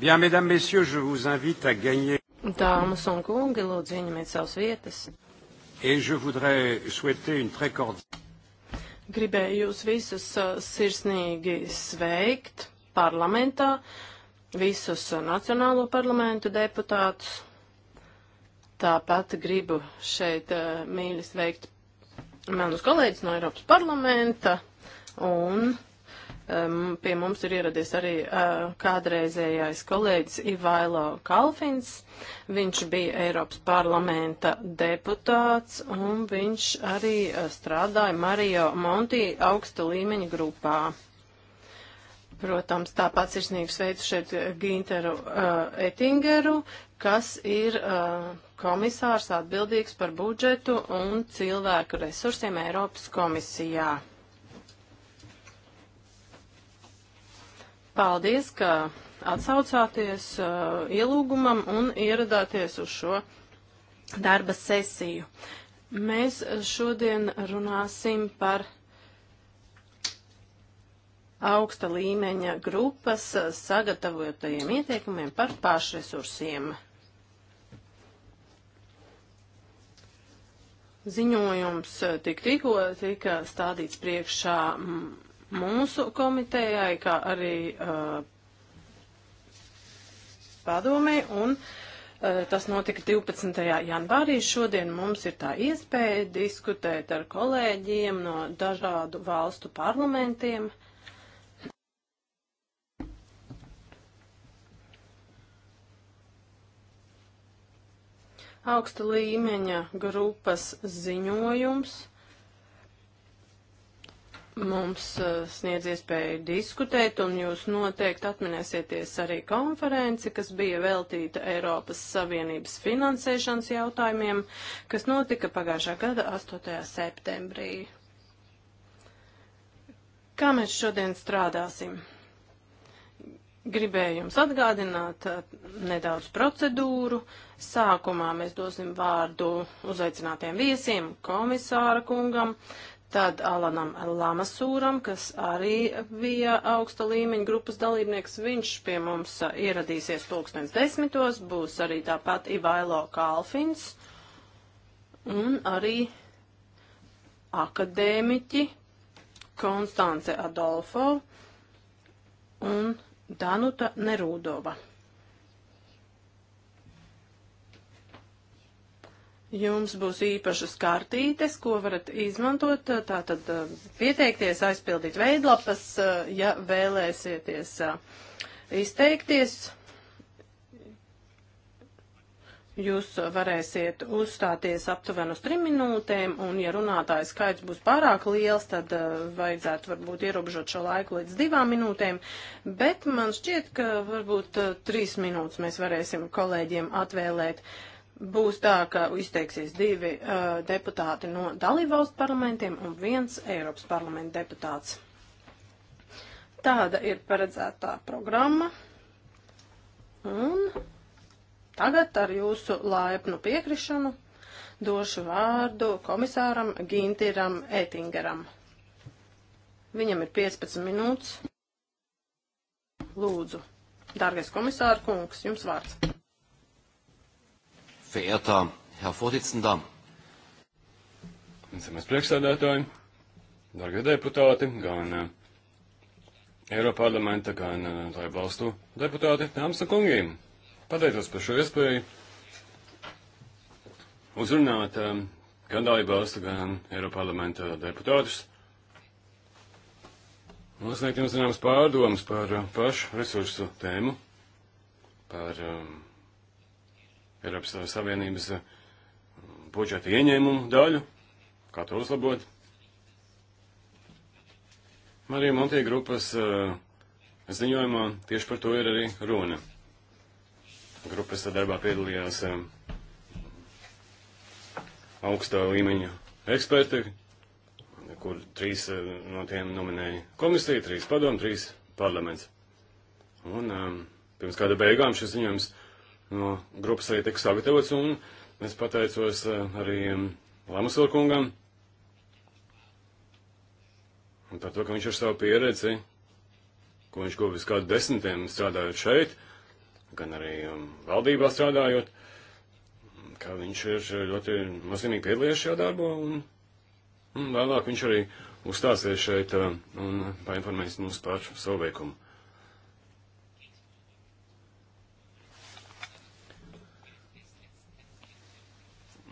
Bien, mesdames, messieurs, je vous invite à gagner. Dāmas un kungi, lūdzu, ieņemiet savas vietas. Et je voudrais souhaiter une très cordiale. Gribēju jūs visus sirsnīgi sveikt parlamentā, visus nacionālo parlamentu deputātus. Tāpat gribu šeit mīļi sveikt manus kolēģus no Eiropas parlamenta un Pie mums ir ieradies arī kādreizējais kolēģis Ivailo Kalfins. Viņš bija Eiropas parlamenta deputāts un viņš arī strādāja Mario Monti augsta līmeņa grupā. Protams, tāpat sirsnīgi sveicu šeit Ginteru uh, Ettingeru, kas ir uh, komisārs atbildīgs par budžetu un cilvēku resursiem Eiropas komisijā. Paldies, ka atsaucāties uh, ielūgumam un ieradāties uz šo darba sesiju. Mēs šodien runāsim par augsta līmeņa grupas sagatavotajiem ieteikumiem par pašresursiem. Ziņojums tik tikko tika stādīts priekšā mūsu komitejai, kā arī uh, padomei. Un uh, tas notika 12. janvārī. Šodien mums ir tā iespēja diskutēt ar kolēģiem no dažādu valstu parlamentiem. Augsta līmeņa grupas ziņojums mums eh, sniedz iespēju diskutēt, un jūs noteikti atminēsieties arī konferenci, kas bija veltīta Eiropas Savienības finansēšanas jautājumiem, kas notika pagājušā gada 8. septembrī. Kā mēs šodien strādāsim? Gribēju jums atgādināt eh, nedaudz procedūru. Sākumā mēs dosim vārdu uzaicinātiem viesiem, komisāra kungam, Tad Alanam Lamasūram, kas arī bija augsta līmeņa grupas dalībnieks, viņš pie mums uh, ieradīsies pulkstens desmitos, būs arī tāpat Ivailo Kalfins un arī akadēmiķi Konstance Adolfo un Danuta Nerūdova. Jums būs īpašas kartītes, ko varat izmantot, tātad eh, pieteikties, aizpildīt veidlapas, eh, ja vēlēsieties eh, izteikties. Jūs varēsiet uzstāties aptuveni uz trim minūtēm, un ja runātāja skaits būs pārāk liels, tad vajadzētu varbūt ierobežot šo laiku līdz divām minūtēm, bet man šķiet, ka varbūt trīs minūtes mēs varēsim kolēģiem atvēlēt. Uh, būs tā, ka izteiksies divi uh, deputāti no dalībvalstu parlamentiem un viens Eiropas parlamenta deputāts. Tāda ir paredzētā programma. Un tagad ar jūsu laipnu piekrišanu došu vārdu komisāram Gintiram Ettingeram. Viņam ir 15 minūtes. Lūdzu, dārgais komisāra kungs, jums vārds verehrter Herr Vorsitzender. Zemes priekšsēdētāji, dargie deputāti, gan eh, Eiropa parlamenta, gan tāju eh, valstu deputāti, dāmas un kungi, pateicos par šo iespēju uzrunāt eh, gan dāju valstu, gan Eiropa parlamenta deputātus. Nosniegt jums zināmas pārdomas par pašu resursu tēmu, par um, Eiropas Savienības eh, budžeta ieņēmumu daļu, kā to uzlabot. Marija Montie grupas eh, ziņojumā tieši par to ir arī runa. Grupas darbā piedalījās eh, augstā līmeņa eksperti, kur trīs no tiem nominēja komisija, trīs padomu, trīs parlaments. Un pirms kāda beigām šis ziņojums no grupas arī tika sagatavots, un es pateicos eh, arī Lamusilkungam par to, ka viņš ar savu pieredzi, ko viņš guvis kādu desmitiem strādājot šeit, gan arī valdībā strādājot, ka viņš ir ļoti nozīmīgi piedalījies šajā darbā, un, un vēlāk viņš arī uzstāsies šeit un painformēs mūs par savu veikumu.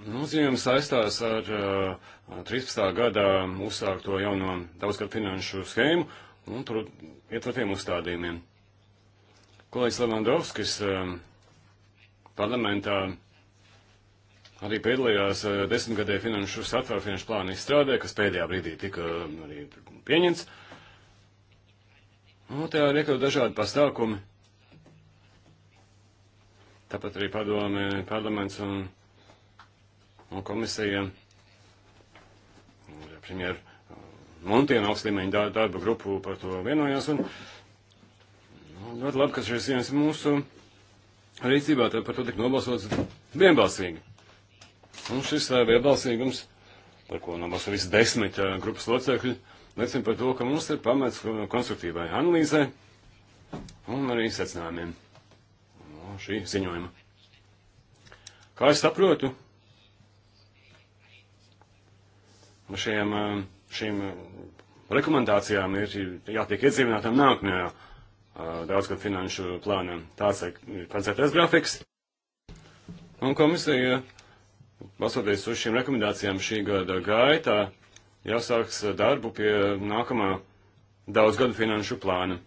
Nozīmums saistās ar uh, 13. gadā uzsākto jauno daudzgad finanšu schēmu un tur ietvertiem uzstādījumiem. Kolēģis Levandovskis uh, parlamentā arī piedalījās uh, desmitgadē finanšu satvaru finanšu plānu izstrādē, kas pēdējā brīdī tika arī pieņemts. Nu, tajā ir iekļaut dažādi pastākumi. Tāpat arī padome, parlaments un un komisija premjeru um, Montienu augst līmeņa darba grupu par to vienojās. Un, nu, ļoti labi, ka šis ziņas mūsu rīcībā tad par to tik nobalsots vienbalsīgi. Un šis uh, vienbalsīgums, par ko nobalso visi desmit uh, grupas locekļi, liecina par to, ka mums ir pamats konstruktīvai analīzē un arī secinājumiem no nu, šī ziņojuma. Kā es saprotu, šiem, eh, šīm eh, rekomendācijām ir jātiek iedzīvinātām nākamajā eh, daudzgad finanšu plānā. Tāds ir paredzētais grafiks. Un komisija, balsoties uz šīm rekomendācijām šī gada gaitā, jāsāks darbu pie nākamā daudzgadu finanšu plāna.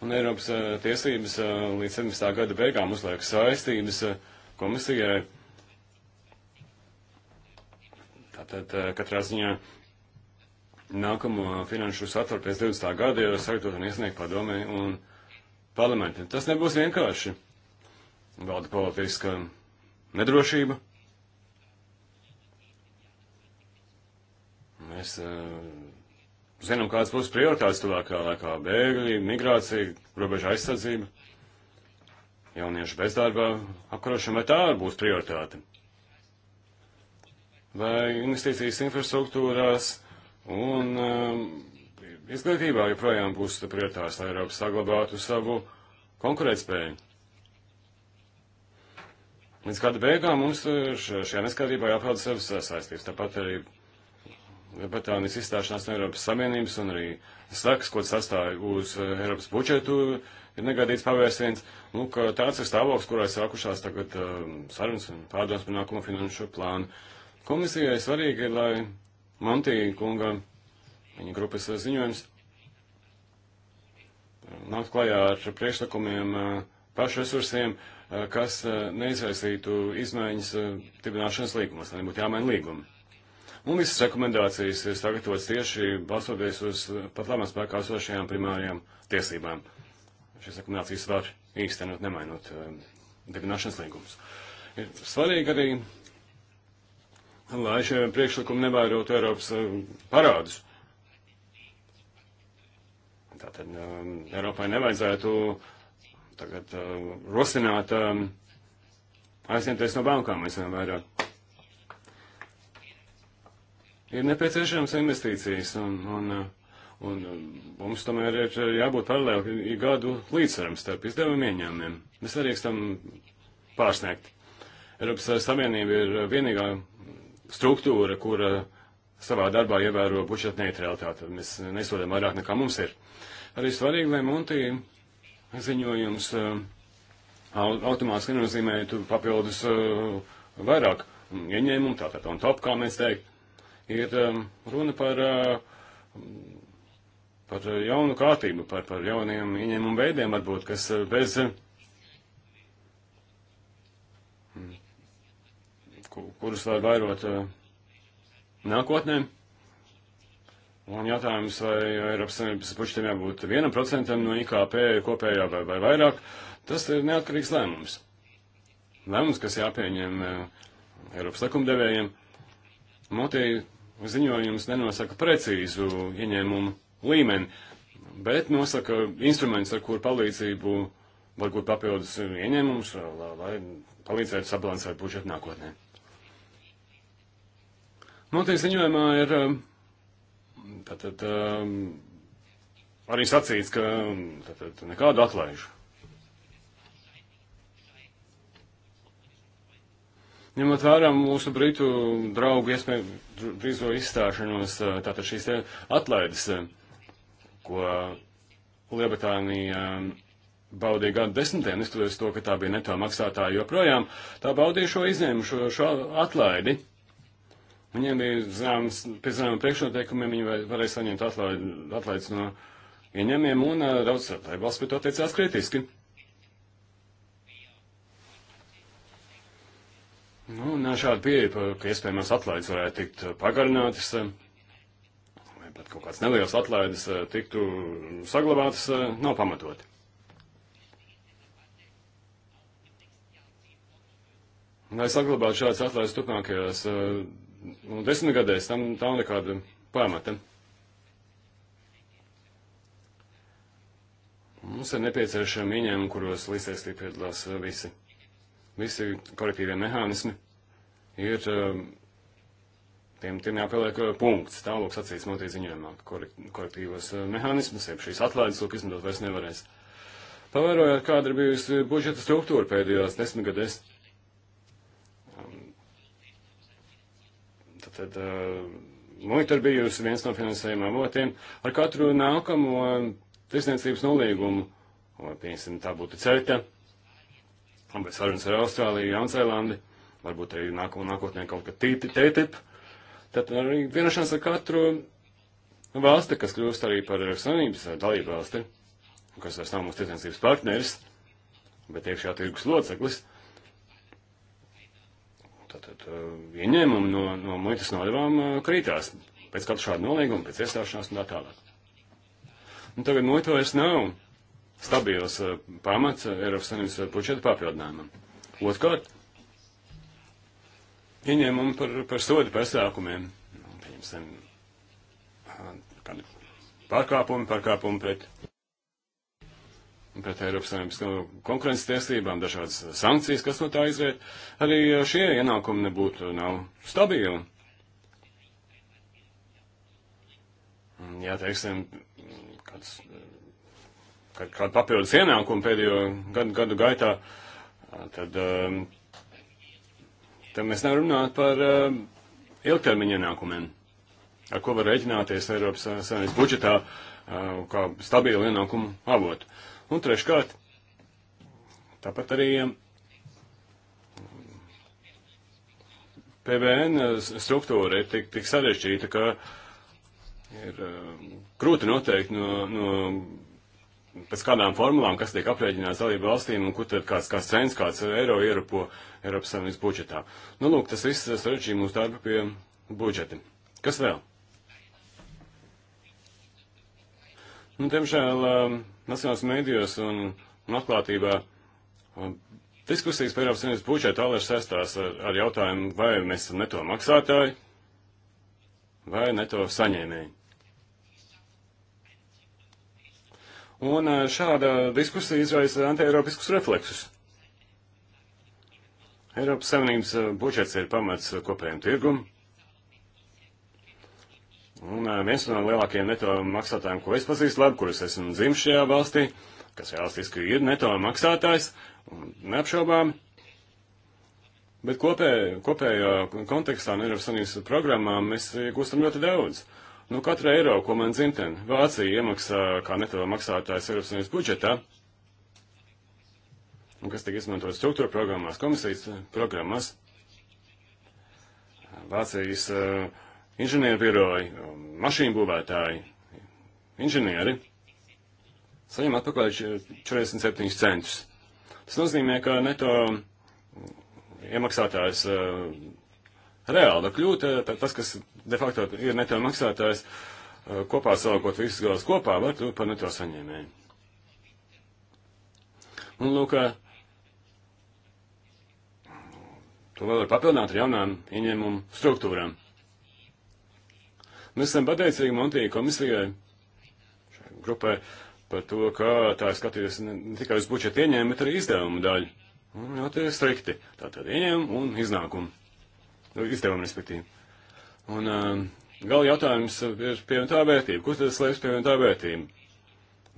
Un Eiropas tiesības līdz 17. gada beigām uzliek saistības komisijai Tātad eh, katrā ziņā nākamo finanšu saturu pēc 20. gada jau sagatavot un iesniegt padomē un parlamentiem. Tas nebūs vienkārši. Valda politiska nedrošība. Mēs uh, zinām, kādas būs prioritātes tuvākā laikā - bēgļi, migrācija, robeža aizsardzība, jauniešu bezdarbā apkarošana, vai tā būs prioritāte vai investīcijas infrastruktūrās un um, izglītībā joprojām būs prioritārs, lai Eiropa saglabātu savu konkurētspēju. Līdz kāda beigām mums uh, šajā neskaidrībā jāpauda savas saistības. Tāpat arī Lielbritānijas izstāšanās no Eiropas Savienības un arī saks, ko sastāja uz uh, Eiropas budžetu, ir negadīts pavērsiens. Nu, tāds ir stāvoklis, kurā ir sākušās tagad um, sarunas un pārdomas par nākamo finanšu plānu. Uh, Komisijai svarīgi, lai Mantī kunga viņa grupas ziņojums nāk klajā ar priekšlikumiem eh, pašu resursiem, eh, kas eh, neizraisītu izmaiņas tibināšanas līgumos, lai nebūtu jāmaina līgumi. Un visas rekomendācijas ir sagatavotas tieši balstoties uz pat labām spēkā esošajām primārajām tiesībām. Šīs rekomendācijas var īstenot, nemainot dibināšanas līgumus. Ir svarīgi arī lai šie priekšlikumi nevērotu Eiropas eh, parādus. Tātad um, Eiropai nevajadzētu tagad um, rosināt um, aizņemties no bankām visiem vairāk. Ir nepieciešams investīcijas, un, un, un mums tomēr ir jābūt paralēli gadu līdzsvaram starp izdevumu ieņēmumiem. Mēs arī tam pārsniegt. Eiropas Savienība ir vienīgā struktūra, kura savā darbā ievēro budžeta neutralitāti. Mēs nesodām vairāk nekā mums ir. Arī svarīgi, lai Monti ziņojums eh, automātiski nenozīmētu papildus eh, vairāk ieņēmumu, tātad on top, kā mēs teikt, ir eh, runa par, par jaunu kārtību, par, par jauniem ieņēmumu veidiem, varbūt, kas bez kurus var vairot eh, nākotnē. Un jautājums, vai Eiropas Savienības budžetam jābūt 1% no IKP kopējā vai, vai vairāk, tas ir neatkarīgs lēmums. Lēmums, kas jāpieņem eh, Eiropas likumdevējiem. Motī ziņojums nenosaka precīzu ieņēmumu līmeni, bet nosaka instruments, ar kur palīdzību var būt papildus ieņēmums, lai palīdzētu sabalansēt budžetu nākotnē. Notiek ziņojumā ir um, tātad, um, arī sacīts, ka um, tātad, nekādu atlaižu. Ņemot vērā mūsu britu draugu iespēju drīzo izstāšanos, uh, tātad šīs atlaides, uh, ko Lielbritānija baudīja gadu desmitiem, neskatoties to, ka tā bija neto maksātāja joprojām, tā baudīja šo izņēmu, šo, šo atlaidi. Viņiem ir zināmas, pēc zināmiem priekšnoteikumiem viņi varēja saņemt atlaides no ieņemiem un daudz lai valsts pret to attiecās kritiski. Nu, un šāda pieeja, ka iespējamās atlaides varētu tikt pagarinātas, vai pat kaut kāds neliels atlaides tiktu saglabātas, nav pamatoti. Lai saglabātu šādas atlaides turpmākajās nu, desmitgadēs tam nav nekāda pamata. Mums ir nepieciešami ieņēmumi, kuros līdzsaistī piedalās uh, visi. Visi korektīvie mehānismi ir, uh, tiem, tiem jāpieliek uh, punkts, tālāk sacīs motīvi ziņojumā, korektīvos mehānismus, jeb šīs atlaides, lūk, izmantot vairs nevarēs. Pavērojot, kāda ir bijusi budžeta struktūra pēdējās desmitgadēs. Tad muita ir bijusi viens no finansējuma avotiem. Ar katru nākamo tirsniecības nolīgumu, piemēram, tā būtu CETA, bet sarunas ar Austrāliju, Jaunzēlandi, varbūt arī nākamo nākotnē kaut kad TTIP, tad arī vienošanās ar katru valsti, kas kļūst arī par savienības dalību valsti, kas vairs nav mūsu tirsniecības partneris, bet iekšā tirgus loceklis, tātad ieņēmumi no, no muitas nodevām krītās pēc katra šāda nolīguma, pēc iestāšanās un tā tālāk. Un nu, tagad muita vairs nav stabils pamats Eiropas Savienības budžeta papildinājumam. Otkārt, ieņēmumi par, par sodu pasākumiem, nu, pieņemsim, kādi pārkāpumi, pārkāpumi pret pret Eiropas Savienības konkurences tiesībām, dažādas sankcijas, kas no tā izriet, arī uh, šie ienākumi nebūtu nav stabili. Jā, teiksim, kāds, kād, kāda papildus ienākuma pēdējo gadu, gadu gaitā, uh, tad, um, tad mēs nevaram runāt par um, ilgtermiņa ienākumiem, ar ko var rēķināties Eiropas uh, Savienības budžetā kā stabilu ienākumu avotu. Un treškārt, tāpat arī um, PVN uh, struktūra ir tik, tik sarežģīta, ka ir grūti um, noteikt no, no pēc kādām formulām, kas tiek aprēķināts dalību valstīm un kur tad kāds, kāds cents, kāds eiro ierupo Eiropas Savienības budžetā. Nu, lūk, tas viss sarežģīja mūsu darbu pie budžeta. Kas vēl? Nu, diemžēl um, nacionālās mēdījos un, un atklātībā un um, diskusijas par Eiropas Savienības budžetu tālāk saistās ar, ar jautājumu, vai mēs esam neto maksātāji vai neto saņēmēji. Un uh, šāda diskusija izraisa antieiropiskus refleksus. Eiropas Savienības uh, budžets ir pamats kopējiem tirgumam. Un viens no lielākajiem neto maksātājiem, ko es pazīstu labi, kurus esmu dzimis šajā valstī, kas realistiski ir neto maksātājs, neapšaubāmi. Bet kopē, kopējā kontekstā un Eiropas Savienības programmā mēs iegūstam ļoti daudz. Nu, katra eiro, ko man dzimtene Vācija iemaksā kā neto maksātājs Eiropas Savienības budžetā, un kas tika izmantot struktūra programmās, komisijas programmās, Vācijas uh, inženieru biroji, mašīnu būvētāji, inženieri saņem atpakaļ 47 centus. Tas nozīmē, ka neto mm, iemaksātājs eh, reāli var kļūt, eh, tas, kas de facto ir neto maksātājs, eh, kopā salikot visus galus kopā, var kļūt par neto saņēmēju. Un lūk, to vēl var papildināt ar jaunām ieņēmumu struktūrām. Mēs esam pateicīgi Montija komisijai, šai grupai, par to, ka tā ir skatījusi ne tikai uz budžeta ieņēmumu, bet arī izdevumu daļu. Un ļoti strikti. Tātad ieņēmumu un iznākumu. Nu, izdevumu, respektīvi. Un um, gal jautājums ir pievienotā vērtība. Kur tad slēpjas pievienotā vērtība?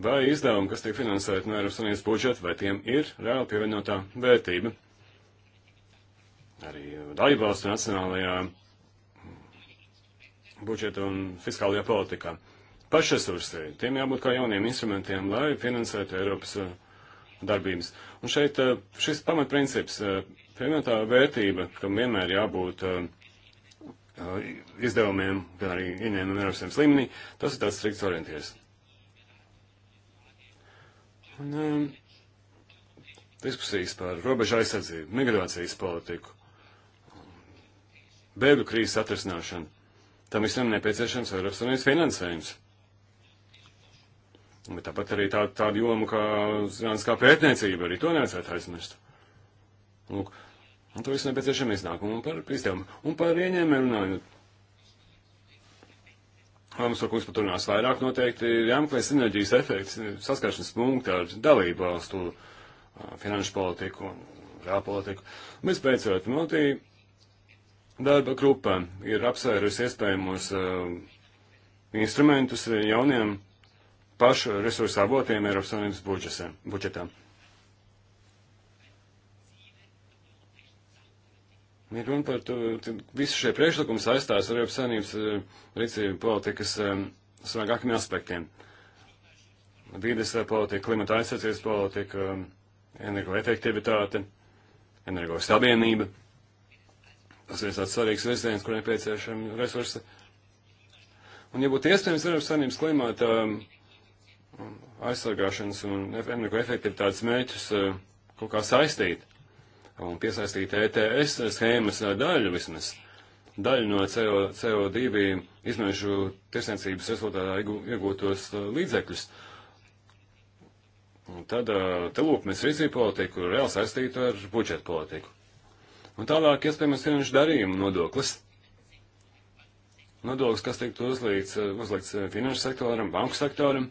Vai izdevumi, kas tiek finansēti no Eiropas Savienības budžeta, vai tiem ir reāli pievienotā vērtība? Arī dalībvalstu nacionālajā budžeta un fiskālajā politikā. Pašresursi, tiem jābūt kā jauniem instrumentiem, lai finansētu Eiropas uh, darbības. Un šeit uh, šis pamatprincips, pievienotā uh, vērtība, kam vienmēr jābūt izdevumiem, gan arī ieņēmumiem Eiropas Savienības līmenī, tas ir tāds strikts orientieris. Un, um, diskusijas par robežu aizsardzību, migrācijas politiku, bēgļu krīzes atrisināšanu. Tam visam nepieciešams Eiropas Savienības finansējums. Bet tāpat arī tā, tāda joma kā zinātniskā pētniecība, arī to nevajadzētu aizmirst. Lūk, un to viss nepieciešama iznākuma par izdevumu. Un par ieņēmēm runājot. Mums, ko par to runās vairāk, noteikti ir jāmeklē sinerģijas efekts, saskaršanas punkti ar dalību valstu finanšu politiku un reālpolitiku. Mēs beidzot, Maltija Darba grupa ir apsvērusi iespējamos uh, instrumentus jauniem pašu resursu avotiem Eiropas Savienības budžetā. Ir runa par to, visi šie priekšlikumi saistās ar Eiropas Savienības eh, rīcību politikas eh, svarīgākiem aspektiem. Vīdes politika, klimata aizsardzības politika, energoefektivitāte, energo savienība. Energo Tas ir tāds svarīgs virziens, kur nepieciešami resursi. Un, ja būtu iespējams Eiropas Savienības klimata um, aizsargāšanas un energo efektivitātes mērķus uh, kaut kā saistīt un piesaistīt ETS schēmas uh, daļu vismaz, daļu no CO, CO2 izmēšu tirsniecības rezultātā iegūtos uh, līdzekļus. Un tad, te lūk, mēs rīcību politiku reāli saistītu ar budžetu politiku. Un tālāk, iespējams, finanšu darījumu nodoklis. Nodoklis, kas tiktu uzlīts, eh, uzlikts eh, finanšu sektoram, banku sektoram.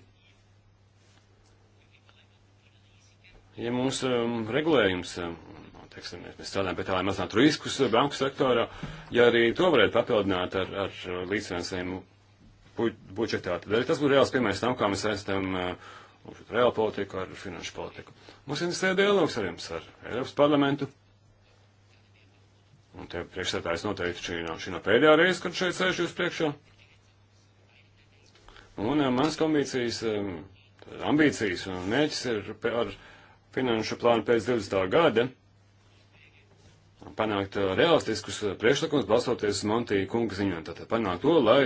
Ja mūsu um, ehm, regulējums, ehm, nu, teiksim, mēs strādājam pie tā, lai mazinātu riskus eh, banku sektorā, ja arī to varētu papildināt ar, ar līdzfinansējumu budžetā, tad arī tas būtu reāls piemērs tam, kā mēs saistām uh, reālu politiku ar finanšu politiku. Mums interesē dialogs ar jums, ar Eiropas parlamentu. Un te priekšsētājs noteikti šī nav, šī nav pēdējā reize, kad šeit sēž jūs priekšā. Un eh, mans kombīcijas eh, ambīcijas un mērķis ir ar finanšu plānu pēc 20. gada panākt eh, realistiskus priekšlikumus, balstoties uz Montija kunga ziņojumu. Tātad panākt to, lai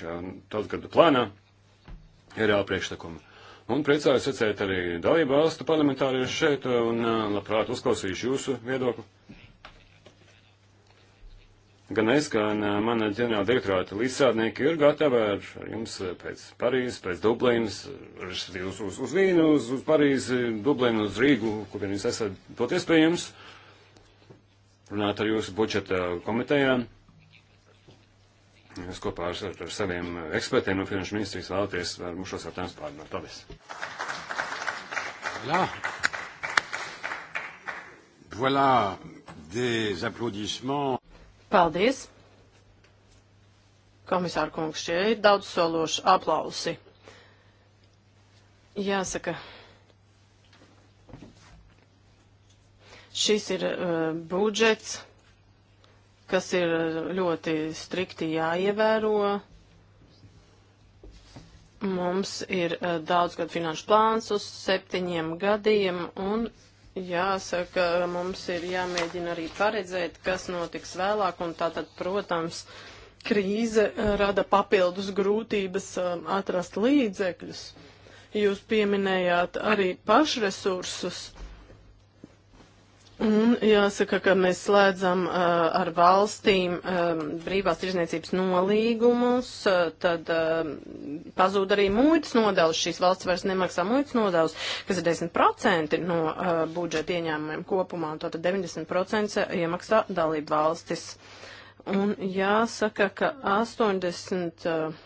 šajā tautgadu plānā ir reāli priekšlikumi. Un priecājos redzēt arī dalību valstu parlamentāriešus šeit un labprāt uzklausīšu jūsu viedokli. Gan es, gan mana ģenerāla direktorāta līdzstrādnieki ir gatavi ar jums pēc Parīzes, pēc Dublinas, uz, uz, uz Vīnu, uz, uz Parīzi, Dublinu, uz Rīgu, kur jūs esat doties pie jums, runāt ar jūsu budžeta komitejām. Jūs kopā ar, ar saviem ekspertiem no Finanšu ministrijas vēlaties ar mums šos jautājumus pārdomāt. Paldies! Voilà. Voilà des applaudissements. Paldies! Komisāra kungs, šie ir daudz sološi aplausi. Jāsaka, šis ir uh, budžets, kas ir ļoti strikti jāievēro. Mums ir uh, daudz gadu finanšu plāns uz septiņiem gadiem, un Jāsaka, mums ir jāmēģina arī paredzēt, kas notiks vēlāk, un tātad, protams, krīze eh, rada papildus grūtības um, atrast līdzekļus. Jūs pieminējāt arī pašresursus. Un jāsaka, ka mēs slēdzam uh, ar valstīm um, brīvās tirzniecības nolīgumus, uh, tad uh, pazūd arī muitas nodevs. Šīs valsts vairs nemaksā muitas nodevs, kas ir 10% no uh, budžeta ieņēmumiem kopumā, un tātad 90% iemaksā dalību valstis. Un jāsaka, ka 80. Uh,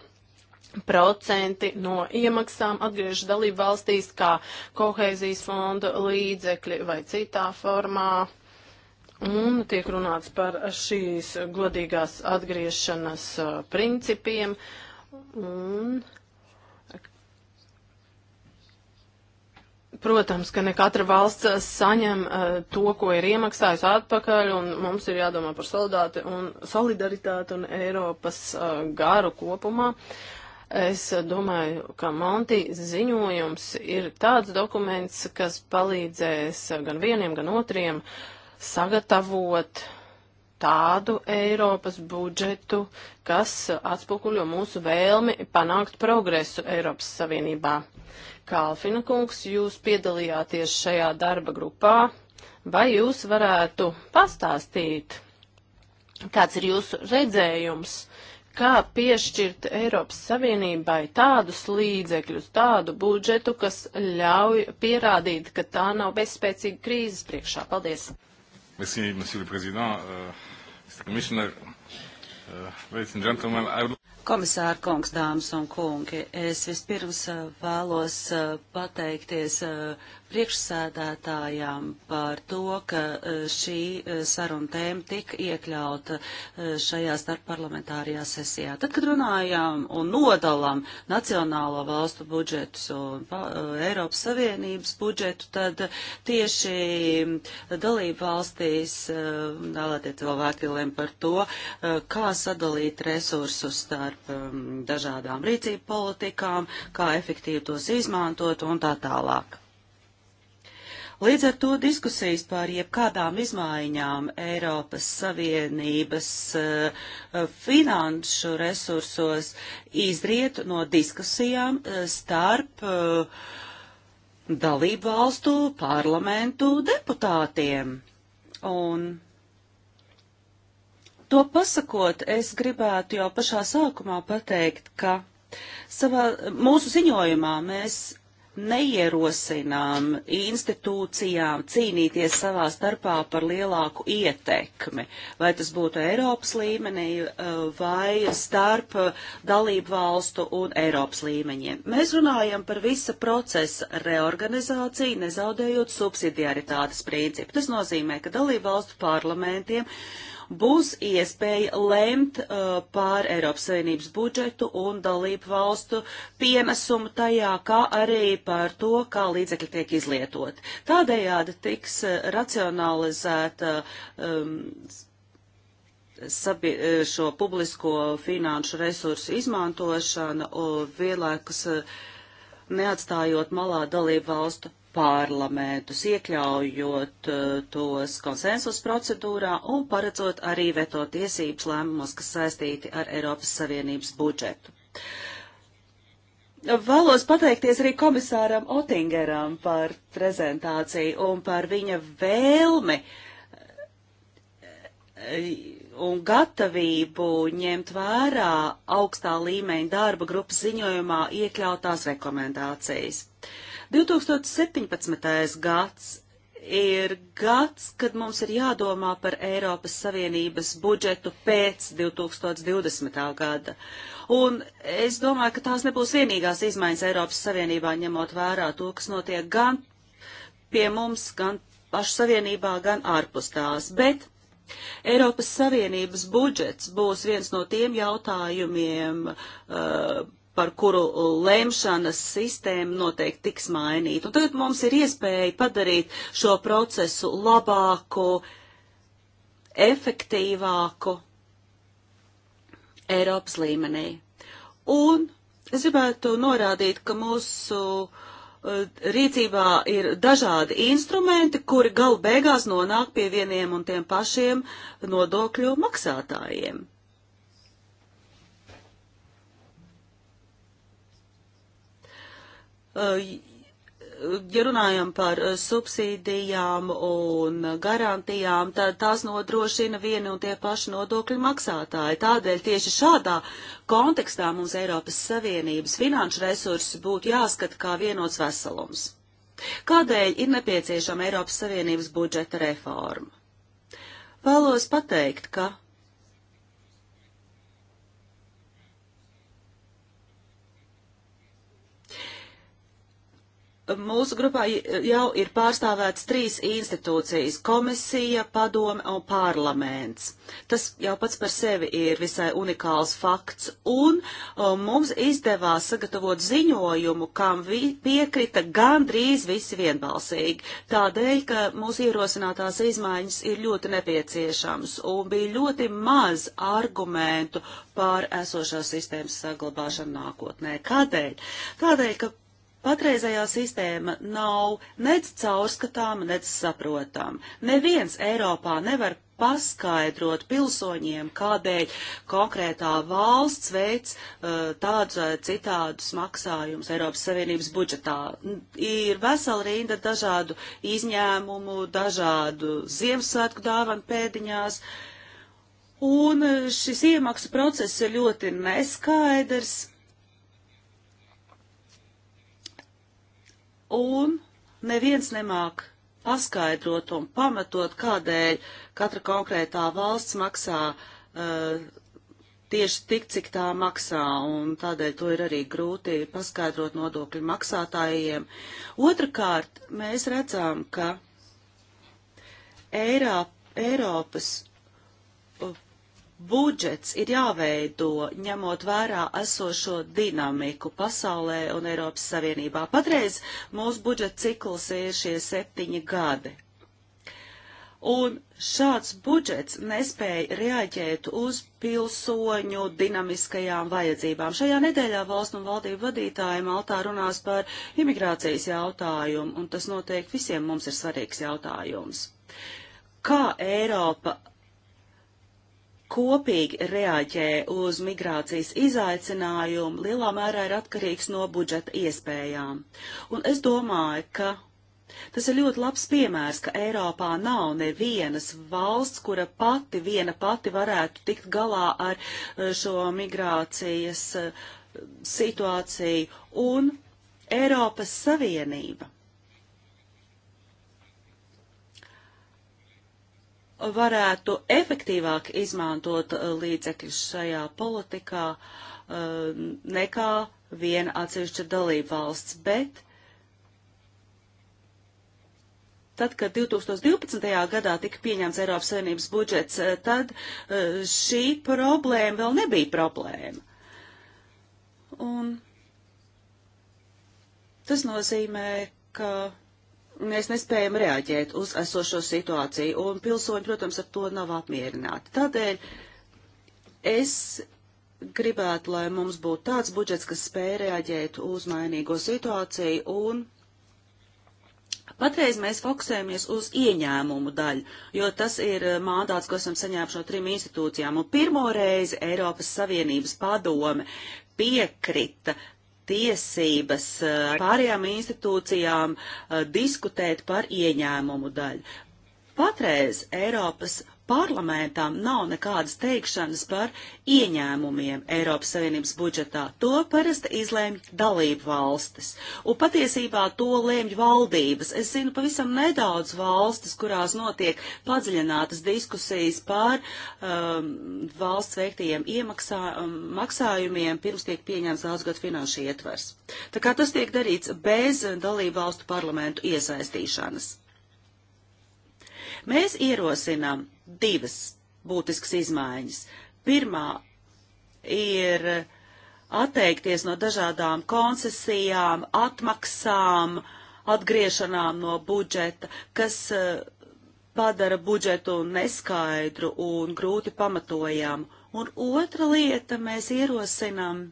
procenti no iemaksām atgriežas dalību valstīs kā kohēzijas fonda līdzekļi vai citā formā. Un tiek runāts par šīs godīgās atgriešanas principiem. Un, protams, ka ne katra valsts saņem uh, to, ko ir iemaksājusi atpakaļ, un mums ir jādomā par solidaritāti un, solidaritāti un Eiropas uh, garu kopumā. Uh, Es domāju, ka Monti ziņojums ir tāds dokuments, kas palīdzēs gan vieniem, gan otriem sagatavot tādu Eiropas budžetu, kas atspoguļo mūsu vēlmi panākt progresu Eiropas Savienībā. Kalfina kungs, jūs piedalījāties šajā darba grupā. Vai jūs varētu pastāstīt, kāds ir jūsu redzējums kā piešķirt Eiropas Savienībai tādus līdzekļus, tādu budžetu, kas ļauj pierādīt, ka tā nav bezspēcīga krīzes priekšā. Paldies! Merci, monsieur le président, uh, commissioner, uh, ladies and gentlemen. I... Komisāra kungs, dāmas un kungi, es vispirms euh, vēlos euh, pateikties euh, priekšsēdētājām par to, ka e, šī e, saruna tēma tika iekļauta e, šajā starpparlamentārajā sesijā. Tad, kad runājām un nodalām nacionālo valstu budžetus un Eiropas Savienības budžetu, tad tieši dalību valstīs vēlētie cilvēki lem par to, kā sadalīt resursus starp dažādām rīcību politikām, kā efektīvi tos izmantot un tā tālāk. Līdz ar to diskusijas par jebkādām izmaiņām Eiropas Savienības uh, finanšu resursos izriet no diskusijām uh, starp uh, dalību valstu parlamentu deputātiem. Un to pasakot, es gribētu jau pašā sākumā pateikt, ka savā, mūsu ziņojumā mēs neierosinām institūcijām cīnīties savā starpā par lielāku ietekmi, vai tas būtu Eiropas līmenī eh, vai starp dalību valstu un Eiropas līmeņiem. Mēs runājam par visa procesa reorganizāciju, nezaudējot subsidiaritātes principu. Tas nozīmē, ka dalību valstu parlamentiem būs iespēja lemt uh, pār Eiropas Savienības budžetu un dalību valstu piemesumu tajā, kā arī par to, kā līdzekļi tiek izlietot. Tādējādi tiks uh, racionalizēta um, sabi, uh, šo publisko finanšu resursu izmantošana, uh, vienlaikus neatstājot malā dalību valstu parlamentus, iekļaujot uh, tos konsensus procedūrā un paredzot arī veto tiesības lēmumus, kas saistīti ar Eiropas Savienības budžetu. Vēlos pateikties arī komisāram Otingeram par prezentāciju un par viņa vēlmi uh, un gatavību ņemt vērā augstā līmeņa darba grupas ziņojumā iekļautās rekomendācijas. Uh, 2017. gads ir gads, kad mums ir jādomā par Eiropas Savienības budžetu pēc 2020. gada. Un es domāju, ka tās nebūs vienīgās izmaiņas Eiropas Savienībā, ņemot vērā to, kas notiek gan pie mums, gan pašu Savienībā, gan ārpus tās. Bet Eiropas Savienības budžets būs viens no tiem jautājumiem, uh, par kuru uh, lemšanas sistēma noteikti tiks mainīta. Un tagad mums ir iespēja padarīt šo procesu labāku, efektīvāku Eiropas līmenī. Un es gribētu norādīt, ka mūsu uh, rīcībā ir dažādi instrumenti, kuri galu beigās nonāk pie vieniem un tiem pašiem nodokļu maksātājiem. ja runājam par eh, subsīdijām un garantijām, tad tās nodrošina vieni un tie paši nodokļu maksātāji. Tādēļ tieši šādā kontekstā mums Eiropas Savienības finanšu resursi būtu jāskata kā vienots veselums. Kādēļ ir nepieciešama Eiropas Savienības budžeta reforma? Vēlos pateikt, ka Mūsu grupā jau ir pārstāvēts trīs institūcijas - komisija, padome un parlaments. Tas jau pats par sevi ir visai unikāls fakts, un mums izdevās sagatavot ziņojumu, kam piekrita gandrīz visi vienbalsīgi, tādēļ, ka mūsu ierosinātās izmaiņas ir ļoti nepieciešams, un bija ļoti maz argumentu par esošās sistēmas saglabāšanu nākotnē. Kādēļ? Tādēļ, ka Patreizējā sistēma nav nec caurskatāma, nec saprotama. Neviens Eiropā nevar paskaidrot pilsoņiem, kādēļ konkrētā valsts veids uh, tādus vai citādus maksājumus Eiropas Savienības budžetā. Ir vesela rinda dažādu izņēmumu, dažādu Ziemassvētku dāvanu pēdiņās, un uh, šis iemaksu process ir ļoti neskaidrs un neviens nemāk paskaidrot un pamatot, kādēļ katra konkrētā valsts maksā uh, tieši tik, cik tā maksā, un tādēļ to ir arī grūti paskaidrot nodokļu maksātājiem. Otrakārt, mēs redzam, ka Eirā, Eiropas budžets ir jāveido, ņemot vērā esošo dinamiku pasaulē un Eiropas Savienībā. Patreiz mūsu budžeta cikls ir šie septiņi gadi. Un šāds budžets nespēja reaģēt uz pilsoņu dinamiskajām vajadzībām. Šajā nedēļā valsts un valdību vadītāji Maltā runās par imigrācijas jautājumu, un tas noteikti visiem mums ir svarīgs jautājums. Kā Eiropa kopīgi reaģē uz migrācijas izaicinājumu, lielā mērā ir atkarīgs no budžeta iespējām. Un es domāju, ka Tas ir ļoti labs piemērs, ka Eiropā nav nevienas valsts, kura pati viena pati varētu tikt galā ar eh, šo migrācijas eh, situāciju, un Eiropas Savienība varētu efektīvāk izmantot uh, līdzekļus šajā politikā um, nekā viena atsevišķa dalība valsts, bet tad, kad 2012. gadā tika pieņemts Eiropas Savienības budžets, uh, tad uh, šī problēma vēl nebija problēma. Un tas nozīmē, ka mēs nespējam reaģēt uz esošo situāciju, un pilsoņi, protams, ar to nav apmierināti. Tādēļ es gribētu, lai mums būtu tāds budžets, kas spēj reaģēt uz mainīgo situāciju, un patreiz mēs fokusējamies uz ieņēmumu daļu, jo tas ir eh, mandāts, ko esam saņēmuši no trim institūcijām, un pirmo reizi Eiropas Savienības padome piekrita tiesības eh, pārējām institūcijām eh, diskutēt par ieņēmumu daļu. Patreiz Eiropas parlamentam nav nekādas teikšanas par ieņēmumiem Eiropas Savienības budžetā. To parasti izlēmj dalību valstis. Un patiesībā to lēmj valdības. Es zinu pavisam nedaudz valstis, kurās notiek padziļinātas diskusijas par um, valsts veiktajiem iemaksājumiem um, pirms tiek pieņemts daudzgad finanšu ietvers. Tā kā tas tiek darīts bez dalību valstu parlamentu iesaistīšanas. Mēs ierosinām divas būtiskas izmaiņas. Pirmā ir atteikties no dažādām koncesijām, atmaksām, atgriešanām no budžeta, kas eh, padara budžetu neskaidru un grūti pamatojamu. Un otra lieta mēs ierosinām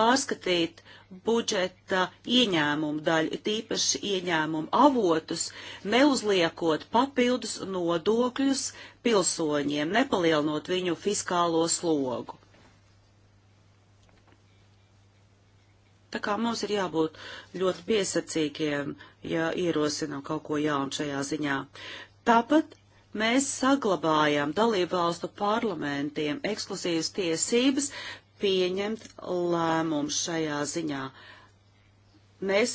pārskatīt budžeta ieņēmumu daļu, tīpaši ieņēmumu avotus, neuzliekot papildus nodokļus pilsoņiem, nepalielinot viņu fiskālo slogu. Tā kā mums ir jābūt ļoti piesacīgiem, ja ierosinam kaut ko jaunu šajā ziņā. Tāpat mēs saglabājam dalībvalstu parlamentiem ekskluzīvas tiesības pieņemt lēmumu šajā ziņā. Mēs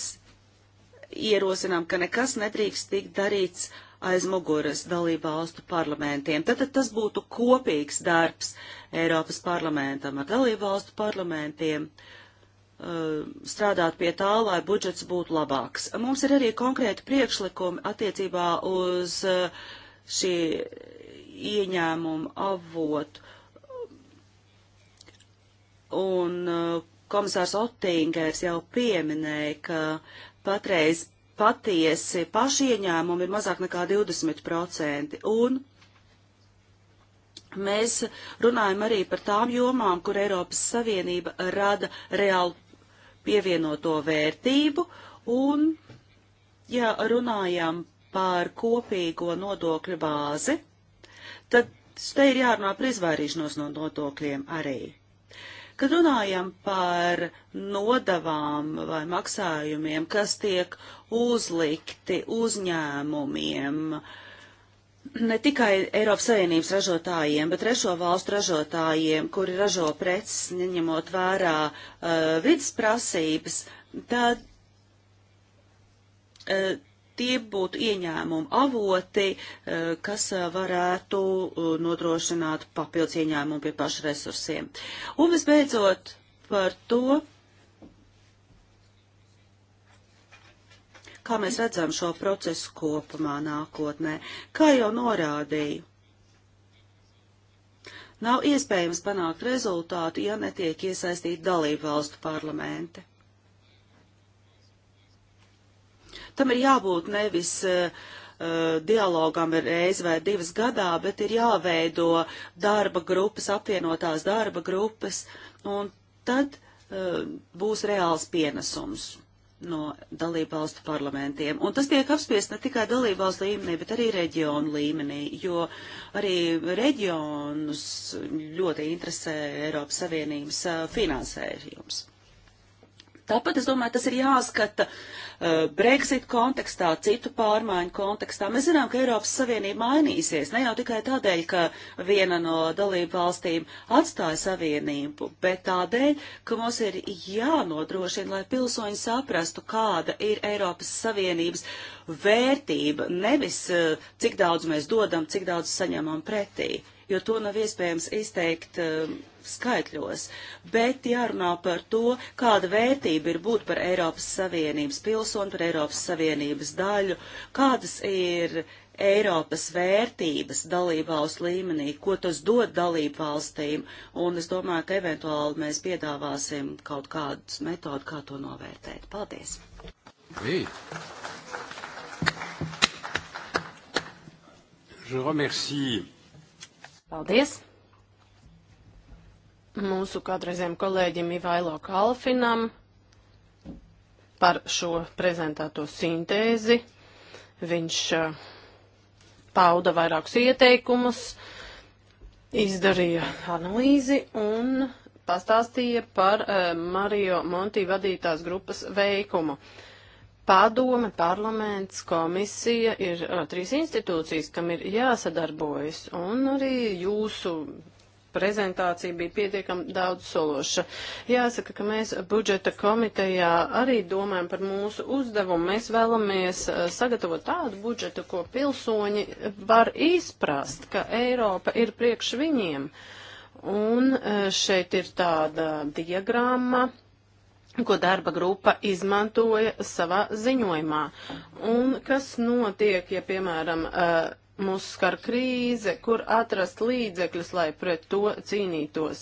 ierosinām, ka nekas nedrīkst tikt darīts aiz muguras dalību valstu parlamentiem. Tad, tad tas būtu kopīgs darbs Eiropas parlamentam ar dalību valstu parlamentiem eh, strādāt pie tā, lai budžets būtu labāks. Mums ir arī konkrēti priekšlikumi attiecībā uz eh, šī ieņēmuma avotu Un uh, komisārs Ottingers jau pieminēja, ka patreiz patiesi paši ieņēmumi ir mazāk nekā 20%. Un mēs runājam arī par tām jomām, kur Eiropas Savienība rada reālu pievienoto vērtību. Un, ja runājam par kopīgo nodokļu bāzi, tad te ir jārunā par izvairīšanos no nodokļiem arī. Kad runājam par nodavām vai maksājumiem, kas tiek uzlikti uzņēmumiem, ne tikai Eiropas Savienības ražotājiem, bet trešo valstu ražotājiem, kuri ražo preces, neņemot vērā uh, vidas prasības, tad uh, tie būtu ieņēmumu avoti, eh, kas eh, varētu eh, nodrošināt papildus ieņēmumu pie pašu resursiem. Un visbeidzot par to, kā mēs redzam šo procesu kopumā nākotnē, kā jau norādīju. Nav iespējams panākt rezultātu, ja netiek iesaistīti dalību valstu parlamenti. tam ir jābūt nevis uh, dialogam reiz vai divas gadā, bet ir jāveido darba grupas, apvienotās darba grupas, un tad uh, būs reāls pienesums no dalībvalstu parlamentiem. Un tas tiek apspiest ne tikai dalībvalstu līmenī, bet arī reģionu līmenī, jo arī reģionus ļoti interesē Eiropas Savienības finansējums. Tāpat es domāju, tas ir jāskata uh, Brexit kontekstā, citu pārmaiņu kontekstā. Mēs zinām, ka Eiropas Savienība mainīsies ne jau tikai tādēļ, ka viena no dalību valstīm atstāja Savienību, bet tādēļ, ka mums ir jānodrošina, lai pilsoņi saprastu, kāda ir Eiropas Savienības vērtība, nevis uh, cik daudz mēs dodam, cik daudz saņemam pretī. Uh, jo to nav iespējams izteikt um, skaitļos, bet jārunā par to, kāda vērtība ir būt par Eiropas Savienības pilsoni, par Eiropas Savienības daļu, kādas ir Eiropas vērtības dalībvalstu līmenī, ko tas dod dalībvalstīm, un es domāju, ka eventuāli mēs piedāvāsim kaut kādus metodus, kā to novērtēt. Paldies! Oui. Je remercie Paldies! Mūsu kādreizējiem kolēģim Ivailo Kalfinam par šo prezentēto sintēzi. Viņš eh, pauda vairākus ieteikumus, izdarīja analīzi un pastāstīja par eh, Mario Monti vadītās grupas veikumu. Uh, Padome, parlaments, komisija ir uh, trīs institūcijas, kam ir jāsadarbojas, un arī jūsu prezentācija bija pietiekami daudz sološa. Jāsaka, ka mēs budžeta komitejā arī domājam par mūsu uzdevumu. Mēs vēlamies sagatavot tādu budžetu, ko pilsoņi var izprast, ka Eiropa ir priekš viņiem. Un šeit ir tāda diagramma ko darba grupa izmantoja savā ziņojumā. Un kas notiek, ja, piemēram, eh, mūs skar krīze, kur atrast līdzekļus, lai pret to cīnītos.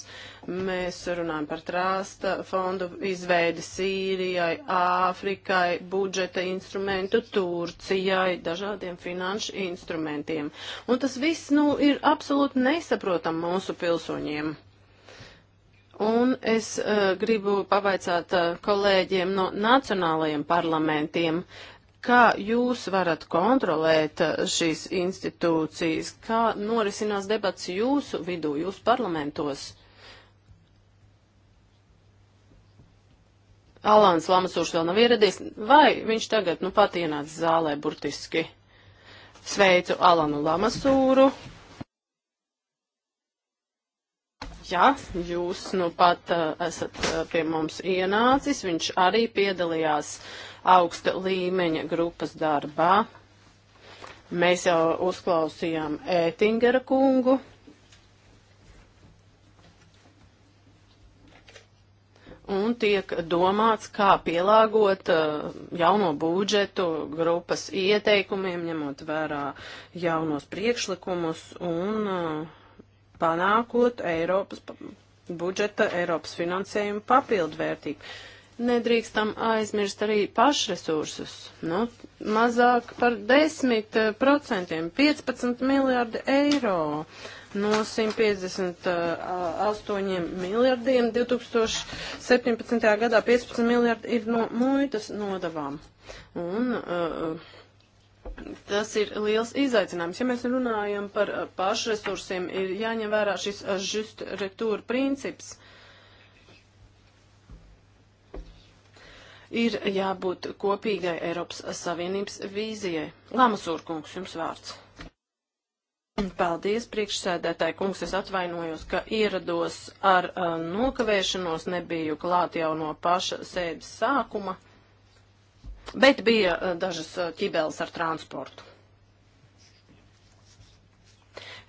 Mēs runājam par trāsta fondu izveidi Sīrijai, Āfrikai, budžeta instrumentu Turcijai, dažādiem finanšu instrumentiem. Un tas viss, nu, ir absolūti nesaprotam mūsu pilsoņiem. Un es uh, gribu pavaicāt uh, kolēģiem no nacionālajiem parlamentiem, kā jūs varat kontrolēt uh, šīs institūcijas, kā norisinās debats jūsu vidū, jūsu parlamentos. Alans Lamasūrs vēl nav ieradies, vai viņš tagad, nu, pat ienāca zālē burtiski. Sveicu Alanu Lamasūru. ja jūs nu pat uh, esat uh, pie mums ienācis, viņš arī piedalījās augsta līmeņa grupas darbā. Mēs jau uzklausījām Ētingera kungu. Un tiek domāts, kā pielāgot uh, jauno budžetu grupas ieteikumiem, ņemot vērā jaunos priekšlikumus un uh, panākot Eiropas budžeta, Eiropas finansējumu papildvērtību. Nedrīkstam aizmirst arī pašresursus. Nu, mazāk par 10%, 15 miljārdi eiro no 158 eh, miljardiem 2017. gadā 15 miljardi ir no muitas nodavām. Un, uh, tas ir liels izaicinājums. Ja mēs runājam par uh, pašresursiem, ir jāņem vērā šis uh, just retūra princips. Ir jābūt kopīgai Eiropas Savienības vīzijai. Lamasūr kungs, jums vārds. Paldies, priekšsēdētāji kungs, es atvainojos, ka ierados ar uh, nokavēšanos, nebiju klāt jau no paša sēdes sākuma. Bet bija eh, dažas eh, ķibeles ar transportu.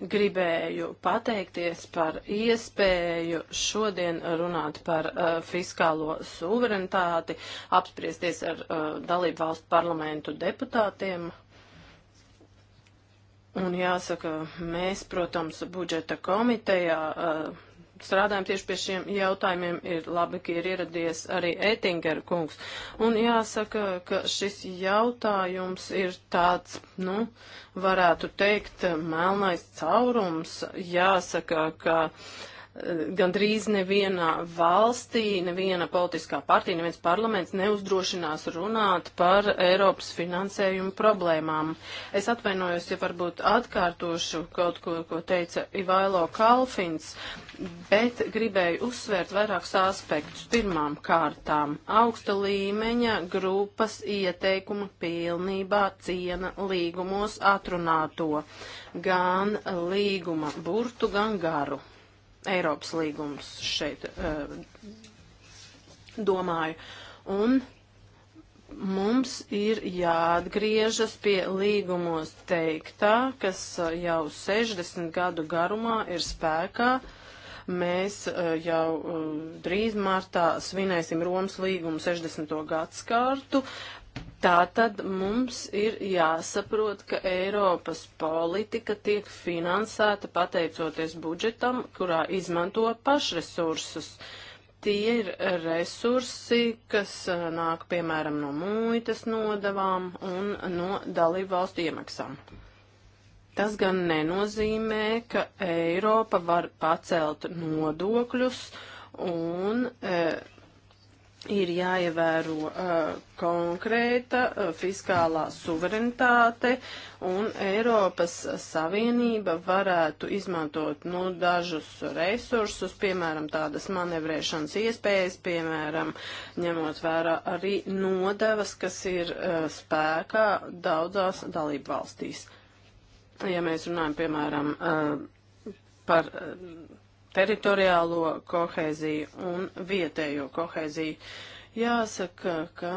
Gribēju pateikties par iespēju šodien runāt par uh, fiskālo suverenitāti, apspriesties ar uh, dalību valstu parlamentu deputātiem. Un jāsaka, mēs, protams, budžeta komitejā uh, strādājam tieši pie šiem jautājumiem, ir labi, ka ir ieradies arī Ētingera kungs. Un jāsaka, ka šis jautājums ir tāds, nu, varētu teikt, melnais caurums. Jāsaka, ka Eh, gandrīz nevienā valstī, neviena politiskā partija, neviens parlaments neuzdrošinās runāt par Eiropas finansējumu problēmām. Es atvainojos, ja varbūt atkārtošu kaut ko, ko teica Ivailo Kalfins, bet gribēju uzsvērt vairākus aspektus. Pirmām kārtām - augsta līmeņa grupas ieteikuma pilnībā ciena līgumos atrunāto gan līguma burtu, gan garu. Eiropas līgums šeit eh, domāju. Un mums ir jāatgriežas pie līgumos teiktā, kas eh, jau 60 gadu garumā ir spēkā. Mēs eh, jau drīz martā svinēsim Romas līgumu 60. gadskārtu. Tā tad mums ir jāsaprot, ka Eiropas politika tiek finansēta pateicoties budžetam, kurā izmanto pašresursus. Tie ir resursi, kas nāk piemēram no muitas nodavām un no dalību valstu iemaksām. Tas gan nenozīmē, ka Eiropa var pacelt nodokļus un. E, ir jāievēro uh, konkrēta uh, fiskālā suverenitāte, un Eiropas Savienība varētu izmantot nu, dažus resursus, piemēram, tādas manevrēšanas iespējas, piemēram, ņemot vērā arī nodevas, kas ir uh, spēkā daudzās dalību valstīs. Ja mēs runājam, piemēram, uh, par. Uh, teritoriālo kohēziju un vietējo kohēziju. Jāsaka, ka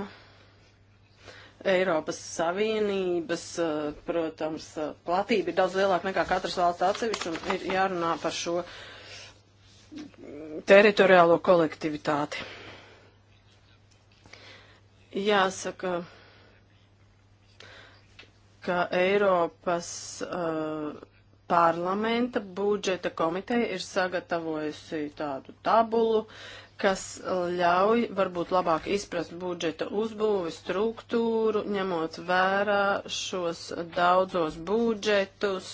Eiropas Savienības, eh, protams, eh, platība ir daudz lielāka nekā katras valsts atsevišķi un ir jārunā par šo teritoriālo kolektivitāti. Jāsaka, ka Eiropas uh, parlamenta budžeta komiteja ir sagatavojusi tādu tabulu, kas ļauj varbūt labāk izprast budžeta uzbūvi struktūru, ņemot vērā šos daudzos budžetus,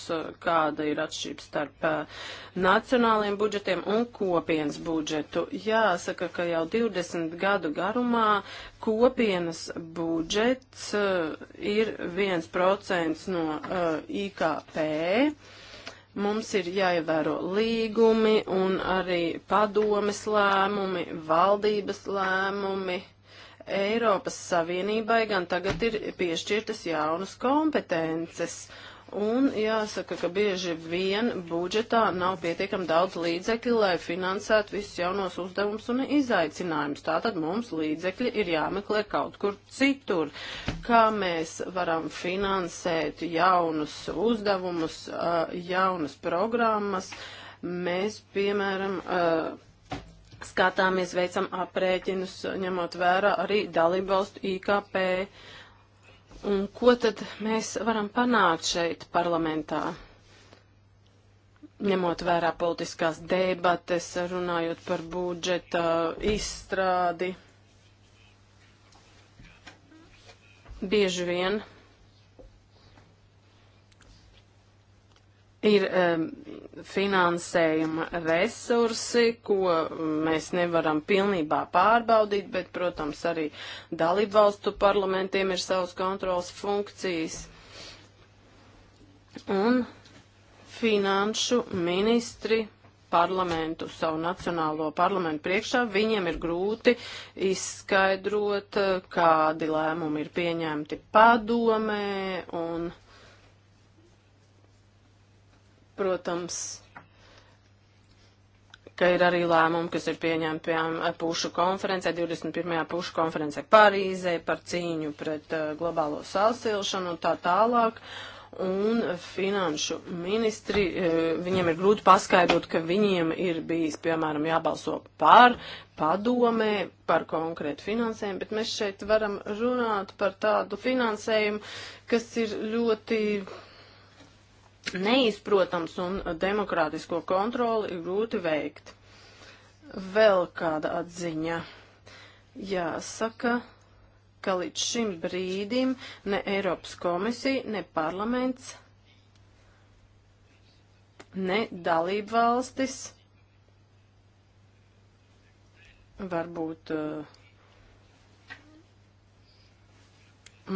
kāda ir atšķirība starp eh, nacionāliem budžetiem un kopienas budžetu. Jāsaka, ka jau 20 gadu garumā kopienas budžets eh, ir 1% no eh, IKP Mums ir jāievēro līgumi un arī padomes lēmumi, valdības lēmumi. Eiropas Savienībai gan tagad ir piešķirtas jaunas kompetences. Uh, Un jāsaka, ka bieži vien budžetā nav pietiekami daudz līdzekļu, lai finansētu visus jaunos uzdevumus un izaicinājumus. Tātad mums līdzekļi ir jāmeklē kaut kur citur. Kā mēs varam finansēt jaunus uzdevumus, jaunas programmas? Mēs, piemēram, skatāmies, veicam aprēķinus, ņemot vērā arī dalībvalstu IKP Un ko tad mēs varam panākt šeit parlamentā? Ņemot vērā politiskās debates, runājot par budžeta izstrādi. Bieži vien ir um, finansējuma resursi, ko mēs nevaram pilnībā pārbaudīt, bet, protams, arī dalību valstu parlamentiem ir savas kontrolas funkcijas. Un finanšu ministri parlamentu, savu nacionālo parlamentu priekšā, viņiem ir grūti izskaidrot, eh, kādi lēmumi ir pieņemti padomē un uh, Protams, ka ir arī lēmumi, kas ir pieņemti piemēram pušu konferencē, 21. pušu konferencē Parīzē par cīņu pret uh, globālo salsilšanu un tā tālāk. Un finanšu ministri, uh, viņiem ir grūti paskaidrot, ka viņiem ir bijis, piemēram, jābalso par padomē, par konkrētu finansējumu, bet mēs šeit varam runāt par tādu finansējumu, kas ir ļoti neizprotams un demokrātisko kontroli ir grūti veikt. Vēl kāda atziņa. Jāsaka, ka līdz šim brīdim ne Eiropas komisija, ne parlaments, ne dalību valstis varbūt uh,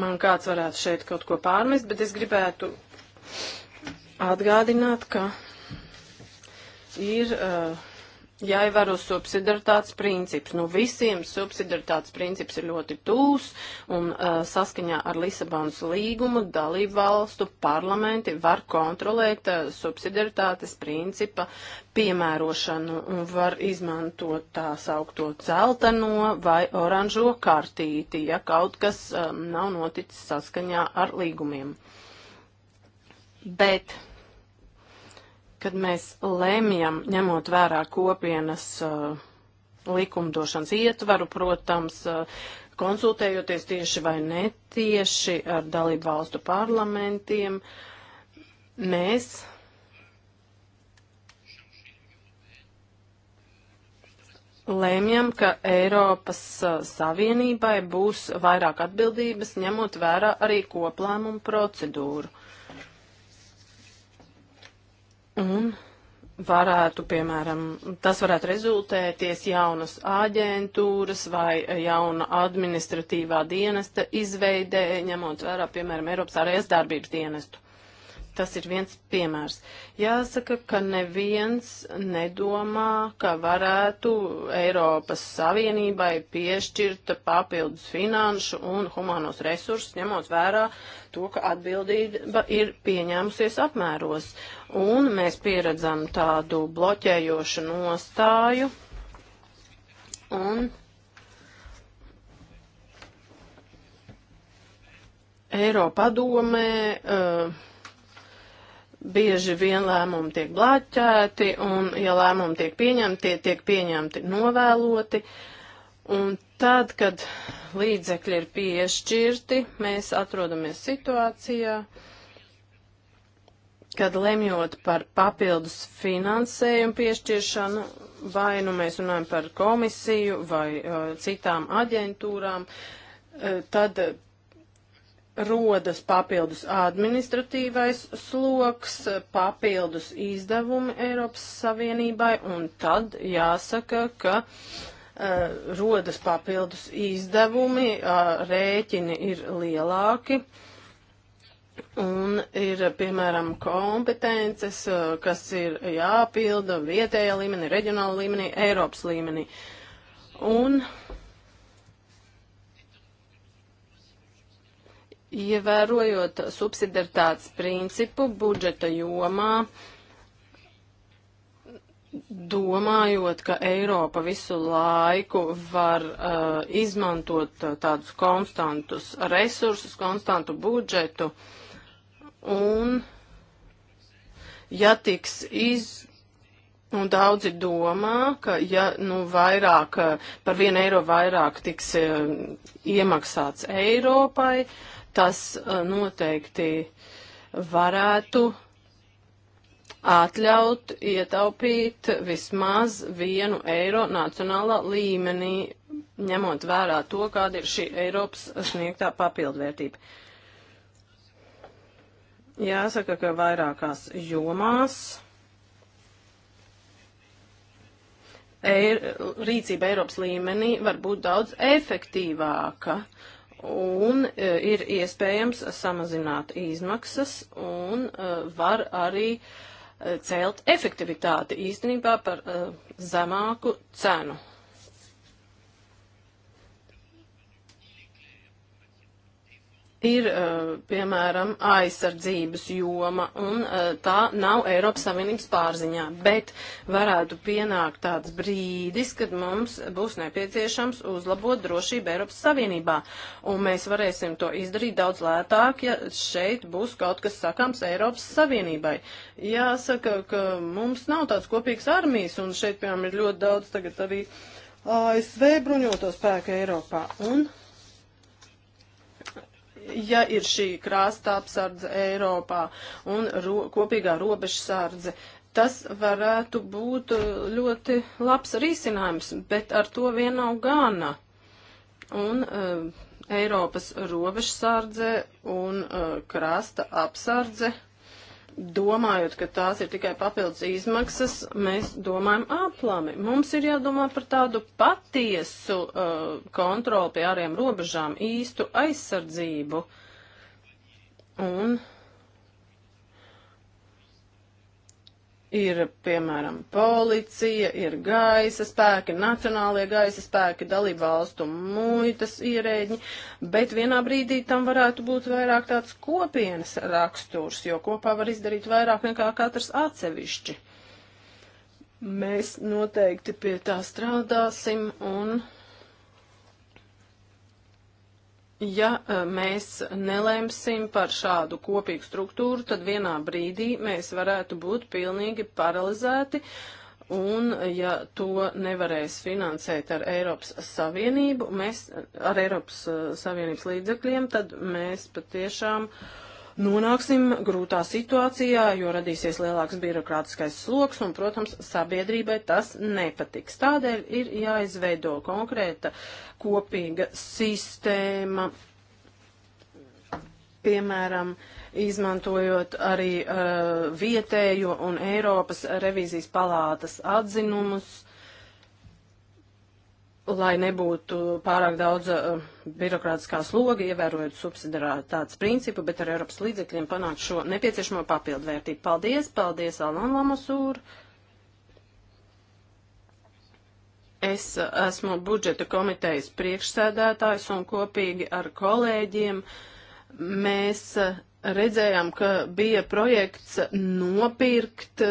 man kāds varētu šeit kaut ko pārmest, bet es gribētu atgādināt, ka ir uh, jāievēro subsidaritātes princips. Nu, visiem subsidaritātes princips ir ļoti tūs, un uh, saskaņā ar Lisabonas līgumu dalību valstu parlamenti var kontrolēt uh, subsidaritātes principa piemērošanu un var izmantot tā saukto celteno vai oranžo kartīti, ja kaut kas um, nav noticis saskaņā ar līgumiem bet kad mēs lēmjam, ņemot vērā kopienas uh, likumdošanas ietvaru, protams, uh, konsultējoties tieši vai netieši ar dalību valstu parlamentiem, mēs lēmjam, ka Eiropas uh, Savienībai būs vairāk atbildības, ņemot vērā arī koplēmumu procedūru. Un varētu, piemēram, tas varētu rezultēties jaunas aģentūras vai jauna administratīvā dienesta izveidē, ņemot vērā, piemēram, Eiropas ārējās darbības dienestu. Tas ir viens piemērs. Jāsaka, ka neviens nedomā, ka varētu Eiropas Savienībai piešķirt papildus finanšu un humanos resursus, ņemot vērā to, ka atbildība ir pieņēmusies apmēros. Un mēs pieredzam tādu bloķējošu nostāju. Un Eiropadomē uh, bieži vien lēmumi tiek blāķēti, un ja lēmumi tiek pieņemti, tie tiek pieņemti novēloti. Un tad, kad līdzekļi ir piešķirti, mēs atrodamies situācijā, uh, kad lemjot par papildus finansējumu piešķiršanu, vai nu mēs runājam par komisiju vai uh, citām aģentūrām, uh, tad rodas papildus administratīvais sloks, papildus izdevumi Eiropas Savienībai, un tad jāsaka, ka uh, rodas papildus izdevumi, uh, rēķini ir lielāki. Uh, Un ir, piemēram, kompetences, eh, kas ir jāpilda vietējā līmenī, reģionāla līmenī, Eiropas līmenī. Un ievērojot subsidiaritātes principu budžeta jomā, domājot, ka Eiropa visu laiku var uh, izmantot eh, tādus konstantus resursus, konstantu budžetu, uh, Un, ja tiks iz, Un daudzi domā, ka ja nu, vairāk, par vienu eiro vairāk tiks e, iemaksāts Eiropai, tas e, noteikti varētu atļaut ietaupīt vismaz vienu eiro nacionālā līmenī, ņemot vērā to, kāda ir šī Eiropas sniegtā papildvērtība. Uh, Jāsaka, ka vairākās jomās eir, rīcība Eiropas līmenī var būt daudz efektīvāka un e, ir iespējams samazināt izmaksas un e, var arī e, celt efektivitāti īstenībā par e, zemāku cenu. ir, eh, piemēram, aizsardzības joma, un eh, tā nav Eiropas Savienības pārziņā, bet varētu pienākt tāds brīdis, kad mums būs nepieciešams uzlabot drošību Eiropas Savienībā, un mēs varēsim to izdarīt daudz lētāk, ja šeit būs kaut kas sakams Eiropas Savienībai. Jāsaka, ka mums nav tāds kopīgs armijas, un šeit, piemēram, ir ļoti daudz tagad arī ASV bruņoto spēku Eiropā. Un ja ir šī krāsta apsardze Eiropā un ro, kopīgā robežsardze, tas varētu būt uh, ļoti labs risinājums, bet ar to vien nav gana. Un uh, Eiropas robežsardze un uh, krāsta apsardze domājot, ka tās ir tikai papildus izmaksas, mēs domājam aplami. Mums ir jādomā par tādu patiesu uh, kontroli pie ārējām robežām, īstu aizsardzību. Un uh, Ir, piemēram, policija, ir gaisa spēki, nacionālie gaisa spēki, dalība valstu muitas ierēģi, bet vienā brīdī tam varētu būt vairāk tāds kopienas raksturs, jo kopā var izdarīt vairāk nekā katrs atsevišķi. Mēs noteikti pie tā strādāsim un Ja e, mēs nelēmsim par šādu kopīgu struktūru, tad vienā brīdī mēs varētu būt pilnīgi paralizēti. Un, ja to nevarēs finansēt ar Eiropas Savienību, mēs ar Eiropas e, Savienības līdzekļiem, tad mēs patiešām uh, nonāksim grūtā situācijā, jo radīsies lielāks birokrātiskais sloks, un, protams, sabiedrībai tas nepatiks. Tādēļ ir jāizveido konkrēta kopīga sistēma, piemēram, izmantojot arī uh, vietējo un Eiropas revīzijas palātas atzinumus lai nebūtu pārāk daudz uh, birokrātiskā sloga, ievērojot subsidiarātāts principu, bet ar Eiropas līdzekļiem panākt šo nepieciešamo papildvērtību. Paldies, paldies, Alan Lamasūr. Es uh, esmu budžeta komitejas priekšsēdētājs un kopīgi ar kolēģiem mēs uh, redzējām, ka bija projekts nopirkt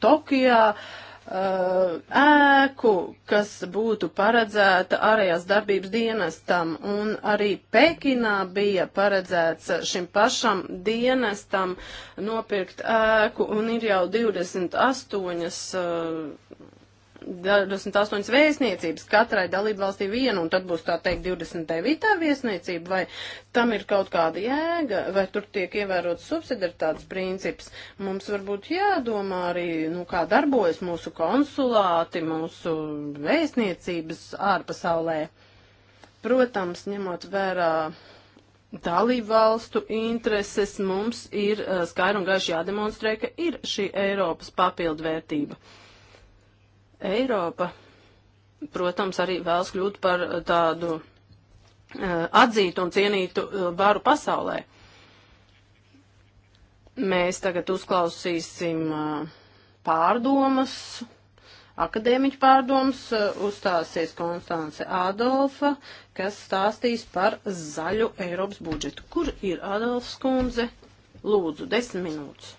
Tokijā uh, Uh, ēku, kas būtu paredzēta ārējās darbības dienestam, un arī Pekinā bija paredzēts šim pašam dienestam nopirkt ēku, un ir jau 28 uh, 28 vēstniecības, katrai dalībvalstī vienu, un tad būs tā teikt 29. viesniecība, vai tam ir kaut kāda jēga, vai tur tiek ievērots subsidaritātes princips. Mums varbūt jādomā arī, nu, kā darbojas mūsu konsulāti, mūsu vēstniecības ārpasaulē. Protams, ņemot vērā dalību valstu intereses, mums ir eh, skaidri un gaiši jādemonstrē, ka ir šī Eiropas papildvērtība. vērtība. Eiropa, protams, arī vēlas kļūt par tādu eh, atzītu un cienītu eh, varu pasaulē. Mēs tagad uzklausīsim eh, pārdomas, akadēmiķu pārdomas, uzstāsies Konstance Adolfa, kas stāstīs par zaļu Eiropas budžetu. Kur ir Adolfs kundze? Lūdzu, desmit minūtes.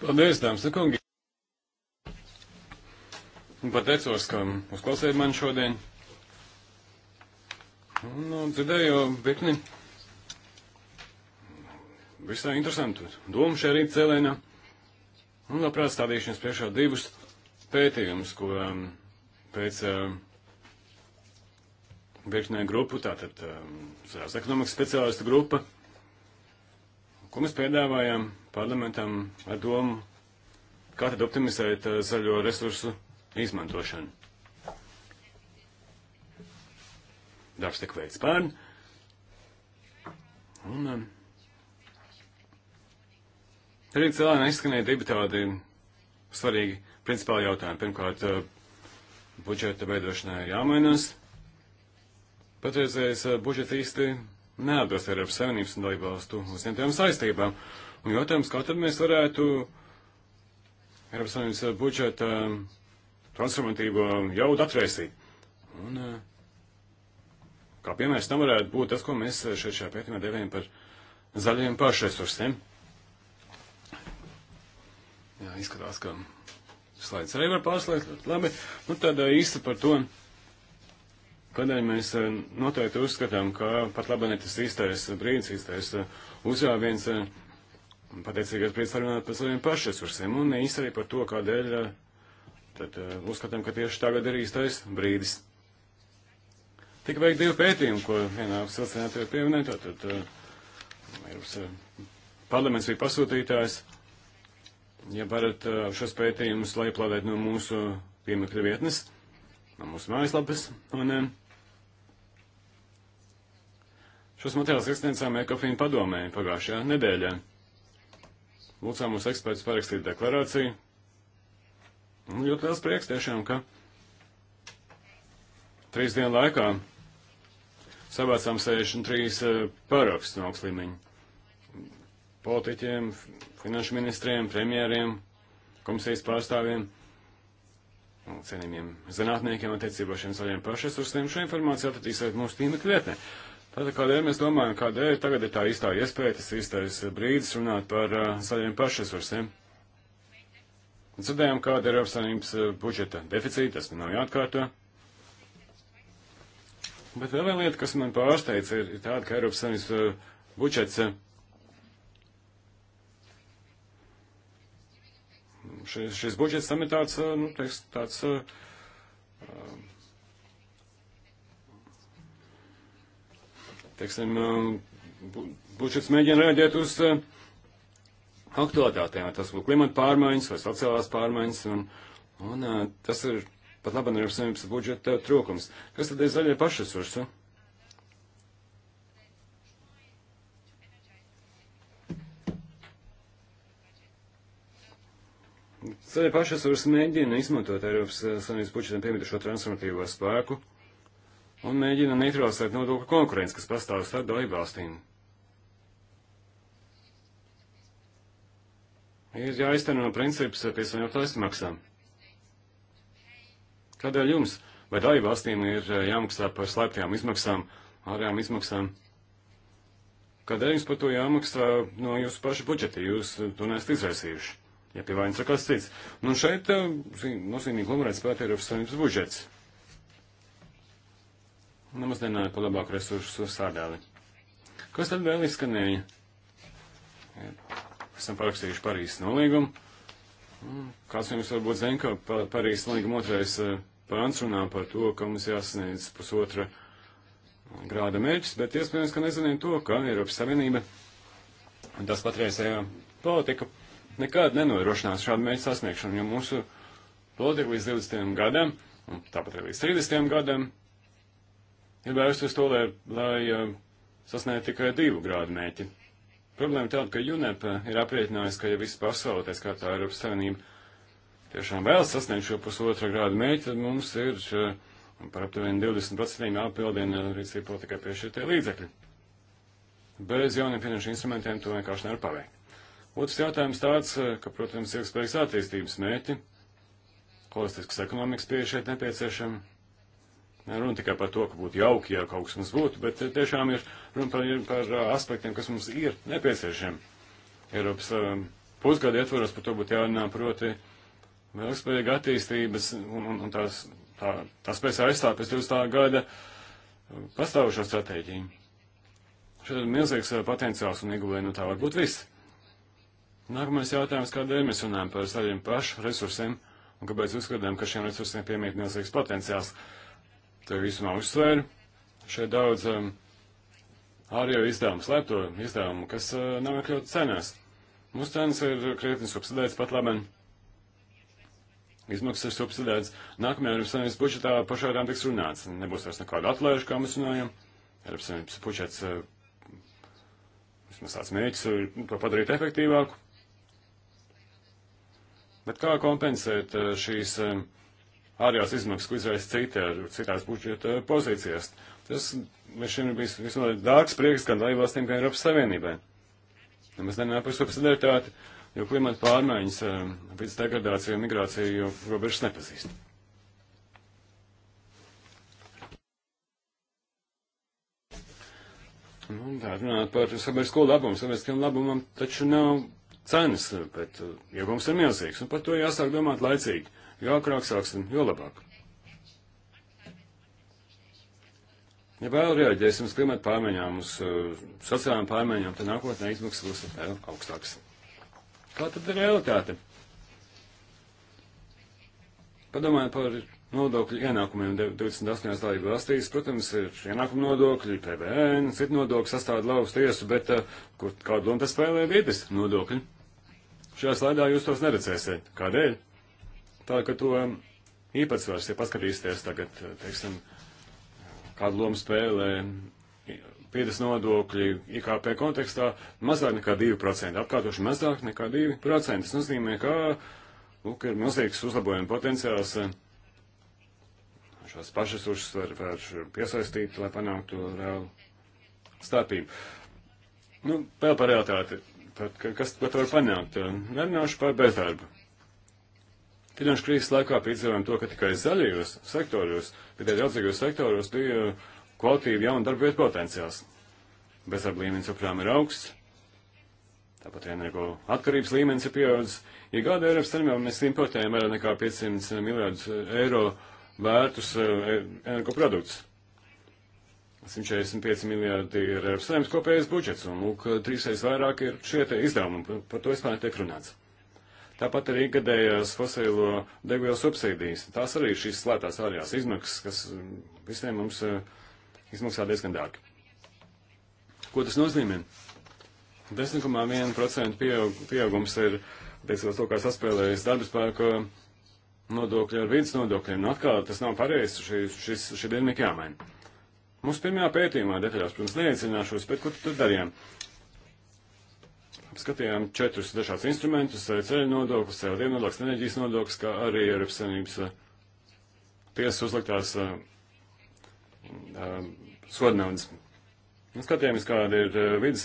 Paldies, dāmas un kungi! Un pateicos, ka uzklausījāt mani šodien. Nu, dzirdēju virkni visai interesantu domu šajā rīta cēlēnā. Un labprāt stādīšu jums priekšā divus pētījumus, ko um, pēc um, virknē grupu, tātad um, ekonomikas speciālistu grupa, ko mēs piedāvājām parlamentam ar domu, kā tad optimizēt uh, zaļo resursu izmantošanu. Darbs tiek veikts pārn. Un um, arī cēlēnā izskanēja divi tādi svarīgi principāli jautājumi. Pirmkārt, uh, budžeta veidošanai ir jāmainās. Patreizējais uh, budžets īsti neatbilst Eiropas Savienības un dalībvalstu uzņemtajām saistībām. Un jautājums, kā tad mēs varētu Eiropas Savienības uh, budžeta um, transformatīvo jaudu atvēsīt. Un eh, kā piemērs tam varētu būt tas, ko mēs eh, šeit šajā pētījumā devējam par zaļajiem pašresursiem. Jā, izskatās, ka slaids arī var pārslēgt. Labi, nu tad eh, īsti par to, kādēļ mēs noteikti uzskatām, ka pat labi ne tas īstais brīdis, īstais uzrāviens, pateicīgais brīdis sarunāt par saviem pašresursiem un īsti arī par to, kādēļ Tad uh, uzskatām, ka tieši tagad ir īstais brīdis. Tika veikti divi pētījumi, ko vienā silcinā tev pieminēt. Tad uh, eh, Eiropas uh, eh, parlaments bija pasūtītājs. Ja varat uh, šos pētījumus laiplādēt no mūsu piemekļa vietnes, no mūsu mājaslapas. Un, uh, Šos materiālus izsniedzām Ekofīna padomē pagājušajā nedēļā. Lūdzām mūsu ekspertus parakstīt deklarāciju, Un nu, ļoti liels prieks tiešām, ka trīs dienu laikā savācām 63 eh, parakstus no augsts līmeņa. Politiķiem, finanšu ministriem, premjeriem, komisijas pārstāvjiem, cienījumiem zinātniekiem attiecībā šiem saviem pašresursiem. Šo informāciju atradīsiet mūsu tīmekļa vietnē. Tātad kādēļ mēs domājam, kādēļ tagad ir tā īstā iespēja, tas īstais brīdis runāt par uh, eh, saviem pašresursiem. Un dzirdējām, kāda ir Eiropas Savienības eh, budžeta deficīta, tas nav jāatkārto. Bet vēl viena lieta, kas man pārsteidz, ir tāda, ka Eiropas Savienības eh, budžets eh, šis, šis budžets tam ir tāds, nu, teiks, tāds uh, teiksim, budžets mēģina rēģēt uz uh, aktualitātēm, tas būtu klimata pārmaiņas vai sociālās pārmaiņas, un, un tas ir pat labi Eiropas Savienības budžeta trūkums. Kas tad ir zaļie pašresursi? Zaļie pašresursi mēģina izmantot Eiropas Savienības budžetam piemītušo transformatīvo spēku un mēģina neutralizēt nodokļu konkurenci, kas pastāv starp dalībvalstīm. valstīm. ir jāizteno princips piesaņotājs maksā. Kādēļ jums vai daļu valstīm ir eh, jāmaksā par slēptajām izmaksām, ārējām izmaksām? Kādēļ jums par to jāmaksā no jūsu paša budžeta, jūs eh, to neesat izraisījuši? Ja pie vainas ir kas cits. Nu šeit eh, nozīmīgi lomarēts spēlēt Eiropas Savienības budžets. Nemaz nenāja pa labāku resursu sādēli. Kas tad vēl izskanēja? esam parakstījuši Parīzes nolīgumu. Kāds jums varbūt zina, ka Parīzes nolīguma otrais e, pants runā par to, ka mums jāsniedz pusotra grāda mērķis, bet iespējams, ka nezinām to, ka Eiropas Savienība un tas patreizējā politika nekad nenorošinās šādu mērķu sasniegšanu, jo mūsu politika līdz 20. gadam, un tāpat arī līdz 30. gadam, ir vērsta uz to, lai, lai e, sasniegtu tikai divu grādu mērķi. Problēma tāda, ka UNEP ir aprēķinājusi, ka ja visa pasaule, tā skaitā Eiropas Savienība, tiešām vēl sasniegt šo pusotra grādu mērķi, tad mums ir še, eh, par aptuveni 20% jāpildina rīcība politika pie šie tie līdzekļi. Bez jauniem finanšu instrumentiem to vienkārši nevar paveikt. Otrs jautājums tāds, eh, ka, protams, ilgspējīgas attīstības mērķi, holistiskas ekonomikas pieeja šeit nepieciešama Runa tikai par to, ka būtu jauki, ja kaut kas mums būtu, bet eh, tiešām ir runa par, par eh, aspektiem, kas mums ir nepieciešami. Eiropas eh, pusgada ietvaros par to būtu jārunā, proti, ilgspējīga attīstības un, un, un tās, tā, tā spēs aizstāt pēc 20. gada pastāvošo stratēģiju. Šeit ir milzīgs potenciāls un ieguvēja, nu tā var būt viss. Nākamais jautājums, kādēļ mēs runājam par saviem pašu resursiem un kāpēc uzskatām, ka šiem resursiem piemīt milzīgs potenciāls. Uh, te visumā uzsvēru. Šeit daudz um, ārējo izdevumu slēpto izdevumu, kas uh, nav iekļauts cenās. Mūsu cenas ir krietni subsidētas pat labi. Izmaksas ir subsidētas. Nākamajā Eiropas Savienības budžetā par šādām tiks runāts. Nebūs vairs nekādu atlaižu, kā mēs runājam. Eiropas Savienības budžets, uh, vismaz tāds mēģis, ir to padarīt efektīvāku. Bet kā kompensēt uh, šīs uh, ārējās izmaksas, ko izraisa citi ar citās budžeta pozīcijās. Tas mēs šim ir bijis visnotaļ dārgs prieks gan dalībvalstīm, gan Eiropas Savienībai. Ja mēs nenāk par subsidiaritāti, jo klimata pārmaiņas, vidas eh, degradācija un migrācija jau robežas nepazīst. Nu, tā runāt par sabiedrisko labumu. Sabiedriskajam labumam taču nav cenas, bet eh, iegums ir milzīgs, un par to jāsāk domāt laicīgi jo agrāk sāksim, jo labāk. Ja vēl reaģēsim uz klimata pārmaiņām, uz uh, eh, sociālām pārmaiņām, tad nākotnē izmaksas būs vēl augstākas. Kā tad ir realitāte? Padomājiet par nodokļu ienākumiem 28. dalību valstīs. Protams, ir ienākuma nodokļi, PVN, citu nodokļu sastāvda lauvas tiesu, bet uh, kur, kādu lomu tas spēlē vietas nodokļi? Šajā slaidā jūs tos neredzēsiet. Kādēļ? Tā ka to īpatsvars, ja paskatīsieties tagad, teiksim, kādu lomu spēlē pīdas nodokļi IKP kontekstā, mazāk nekā 2%, apkārtoši mazāk nekā 2%. Tas nozīmē, ka, lūk, ir milzīgs uzlabojuma potenciāls šās pašas uzsver var piesaistīt, lai panāktu reālu starpību. Nu, vēl par realitāti, par, kas, ko tu var panākt. Nerunāšu par bezdarbu. Finanšu krīzes laikā piedzīvojām to, ka tikai zaļajos sektoros, tikai daudzīgajos sektoros bija kvalitīva jauna darba vietu potenciāls. Bezdarba līmenis joprojām ir augsts, tāpat energo atkarības līmenis ir pieaudzis. Ja gada Eiropas saimībā mēs importējam vairāk nekā 500 miljārdus eiro vērtus e, energo produktus. 145 miljārdi ir Eiropas saimnes kopējais budžets, un lūk, trīsreiz vairāk ir šie izdevumi, par to vispār netiek runāts. Tāpat arī gadējās fosilo degvielu subsīdijas. Tās arī šīs slētās ārējās izmaksas, kas mm, visiem mums eh, izmaksā diezgan dārgi. Ko tas nozīmē? 10,1% pieaug, pieaugums ir, teicot, to, kā saspēlējas darba spēka nodokļi ar vidas nodokļiem. Un nu, atkal tas nav pareizi, šī, šis, šī dinamika jāmaina. Mums pirmajā pētījumā detaļās, protams, neiecināšos, bet ko tad darījām? skatījām četrus dažādus instrumentus - ceļu nodoklis, CO2 nodoklis, enerģijas nodoklis, kā arī Eiropas Savienības eh, tiesas uzliktās eh, eh, sodnaudas. Skatījāmies, kāda ir vidas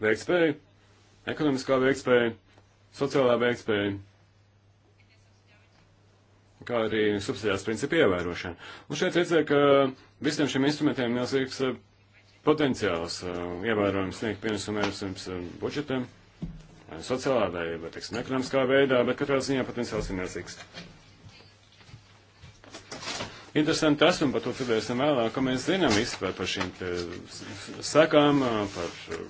veiktspēja, ekonomiskā veiktspēja, sociālā veiktspēja, kā arī subsidijās principu ievērošana. Un šeit redzēja, ka visiem šiem instrumentiem milzīgs potenciāls ievērojams sniegt pienesumu Eiropas budžetiem. Uh, sociālā vai, vai teiksim, ekonomiskā veidā, bet katrā ziņā potenciāls ir milzīgs. Interesanti tas, un par to dzirdēsim vēlāk, ka mēs zinām visu par, par šīm sekām, par eh,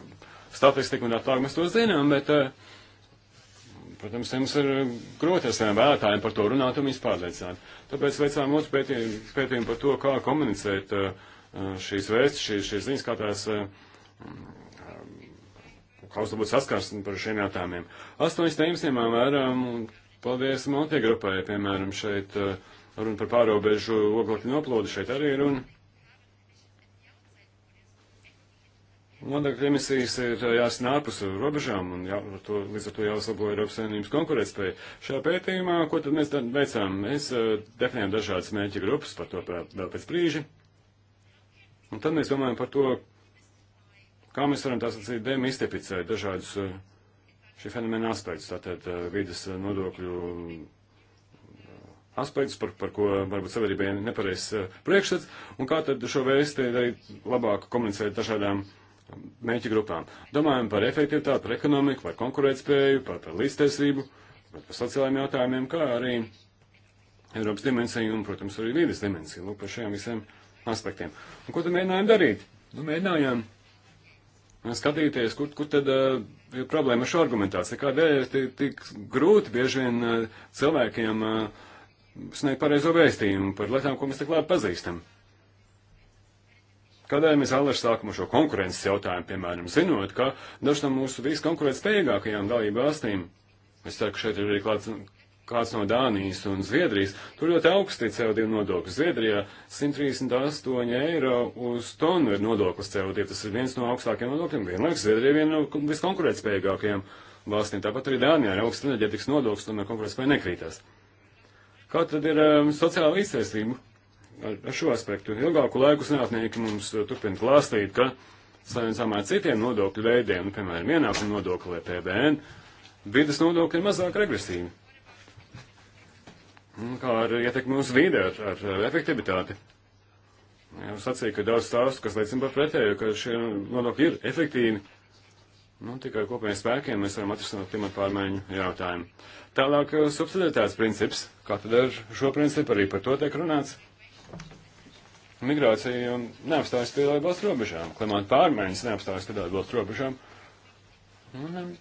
statistiku un tā tālāk, mēs to zinām, bet, eh, protams, jums ir grūti ar saviem vēlētājiem par to runāt un viņus pārliecināt. Tāpēc veicām otru pētījumu, pētījumu par to, kā komunicēt eh, šīs vēstis, šīs, šīs ziņas, kā tās kaut kāda saskarsme par šiem jautājumiem. Astoņas tēmas ņemām vērā, un paldies Maltie grupai, piemēram, šeit eh, runa par pārobežu oglekļu noplūdu, šeit arī runa. Nodokļu emisijas ir eh, jāsina ārpus robežām, un jā, ar to, līdz ar to jāuzlabo Eiropas Savienības konkurētspēja. Šajā pētījumā, ko tad mēs tad veicām? Mēs uh, definējām dažādas mērķa grupas, par to vēl pēc brīža. Un tad mēs domājam par to, Kā mēs varam tās atsīt demistificēt dažādus eh, šī fenomena aspektus, tātad eh, vidas eh, nodokļu aspektus, par, par ko varbūt sabiedrībai nepareizs priekšstats, un kā tad šo vēsti arī labāk komunicēt dažādām mēķi grupām. Domājam par efektivitāti, par ekonomiku, par konkurētspēju, par, par līdztiesību, par, par sociālajiem jautājumiem, kā arī Eiropas dimensiju un, protams, arī vīdes dimensiju. Lūk, par šiem visiem aspektiem. Un ko tad mēģinājām darīt? Nu, mēģinājām skatīties, kur, kur tad uh, ir problēma ar šo argumentāciju. Kādēļ ir tik, tik grūti bieži vien uh, cilvēkiem uh, sniegt pareizo vēstījumu par lietām, ko mēs tik labi pazīstam? Kādēļ mēs alaši sākam šo konkurences jautājumu, piemēram, zinot, ka dažs no mūsu viskonkurētspējīgākajām dalību valstīm, es ceru, ka šeit ir arī klāts kāds no Dānijas un Zviedrijas, tur ļoti augsti CO2 nodokļi. Zviedrijā 138 eiro uz tonu ir nodoklis CO2, tas ir viens no augstākajiem nodokļiem. Vienlaikus Zviedrija ir viena no viskonkurētspējīgākajiem valstīm. Tāpat arī Dānijā ir augsts enerģetikas nodoklis, tomēr konkurētspēja nekrītās. Kā tad ir um, sociāla izsaistība ar, ar šo aspektu? Ilgāku laiku zinātnieki mums uh, turpina klāstīt, ka salīdzinājumā ar citiem nodokļu veidiem, nu, piemēram, ienākuma nodokli vai PBN, vidas nodokļi ir mazāk regresīvi. Nu, kā ar ietekmi uz vidi, ar, ar efektivitāti. Jau sacīju, ka daudz stāstu, kas liecina par pretēju, ka šie nodokļi ir efektīvi. Nu, tikai kopējiem spēkiem mēs varam atrisināt klimatu pārmaiņu jautājumu. Tālāk eh, subsidiaritātes princips. Kā tad ar šo principu arī par to tiek runāts? Migrācija neapstājas pie labās robežām. Klimata pārmaiņas neapstājas pie labās robežām. Un,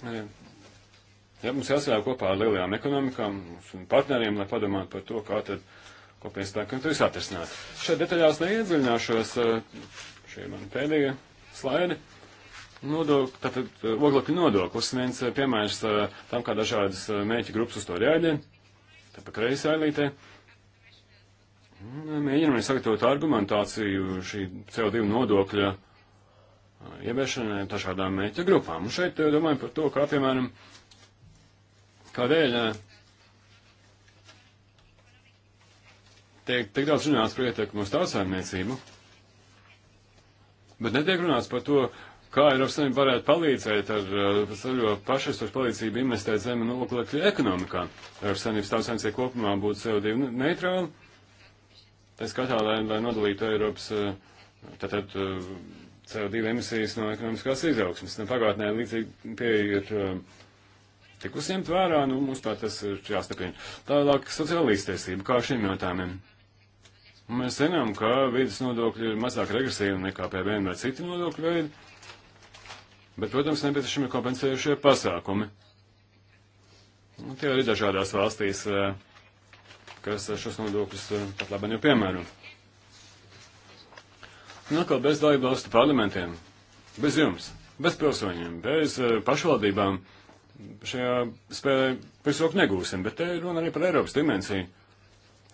arī eh, Ja, mums jāsajā kopā ar lielajām ekonomikām un partneriem, lai padomātu par to, kā tad kopienas spēkiem to visu atrisināt. Šeit detaļās neiedziļināšos, eh, šie man pēdējie slaidi. Nodok, tātad eh, oglekļu nodoklis viens eh, piemērs tam, kā dažādas mēķi grupas uz to reaģē. Tā pa kreisi ailītē. Mēģinam sagatavot argumentāciju šī CO2 nodokļa ieviešanai dažādām mēķa grupām. Un šeit domājam par to, kā piemēram Kādēļ eh, tiek tik daudz runāts par ietekmu uz tautsājumniecību, bet netiek runāts par to, kā Eiropas Savienība varētu palīdzēt ar eh, zaļo pašaistošu palīdzību investēt zemi un oglekļu ekonomikā. Eiropas Savienības tautsājumniecība kopumā būtu CO2 neitrāla. Tas katrā, lai, lai nodalītu Eiropas eh, tātad, CO2 emisijas no ekonomiskās izaugsmas. Nu, pagātnē līdzīgi pieeja ir uh, tikus ņemt vērā, nu, mums tā tas ir jāstiprina. Tālāk sociālīs tiesība, kā šiem jautājumiem. Mēs zinām, ka vidas nodokļi ir mazāk regresīvi nekā PVN vai citi nodokļu veidi, bet, protams, nepieciešami kompensējušie pasākumi. Nu, tie arī dažādās valstīs, eh, kas šos nodokļus eh, pat labāk jau piemēro. Nākal bez dalībvalstu parlamentiem, bez jums, bez pilsoņiem, bez eh, pašvaldībām. Uh, šajā spēlē virsroku negūsim, bet te runa arī par Eiropas dimensiju.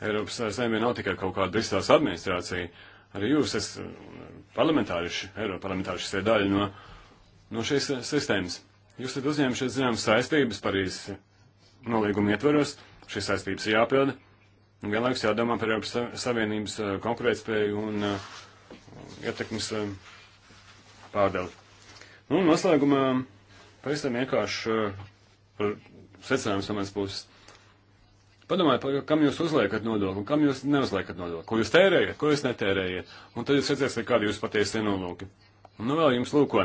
Eiropas saimē nav tikai kaut kāda Briselas administrācija, arī jūs esat parlamentāriši, Eiropas parlamentāriši, esat daļa no, no šīs sistēmas. Jūs esat uzņēmušies, zinām, saistības Parīzes nolīguma ietveros, šīs saistības ir jāpilda, un vienlaikus jādomā par Eiropas Savienības eh, konkurētspēju un uh, ietekmes uh, pārdali. Nu, un noslēgumā. Uh, Pavisam vienkārši eh, par secinājumu no manas puses. Padomājiet, par, kam jūs uzliekat nodokli, kam jūs neuzliekat nodokli, ko jūs tērējat, ko jūs netērējat. Un tad jūs redzēsiet, kādi jūs patiesi ienolūki. Un nu vēl jums lūko.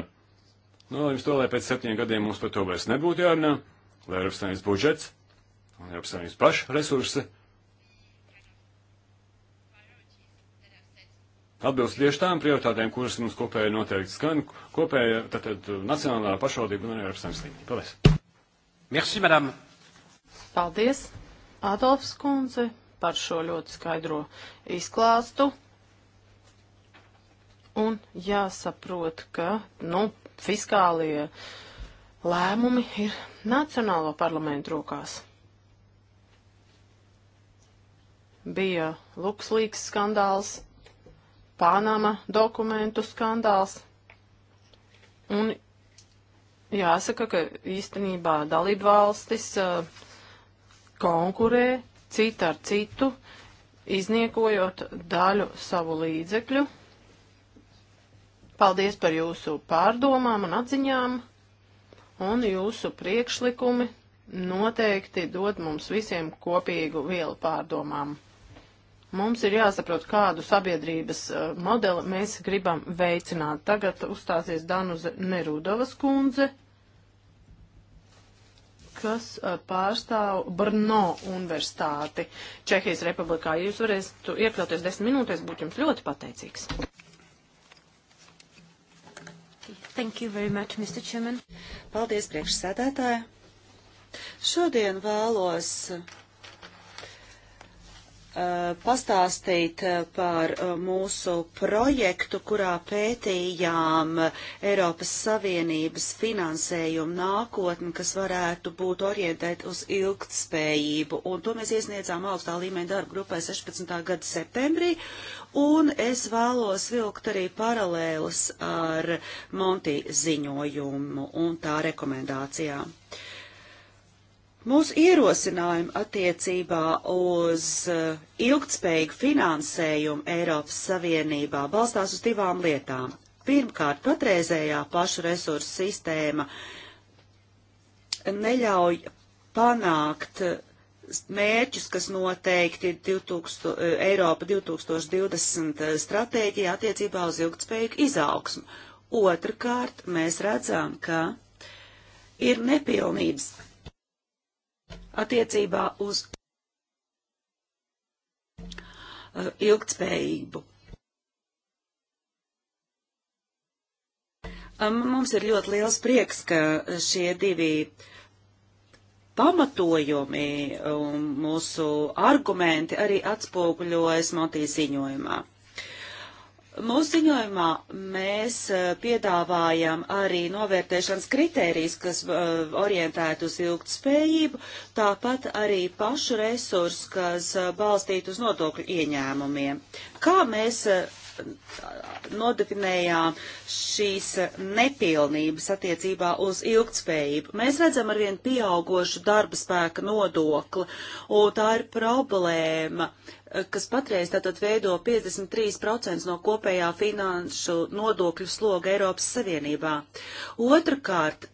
Nu vēl jums to, lai pēc septiņiem gadiem mums par to vairs nebūtu jārunā, lai ir apstājums budžets, un ir apstājums paši resursi. atbilst tieši tām prioritātēm, kuras mums kopēji noteikti skan, kopēja tātad nacionālā pašvaldība un Eiropas Savienības līmenī. Paldies! Merci, madame! Paldies, Adolfs Kunze, par šo ļoti skaidro izklāstu. Un jāsaprot, ka, nu, fiskālie lēmumi ir nacionālo parlamentu rokās. Bija Luxlīks skandāls, Panama dokumentu skandāls. Un jāsaka, ka īstenībā dalību valstis uh, konkurē cita ar citu, izniekojot daļu savu līdzekļu. Paldies par jūsu pārdomām un atziņām, un jūsu priekšlikumi noteikti dod mums visiem kopīgu vielu pārdomām. Mums ir jāsaprot, kādu sabiedrības uh, modeli mēs gribam veicināt. Tagad uzstāsies Danuze Nerudovas kundze, kas uh, pārstāv Brno universitāti Čehijas republikā. Ja jūs varēsiet iekļauties desmit minūtēs, būtu jums ļoti pateicīgs. Thank you very much, Mr. Chairman. Paldies, priekšsēdētāja. Šodien vēlos Uh, pastāstīt uh, par uh, mūsu projektu, kurā pētījām Eiropas Savienības finansējumu nākotni, kas varētu būt orientēt uz ilgtspējību. Un to mēs iesniedzām augstā līmeņa darba grupai 16. gada septembrī. Un es vēlos vilkt arī paralēlus ar Monti ziņojumu un tā rekomendācijām. Uh, Mūsu ierosinājumi attiecībā uz uh, ilgtspējīgu finansējumu Eiropas Savienībā balstās uz divām lietām. Pirmkārt, patreizējā pašu resursu sistēma neļauj panākt uh, mērķus, kas noteikti 2000, uh, Eiropa 2020 stratēģija attiecībā uz ilgtspējīgu izaugsmu. Otrakārt, mēs redzam, ka ir nepilnības attiecībā uz uh, ilgtspējību. Um, mums ir ļoti liels prieks, ka šie divi pamatojumi un um, mūsu argumenti arī atspoguļojas Motī ziņojumā. Mūsu ziņojumā mēs eh, piedāvājam arī novērtēšanas kritērijas, kas eh, orientēt uz ilgtspējību, tāpat arī pašu resursus, kas eh, balstīt uz nodokļu ieņēmumiem. Kā mēs nodefinējām šīs nepilnības attiecībā uz ilgtspējību. Mēs redzam arvien pieaugošu darba spēka nodokli, un tā ir problēma, kas patreiz tātad veido 53% no kopējā finanšu nodokļu sloga Eiropas Savienībā. Otrakārt,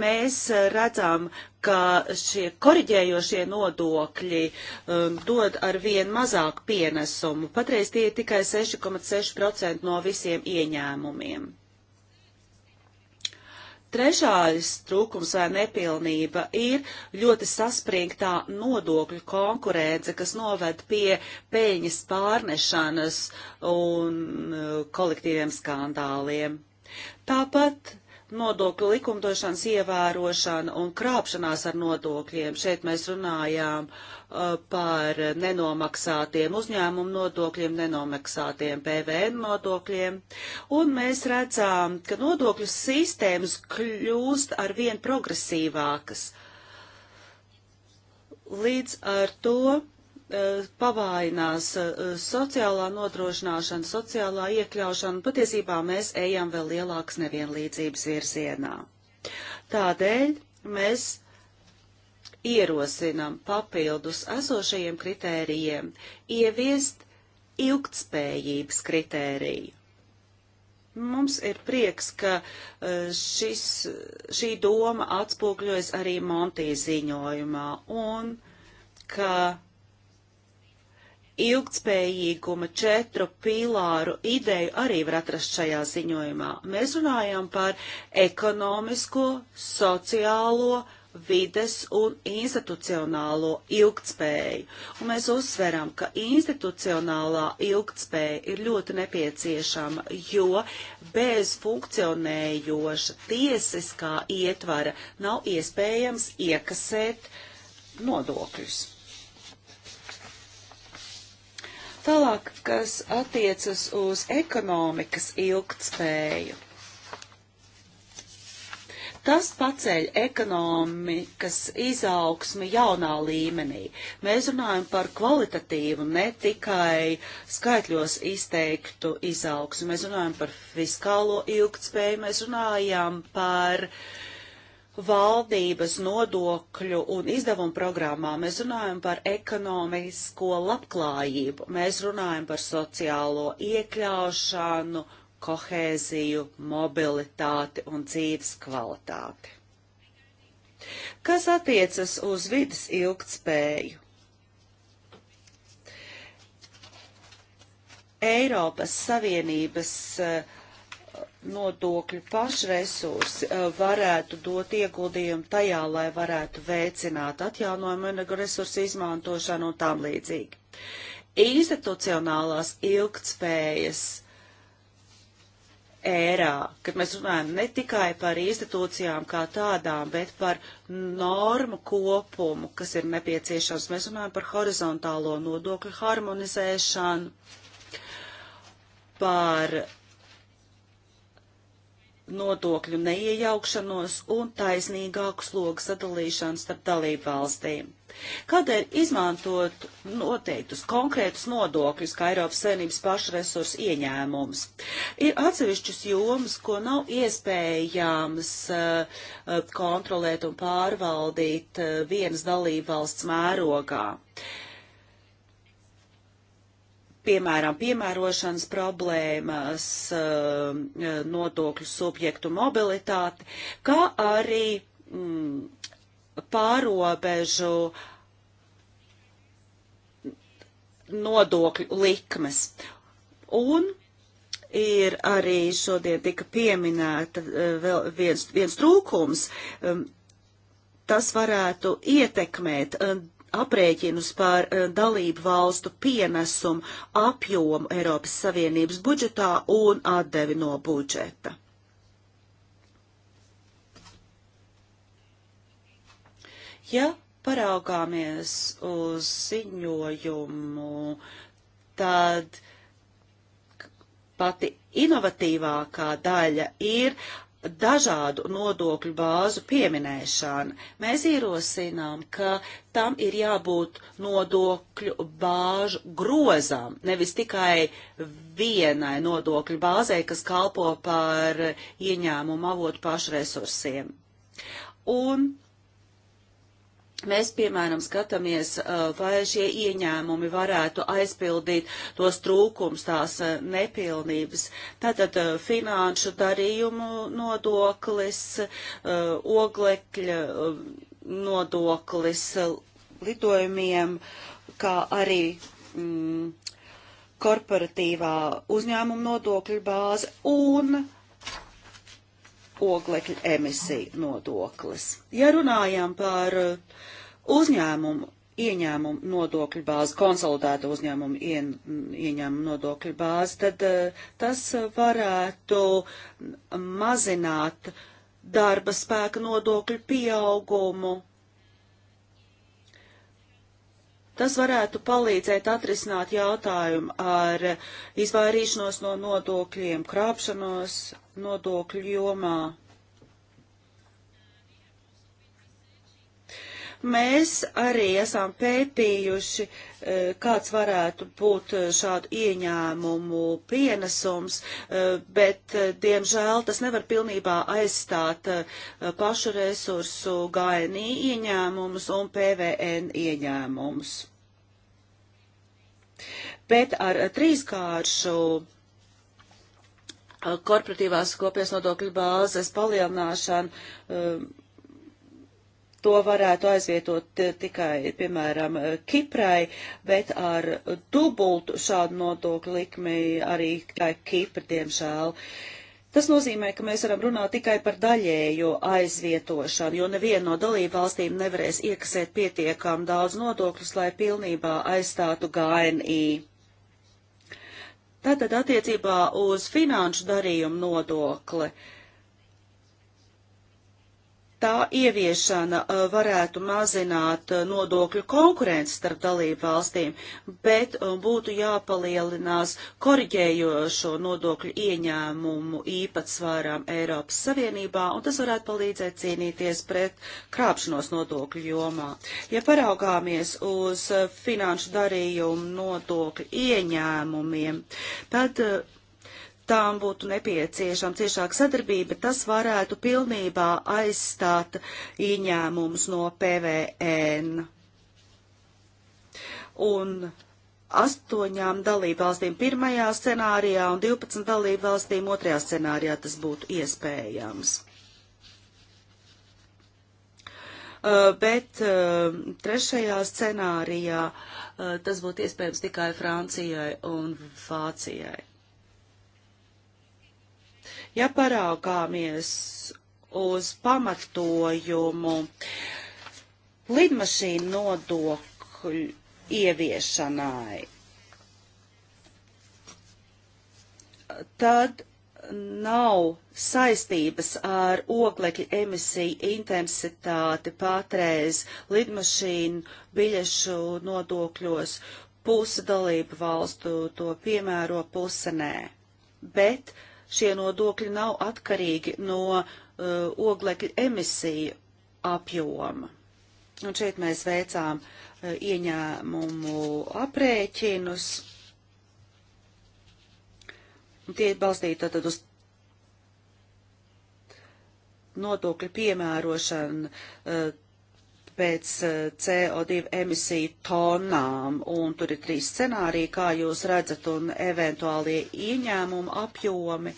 mēs redzam, ka šie koriģējošie nodokļi um, dod ar vien mazāk pienesumu. Patreiz tie ir tikai 6,6% no visiem ieņēmumiem. Trešais trūkums vai nepilnība ir ļoti saspringtā nodokļu konkurence, kas noved pie peļņas pārnešanas un uh, kolektīviem skandāliem. Tāpat nodokļu likumdošanas ievērošana un krāpšanās ar nodokļiem. Šeit mēs runājām uh, par nenomaksātiem uzņēmumu nodokļiem, nenomaksātiem PVN nodokļiem. Un mēs redzām, ka nodokļu sistēmas kļūst ar vien progresīvākas. Līdz ar to Eh, pavājinās eh, sociālā nodrošināšana, sociālā iekļaušana, patiesībā mēs ejam vēl lielākas nevienlīdzības virzienā. Tādēļ mēs ierosinam papildus esošajiem kritērijiem ieviest ilgtspējības kritēriju. Mums ir prieks, ka eh, šis, šī doma atspūgļojas arī Montī ziņojumā un ka ilgtspējīguma četru pīlāru ideju arī var atrast šajā ziņojumā. Mēs runājam par ekonomisko, sociālo, vides un institucionālo ilgtspēju. Un mēs uzsveram, ka institucionālā ilgtspēja ir ļoti nepieciešama, jo bez funkcionējoša tiesiskā ietvara nav iespējams iekasēt nodokļus. Tālāk, kas attiecas uz ekonomikas ilgtspēju. Tas paceļ ekonomikas izaugsmi jaunā līmenī. Mēs runājam par kvalitatīvu, ne tikai skaitļos izteiktu izaugsmi. Mēs runājam par fiskālo ilgtspēju, mēs runājam par uh, valdības nodokļu un izdevumu programmā mēs runājam par ekonomisko labklājību, mēs runājam par sociālo iekļaušanu, kohēziju, mobilitāti un dzīves kvalitāti. Kas attiecas uz vidas ilgtspēju? Eiropas Savienības uh, nodokļu pašresursi eh, varētu dot ieguldījumu tajā, lai varētu veicināt atjaunojumu energoresursu izmantošanu un tam līdzīgi. Institucionālās ilgtspējas ērā, kad mēs runājam ne tikai par institūcijām kā tādām, bet par normu kopumu, kas ir nepieciešams. Mēs runājam par horizontālo nodokļu harmonizēšanu, par nodokļu neiejaukšanos un taisnīgāku slogu sadalīšanu starp dalību valstīm. Kādēļ izmantot noteiktus konkrētus nodokļus, kā Eiropas Savienības pašresursu ieņēmums? Ir atsevišķas jomas, ko nav iespējams uh, kontrolēt un pārvaldīt uh, vienas dalību valsts mērogā. Uh, piemēram, piemērošanas problēmas, eh, eh, nodokļu subjektu mobilitāti, kā arī mm, pārobežu nodokļu likmes. Un ir arī šodien tika pieminēta eh, vēl viens, viens trūkums. Tas varētu ietekmēt aprēķinus par eh, dalību valstu pienesumu apjomu Eiropas Savienības budžetā un atdevi no budžeta. Ja paraugāmies uz ziņojumu, tad pati inovatīvākā daļa ir dažādu nodokļu bāzu pieminēšana. Mēs ierosinām, ka tam ir jābūt nodokļu bāžu grozām, nevis tikai vienai nodokļu bāzei, kas kalpo par ieņēmumu avotu pašresursiem. Un Mēs, piemēram, skatāmies, vai šie ieņēmumi varētu aizpildīt tos trūkums, tās nepilnības. Tātad finanšu darījumu nodoklis, oglekļa nodoklis lidojumiem, kā arī mm, korporatīvā uzņēmuma nodokļu bāze un oglekļa emisiju nodoklis. Ja runājam par uh, uzņēmumu ieņēmumu nodokļu bāzi, konsolidētu uzņēmumu ien, ieņēmumu nodokļu bāzi, tad uh, tas varētu mazināt darba spēka nodokļu pieaugumu Tas varētu palīdzēt atrisināt jautājumu ar izvairīšanos no nodokļiem, krāpšanos nodokļu jomā. Mēs arī esam pētījuši, e, kāds varētu būt e, šādu ieņēmumu pienesums, e, bet, diemžēl, tas nevar pilnībā aizstāt pašu resursu GNI ieņēmumus un PVN ieņēmumus. Bet ar trīskāršu korporatīvās kopienas nodokļu bāzes palielināšanu to varētu aizvietot eh, tikai, piemēram, eh, Kiprai, bet ar dubultu šādu nodokļu likmi arī tikai Kipra, diemžēl. Tas nozīmē, ka mēs varam runāt tikai par daļējo aizvietošanu, jo neviena no dalību valstīm nevarēs iekasēt pietiekām daudz nodokļus, lai pilnībā aizstātu GNI. Tātad attiecībā uz finanšu darījumu nodokli. Uh, tā ieviešana uh, varētu mazināt uh, nodokļu konkurenci starp dalību valstīm, bet uh, būtu jāpalielinās koriģējošo nodokļu ieņēmumu īpatsvārām Eiropas Savienībā, un tas varētu palīdzēt cīnīties pret krāpšanos nodokļu jomā. Ja paraugāmies uz finanšu darījumu nodokļu ieņēmumiem, tad tām būtu nepieciešama ciešāka sadarbība, tas varētu pilnībā aizstāt ieņēmumus no PVN. Un astoņām dalībvalstīm pirmajā scenārijā un 12 dalībvalstīm otrajā scenārijā tas būtu iespējams. Uh, bet uh, trešajā scenārijā uh, tas būtu iespējams tikai Francijai un Vācijai. Ja paraugāmies uz pamatojumu lidmašīnu nodokļu ieviešanai, tad nav saistības ar oglekļa emisiju intensitāti patreiz lidmašīnu biļešu nodokļos. Puse dalību valstu to piemēro, puse nē. Bet uh, šie nodokļi nav atkarīgi no uh, oglekļa emisiju apjoma. Un šeit mēs veicām uh, ieņēmumu aprēķinus. Tie balstīti tad uz nodokļu piemērošanu uh, pēc eh, CO2 emisiju tonām, un tur ir trīs scenāriji, kā jūs redzat, un eventuālie ieņēmumu apjomi.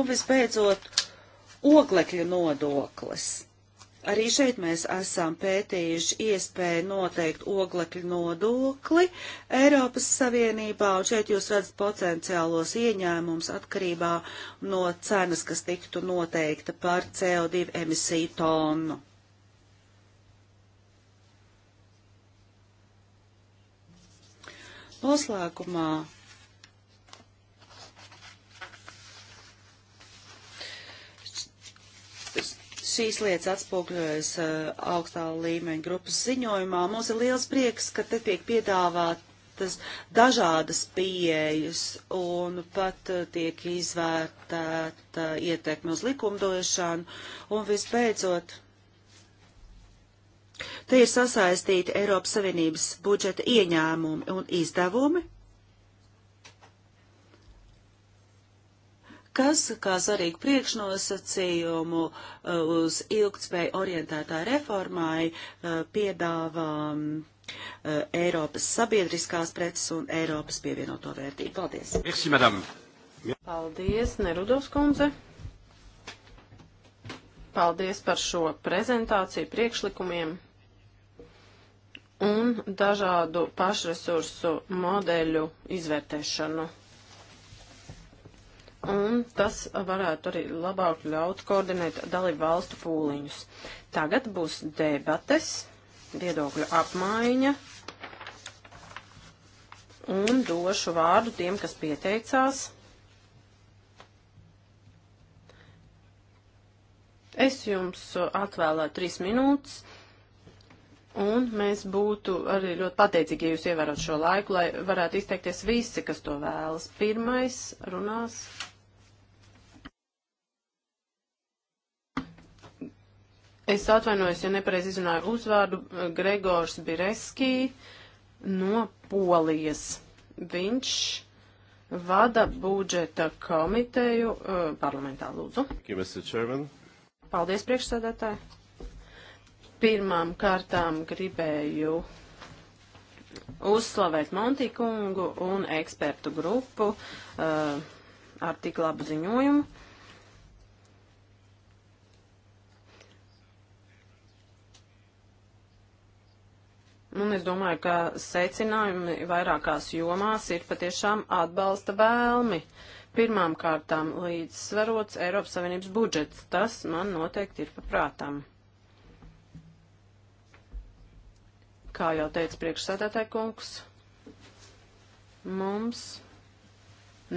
Un visbeidzot, oglekļa nodoklis. Arī šeit mēs esam pētījuši iespēju noteikt oglekļu nodokli Eiropas Savienībā, un šeit jūs redzat potenciālos ieņēmums atkarībā no cenas, kas tiktu noteikta par CO2 emisiju tonu. Noslēgumā šīs lietas atspūgļojas eh, augstā līmeņa grupas ziņojumā. Mums ir liels prieks, ka te tiek piedāvātas dažādas pieejas un pat eh, tiek izvērtēta eh, ietekme uz likumdošanu. Un visbeidzot, Te ir sasaistīti Eiropas Savienības budžeta ieņēmumi un izdevumi, kas, kā svarīgu priekšnosacījumu uh, uz ilgtspēju orientētā reformai, uh, piedāvā um, uh, Eiropas sabiedriskās preces un Eiropas pievienoto vērtību. Paldies! Merci, madame. Paldies, Nerudovs kundze! Paldies par šo prezentāciju priekšlikumiem! un dažādu pašresursu modeļu izvērtēšanu. Un tas varētu arī labāk ļaut koordinēt dalību valstu pūliņus. Tagad būs debates, viedokļu apmaiņa un došu vārdu tiem, kas pieteicās. Es jums atvēlēju trīs minūtes Un mēs būtu arī ļoti pateicīgi, ja jūs ievērot šo laiku, lai varētu izteikties visi, kas to vēlas. Pirmais runās. Es atvainojos, ja nepareiz izrunāju uzvārdu Gregors Bireski no Polijas. Viņš vada budžeta komiteju eh, parlamentā, lūdzu. Paldies, priekšsēdētāji. Pirmām kārtām gribēju uzslavēt Montikungu un ekspertu grupu uh, ar tik labu ziņojumu. Un es domāju, ka secinājumi vairākās jomās ir patiešām atbalsta vēlmi. Pirmām kārtām līdzsvarots Eiropas Savienības budžets. Tas man noteikti ir paprātām. Kā jau teica priekšsēdētāji kungs, mums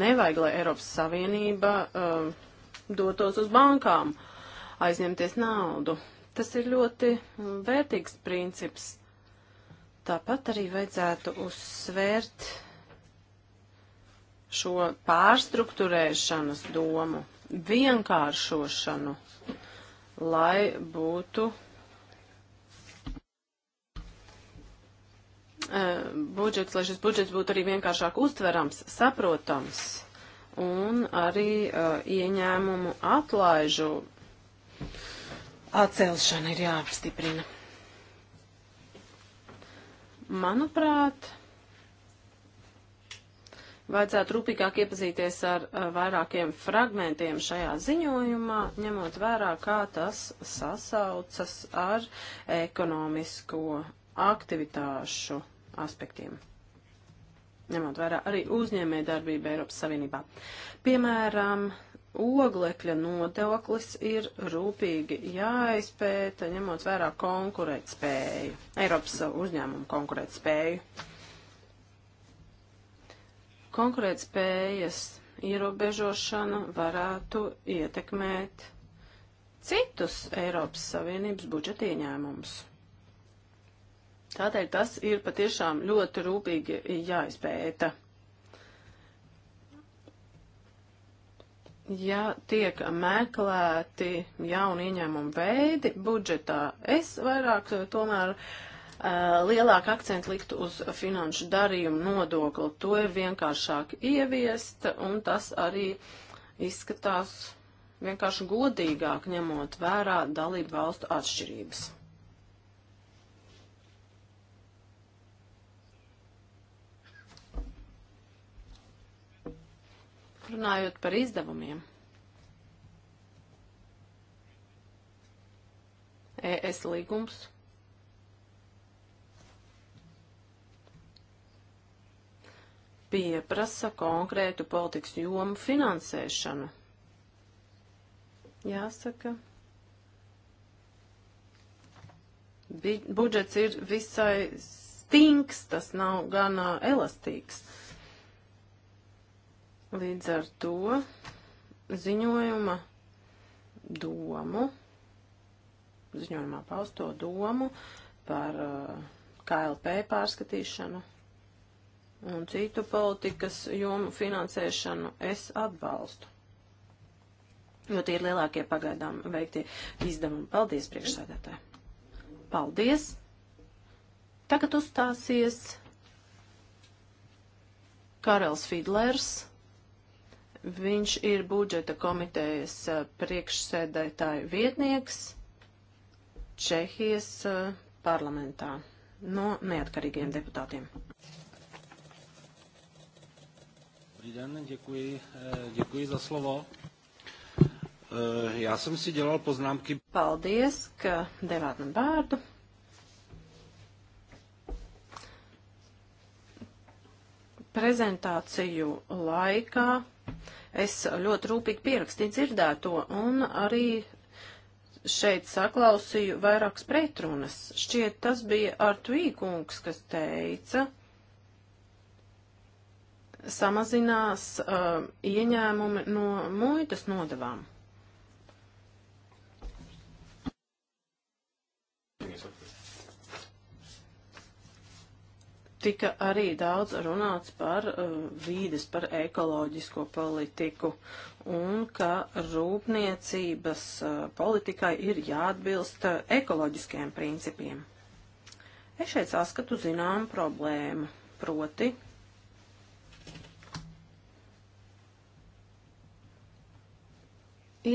nevajag, lai Eiropas Savienība uh, dotos uz bankām aizņemties naudu. Tas ir ļoti vērtīgs princips. Tāpat arī vajadzētu uzsvērt šo pārstruktūrēšanas domu, vienkāršošanu, lai būtu Eh, budžets, lai šis budžets būtu arī vienkāršāk uztverams, saprotams un arī uh, ieņēmumu atlaižu atcelšana ir jāapstiprina. Manuprāt, vajadzētu rūpīgāk iepazīties ar uh, vairākiem fragmentiem šajā ziņojumā, ņemot vērā, kā tas sasaucas ar ekonomisko aktivitāšu aspektiem ņemot vērā arī uzņēmēja darbību Eiropas Savienībā. Piemēram, oglekļa nodoklis ir rūpīgi jāizpēta, ņemot vērā konkurētspēju, Eiropas uzņēmumu konkurētspēju. Konkurētspējas ierobežošana varētu ietekmēt citus Eiropas Savienības budžeta ieņēmumus. Tādēļ tas ir patiešām ļoti rūpīgi jāizpēta. Ja tiek meklēti jauni ieņēmumu veidi budžetā, es vairāk eh, tomēr uh, lielāku akcentu liktu uz finanšu darījumu nodokli. To ir vienkāršāk ieviest, un tas arī izskatās vienkārši godīgāk ņemot vērā dalību valstu atšķirības. Tālāk runājot par izdevumiem. ES līgums. pieprasa konkrētu politikas jomu finansēšanu. Jāsaka, budžets ir visai stinks, tas nav gan elastīgs. Uh, Līdz ar to ziņojuma domu, ziņojumā pausto domu par uh, KLP pārskatīšanu un citu politikas jomu finansēšanu es atbalstu. Jo tie ir lielākie pagaidām veiktie izdevumi. Paldies, priekšsēdētāji. Paldies. Tagad uzstāsies Karels Fidlers Viņš ir budžeta komitejas priekšsēdētāja vietnieks Čehijas parlamentā no neatkarīgiem deputātiem. Dobrý den, děkuji, děkuji za slovo. Já jsem si dělal poznámky. Paldies, ka devāt man vārdu. Prezentāciju laikā Es ļoti rūpīgi pierakstīju dzirdēto un arī šeit saklausīju vairākas pretrunas. Šķiet, tas bija Artuīkungs, kas teica, samazinās uh, ieņēmumi no muitas nodavām. tika arī daudz runāts par uh, vīdes, par ekoloģisko politiku un ka rūpniecības uh, politikai ir jāatbilst uh, ekoloģiskiem principiem. Es šeit saskatu zinām problēmu, proti.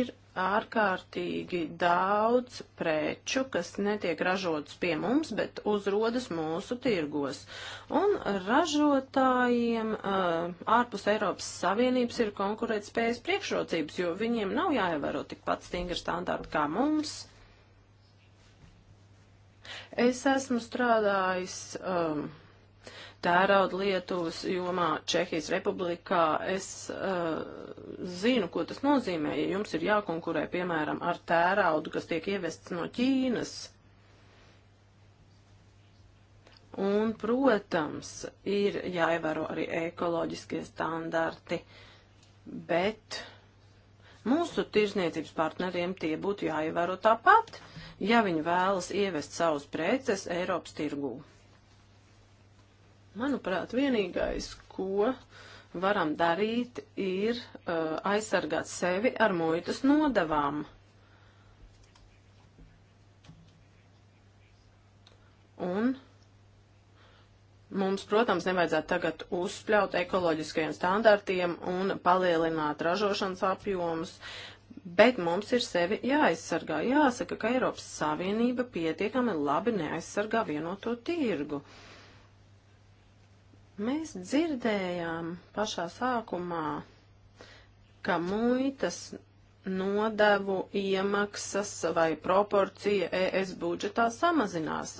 Ir ārkārtīgi daudz preču, kas netiek ražotas pie mums, bet uzrodas mūsu tirgos. Un ražotājiem uh, ārpus Eiropas Savienības ir konkurētspējas priekšrocības, jo viņiem nav jāievēro tikpat stingri standarti kā mums. Es esmu strādājis. Um, uh, tērauda Lietuvas jomā Čehijas republikā. Es uh, zinu, ko tas nozīmē, ja jums ir jākonkurē, piemēram, ar tēraudu, kas tiek ievests no Ķīnas. Un, protams, ir jāievēro arī ekoloģiskie standarti, bet mūsu tirzniecības partneriem tie būtu jāievēro tāpat, ja viņi vēlas ievest savus preces Eiropas tirgū. Manuprāt, vienīgais, ko varam darīt, ir uh, aizsargāt sevi ar muitas nodavām. Un mums, protams, nevajadzētu tagad uzspļaut ekoloģiskajiem standartiem un palielināt ražošanas apjomus, bet mums ir sevi jāaizsargā. Jāsaka, ka Eiropas Savienība pietiekami labi neaizsargā vienoto tirgu. Uh, Mēs dzirdējām pašā sākumā, ka muitas nodevu iemaksas vai proporcija ES budžetā samazinās.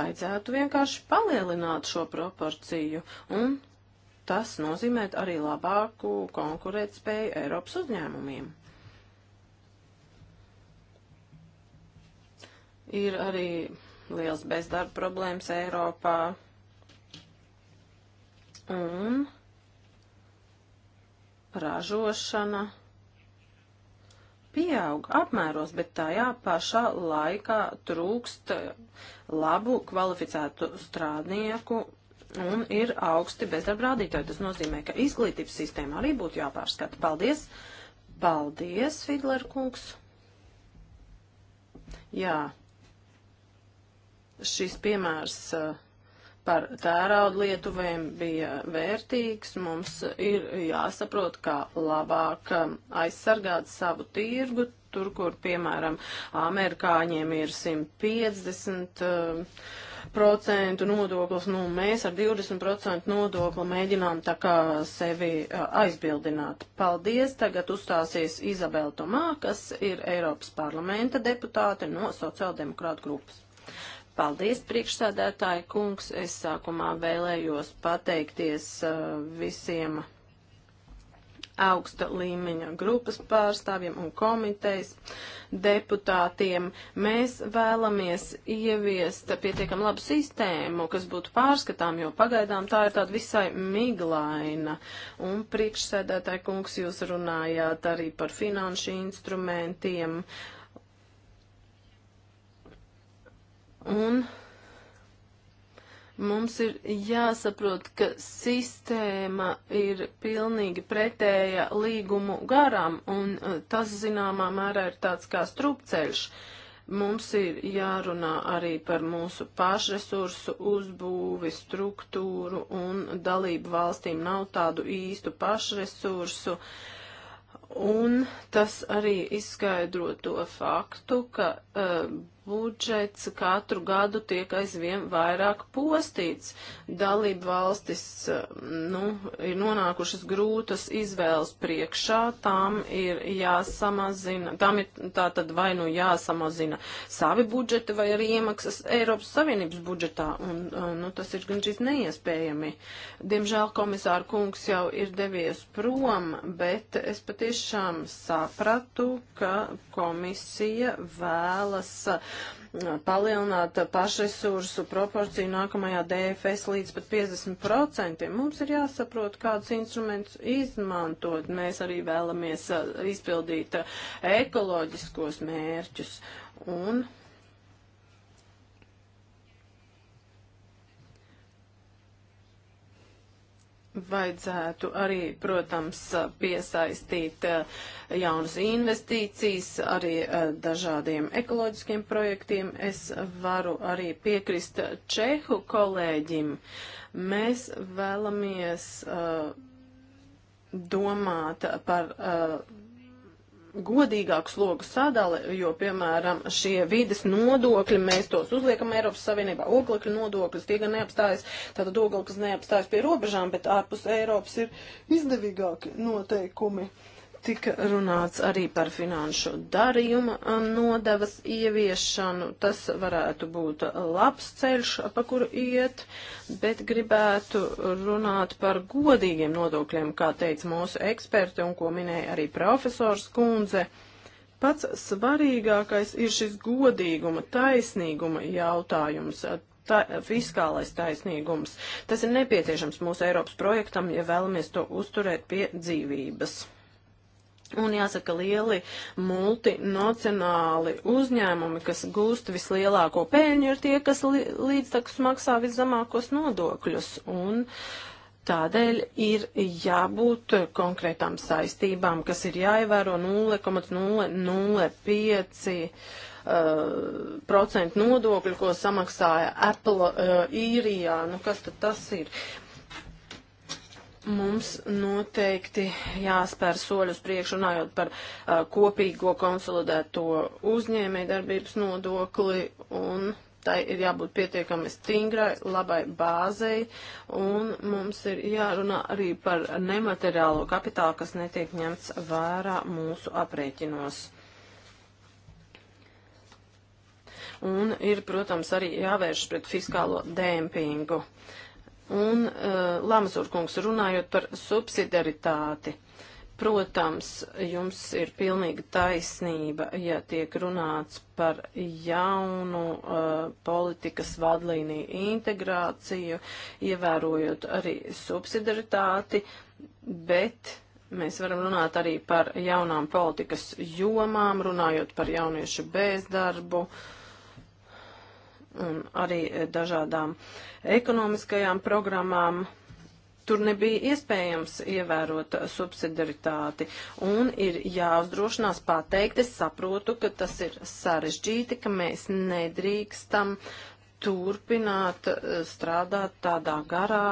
Vajadzētu vienkārši palielināt šo proporciju, un tas nozīmē arī labāku konkurētspēju Eiropas uzņēmumiem. Ir arī liels bezdarba problēmas Eiropā un ražošana pieauga apmēros, bet tajā pašā laikā trūkst labu kvalificētu strādnieku un ir augsti bezdarba rādītāji. Tas nozīmē, ka izglītības sistēma arī būtu jāpārskata. Paldies! Paldies, Fidler kungs! Jā, šis piemērs uh, par tērauda lietuvēm bija vērtīgs. Mums ir jāsaprot, kā labāk um, aizsargāt savu tirgu, tur, kur, piemēram, amerikāņiem ir 150 uh, um, procentu nodoklis, nu, mēs ar 20% nodokli mēģinām tā kā sevi uh, aizbildināt. Paldies, tagad uzstāsies Izabela Tomā, kas ir Eiropas parlamenta deputāte no sociāldemokrāta grupas. Paldies, priekšsādātāji kungs. Es sākumā vēlējos pateikties uh, visiem augsta līmeņa grupas pārstāvjiem un komitejas deputātiem. Mēs vēlamies ieviest pietiekam labu sistēmu, kas būtu pārskatām, jo pagaidām tā ir tāda visai miglaina. Un priekšsēdētāji kungs, jūs runājāt arī par finanšu instrumentiem. Uh, Un mums ir jāsaprot, ka sistēma ir pilnīgi pretēja līgumu garam, un eh, tas zināmā mērā ir tāds kā strupceļš. Mums ir jārunā arī par mūsu pašresursu uzbūvi, struktūru, un dalību valstīm nav tādu īstu pašresursu. Uh, Un tas arī izskaidro to faktu, ka uh, budžets katru gadu tiek aizvien vairāk postīts. Dalību valstis eh, nu, ir nonākušas grūtas izvēles priekšā, tām ir jāsamazina, tām ir tā tad vai nu jāsamazina savi budžeti vai arī iemaksas Eiropas Savienības budžetā, un eh, nu, tas ir gan šis neiespējami. Diemžēl komisāra kungs jau ir devies prom, bet es patiešām sapratu, ka komisija vēlas uh, palielināt pašresursu proporciju nākamajā DFS līdz pat 50%. Mums ir jāsaprot, kādus instrumentus izmantot. Mēs arī vēlamies uh, izpildīt uh, ekoloģiskos mērķus. Un Vajadzētu arī, protams, piesaistīt eh, jaunas investīcijas arī eh, dažādiem ekoloģiskiem projektiem. Es varu arī piekrist Čehu kolēģim. Mēs vēlamies uh, domāt par uh, godīgāku slogu sadali, jo, piemēram, šie vides nodokļi, mēs tos uzliekam Eiropas Savienībā, oglekļu nodokļus, tie gan neapstājas, tātad oglekļus neapstājas pie robežām, bet ārpus Eiropas ir izdevīgāki noteikumi. Uh, tika runāts arī par finanšu darījuma nodevas ieviešanu. Tas varētu būt labs ceļš, pa kuru iet, bet gribētu runāt par godīgiem nodokļiem, kā teica mūsu eksperti un ko minēja arī profesors Kunze pats svarīgākais ir šis godīguma, taisnīguma jautājums. Ta, fiskālais taisnīgums. Tas ir nepieciešams mūsu Eiropas projektam, ja vēlamies to uzturēt pie dzīvības. Un jāsaka, lieli multinacionāli uzņēmumi, kas gūst vislielāko pēļņu, ir tie, kas li līdztekus maksā viszemākos nodokļus. Un tādēļ ir jābūt konkrētām saistībām, kas ir jāievēro 0,005 eh, procentu nodokļu, ko samaksāja Apple uh, īrijā. Nu, kas tad tas ir? Mums noteikti jāspēr soļus priekšu runājot par uh, kopīgo konsolidēto uzņēmēju darbības nodokli un tai ir jābūt pietiekami stingrai, labai bāzei un mums ir jārunā arī par nemateriālo kapitālu, kas netiek ņemts vērā mūsu aprēķinos. Un ir, protams, arī jāvērš pret fiskālo dēmpingu. Uh, Un uh, Lamazurkungs runājot par subsidaritāti. Protams, jums ir pilnīga taisnība, ja tiek runāts par jaunu uh, politikas vadlīniju integrāciju, ievērojot arī subsidaritāti, bet mēs varam runāt arī par jaunām politikas jomām, runājot par jauniešu bezdarbu. Uh, un um, arī dažādām ekonomiskajām programmām. Tur nebija iespējams ievērot subsidiaritāti un ir jāuzdrošinās pateikt, es saprotu, ka tas ir sarežģīti, ka mēs nedrīkstam turpināt uh, strādāt tādā garā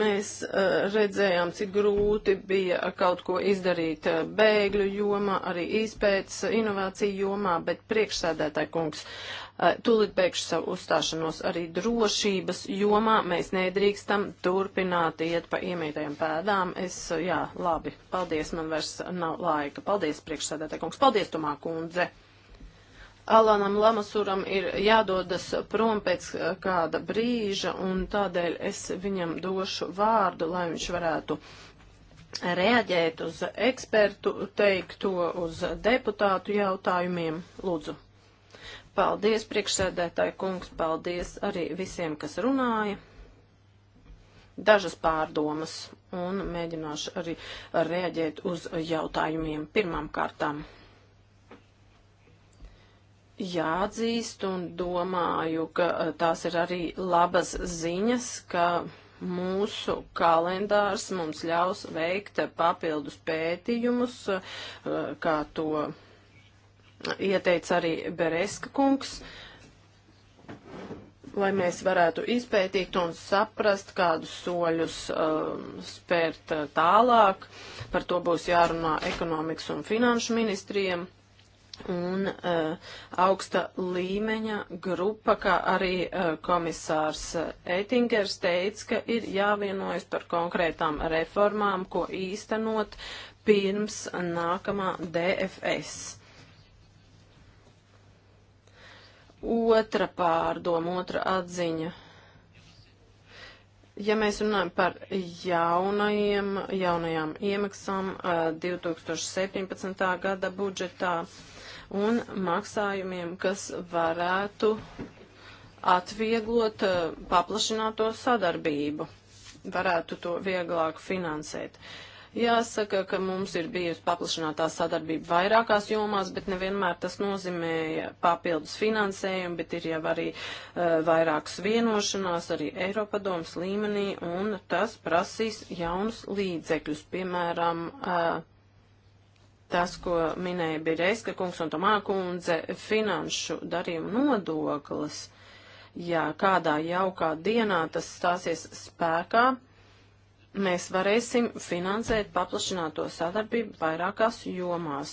Mēs uh, redzējām, cik grūti bija kaut ko izdarīt uh, bēgļu jomā, arī izpētes eh, inovāciju jomā, bet priekšsēdētāji kungs, uh, tūlīt beigšu savu uzstāšanos arī drošības jomā. Mēs nedrīkstam turpināt iet pa iemītajām pēdām. Es, jā, labi, paldies, man vairs nav laika. Paldies, priekšsēdētāji kungs, paldies, Tomā kundze. Alanam Lamasuram ir jādodas prom pēc eh, kāda brīža, un tādēļ es viņam došu vārdu, lai viņš varētu reaģēt uz ekspertu teikto, uz deputātu jautājumiem. Lūdzu. Paldies, priekšsēdētāji kungs, paldies arī visiem, kas runāja. Dažas pārdomas un mēģināšu arī reaģēt uz jautājumiem pirmām kārtām jāatzīst un domāju, ka e, tās ir arī labas ziņas, ka mūsu kalendārs mums ļaus veikt papildus pētījumus, e, kā to ieteica arī Bereska kungs lai mēs varētu izpētīt un saprast, kādus soļus um, spērt tālāk. Par to būs jārunā ekonomikas un finanšu ministriem un uh, augsta līmeņa grupa, kā arī uh, komisārs Eitingers eh, teica, ka ir jāvienojas par konkrētām reformām, ko īstenot pirms nākamā DFS. Otra pārdoma, otra atziņa. Ja mēs runājam par jaunajiem, jaunajām iemaksām uh, 2017. gada budžetā, uh, un maksājumiem, kas varētu atvieglot eh, paplašināto sadarbību, varētu to vieglāk finansēt. Jāsaka, ka mums ir bijusi paplašinātā sadarbība vairākās jomās, bet nevienmēr tas nozīmēja papildus finansējumu, bet ir jau arī uh, vairākas vienošanās arī Eiropadomas līmenī, un tas prasīs jaunus līdzekļus, piemēram, uh, tas, ko minēja Bireiska kungs un Tomā kundze, finanšu darījuma nodoklis, ja kādā jaukā dienā tas stāsies spēkā, mēs varēsim finansēt paplašināto sadarbību vairākās jomās.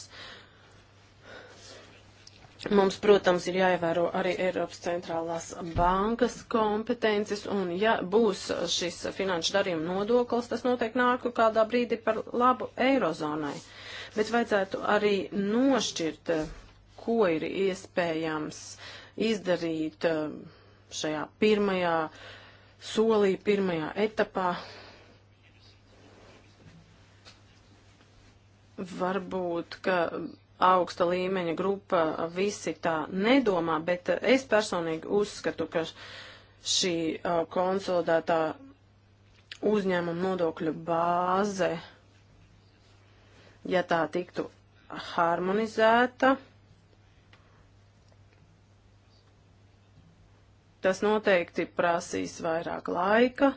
Mums, protams, ir jāievēro arī Eiropas centrālās bankas kompetences, un ja būs šis finanšu darījuma nodoklis, tas noteikti nāku kādā brīdī par labu eirozonai. Uh, bet vajadzētu arī nošķirt, eh, ko ir iespējams izdarīt eh, šajā pirmajā solī, pirmajā etapā. Varbūt, ka augsta līmeņa grupa visi tā nedomā, bet eh, es personīgi uzskatu, ka šī konsolidētā uzņēmuma nodokļu bāze ja tā tiktu harmonizēta, tas noteikti prasīs vairāk laika,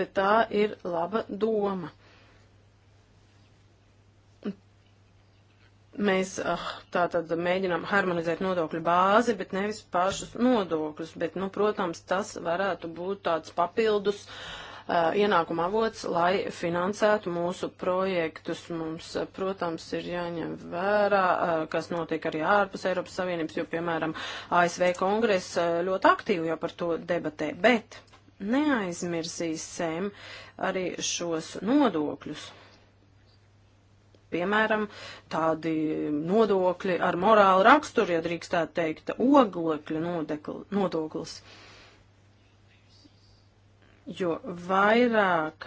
bet tā ir laba doma. Mēs ah, tātad mēģinām harmonizēt nodokļu bāzi, bet nevis pašus nodokļus, bet, nu, protams, tas varētu būt tāds papildus uh, uh, ienākuma avots, lai finansētu mūsu projektus. Mums, uh, protams, ir jāņem vērā, uh, kas notiek arī ārpus Eiropas Savienības, jo, piemēram, ASV kongress uh, ļoti aktīvi jau par to debatē, bet neaizmirsīsim arī šos nodokļus piemēram, tādi nodokļi ar morālu raksturu, ja drīkstētu teikt, oglekļa nodoklis jo vairāk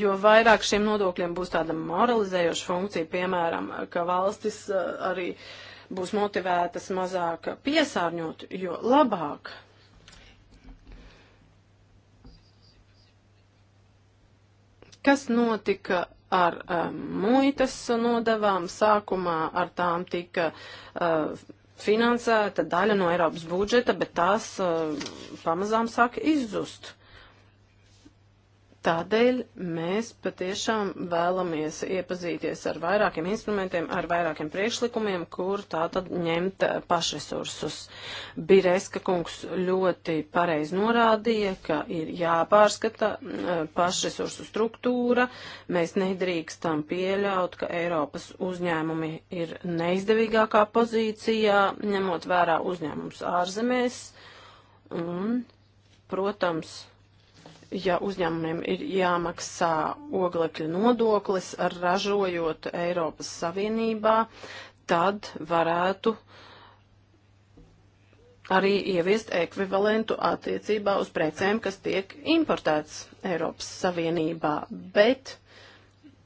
jo vairāk šiem nodokļiem būs tāda moralizējoša funkcija, piemēram, ka valstis eh, arī būs motivētas mazāk piesārņot, jo labāk. Kas notika ar um, muitas nodavām? Sākumā ar tām tika uh, finansēta daļa no Eiropas budžeta, bet tās uh, pamazām sāk izzust. Uh, Tādēļ mēs patiešām vēlamies iepazīties ar vairākiem instrumentiem, ar vairākiem priekšlikumiem, kur tātad ņemt pašresursus. Bireska kungs ļoti pareizi norādīja, ka ir jāpārskata pašresursu struktūra. Mēs nedrīkstam pieļaut, ka Eiropas uzņēmumi ir neizdevīgākā pozīcijā, ņemot vērā uzņēmums ārzemēs. Un, protams, ja uzņēmumiem ir jāmaksā oglekļa nodoklis ražojot Eiropas Savienībā, tad varētu arī ieviest ekvivalentu attiecībā uz precēm, kas tiek importētas Eiropas Savienībā, bet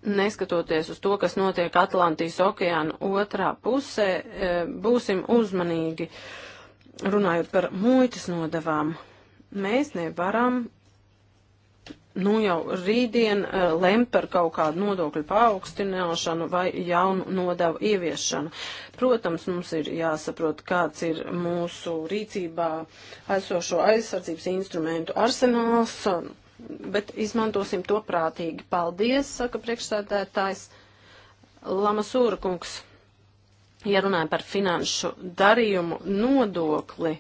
neskatoties uz to, kas notiek Atlantijas okeāna otrā pusē, e, būsim uzmanīgi runājot par muitas nodavām. Mēs nevaram nu jau rītdien eh, lem par kaut kādu nodokļu paaugstināšanu vai jaunu nodevu ieviešanu. Protams, mums ir jāsaprot, kāds ir mūsu rīcībā esošo aizsardzības instrumentu arsenāls, bet izmantosim to prātīgi. Paldies, saka priekšsēdētājs Lamasūra kungs ja runājam par finanšu darījumu nodokli,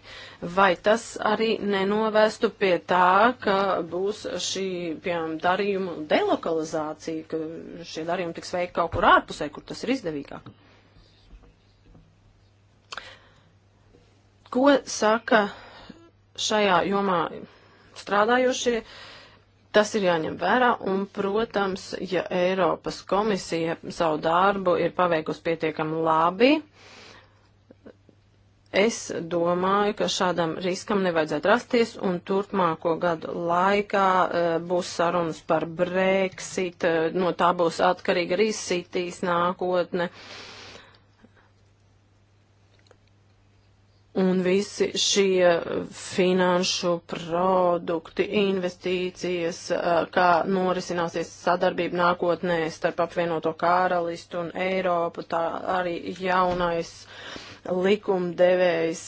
vai tas arī nenovestu pie tā, ka būs šī, piemēram, darījumu delokalizācija, ka šie darījumi tiks veikti kaut kur ārpusē, kur tas ir izdevīgāk? Ko saka šajā jomā strādājošie? Uh, Tas ir jāņem vērā, un, protams, ja Eiropas komisija savu darbu ir paveikusi pietiekami labi, es domāju, ka šādam riskam nevajadzētu rasties, un turpmāko gadu laikā uh, būs sarunas par Brexit, uh, no tā būs atkarīga arī sitīs nākotne. Uh, Un visi šie finanšu produkti, investīcijas, kā norisināsies sadarbība nākotnē starp apvienoto karalistu un Eiropu, tā arī jaunais likumdevējs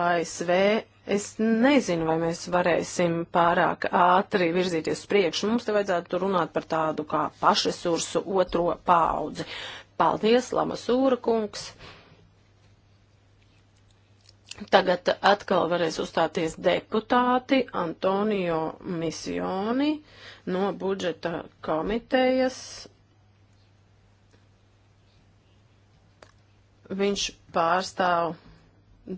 ASV Es nezinu, vai mēs varēsim pārāk ātri virzīties priekšu. Mums te vajadzētu runāt par tādu kā pašresursu otro paudzi. Paldies, Lama Sūra kungs! Tagad atkal varēs uzstāties deputāti Antonio Misioni no budžeta komitejas. Viņš pārstāv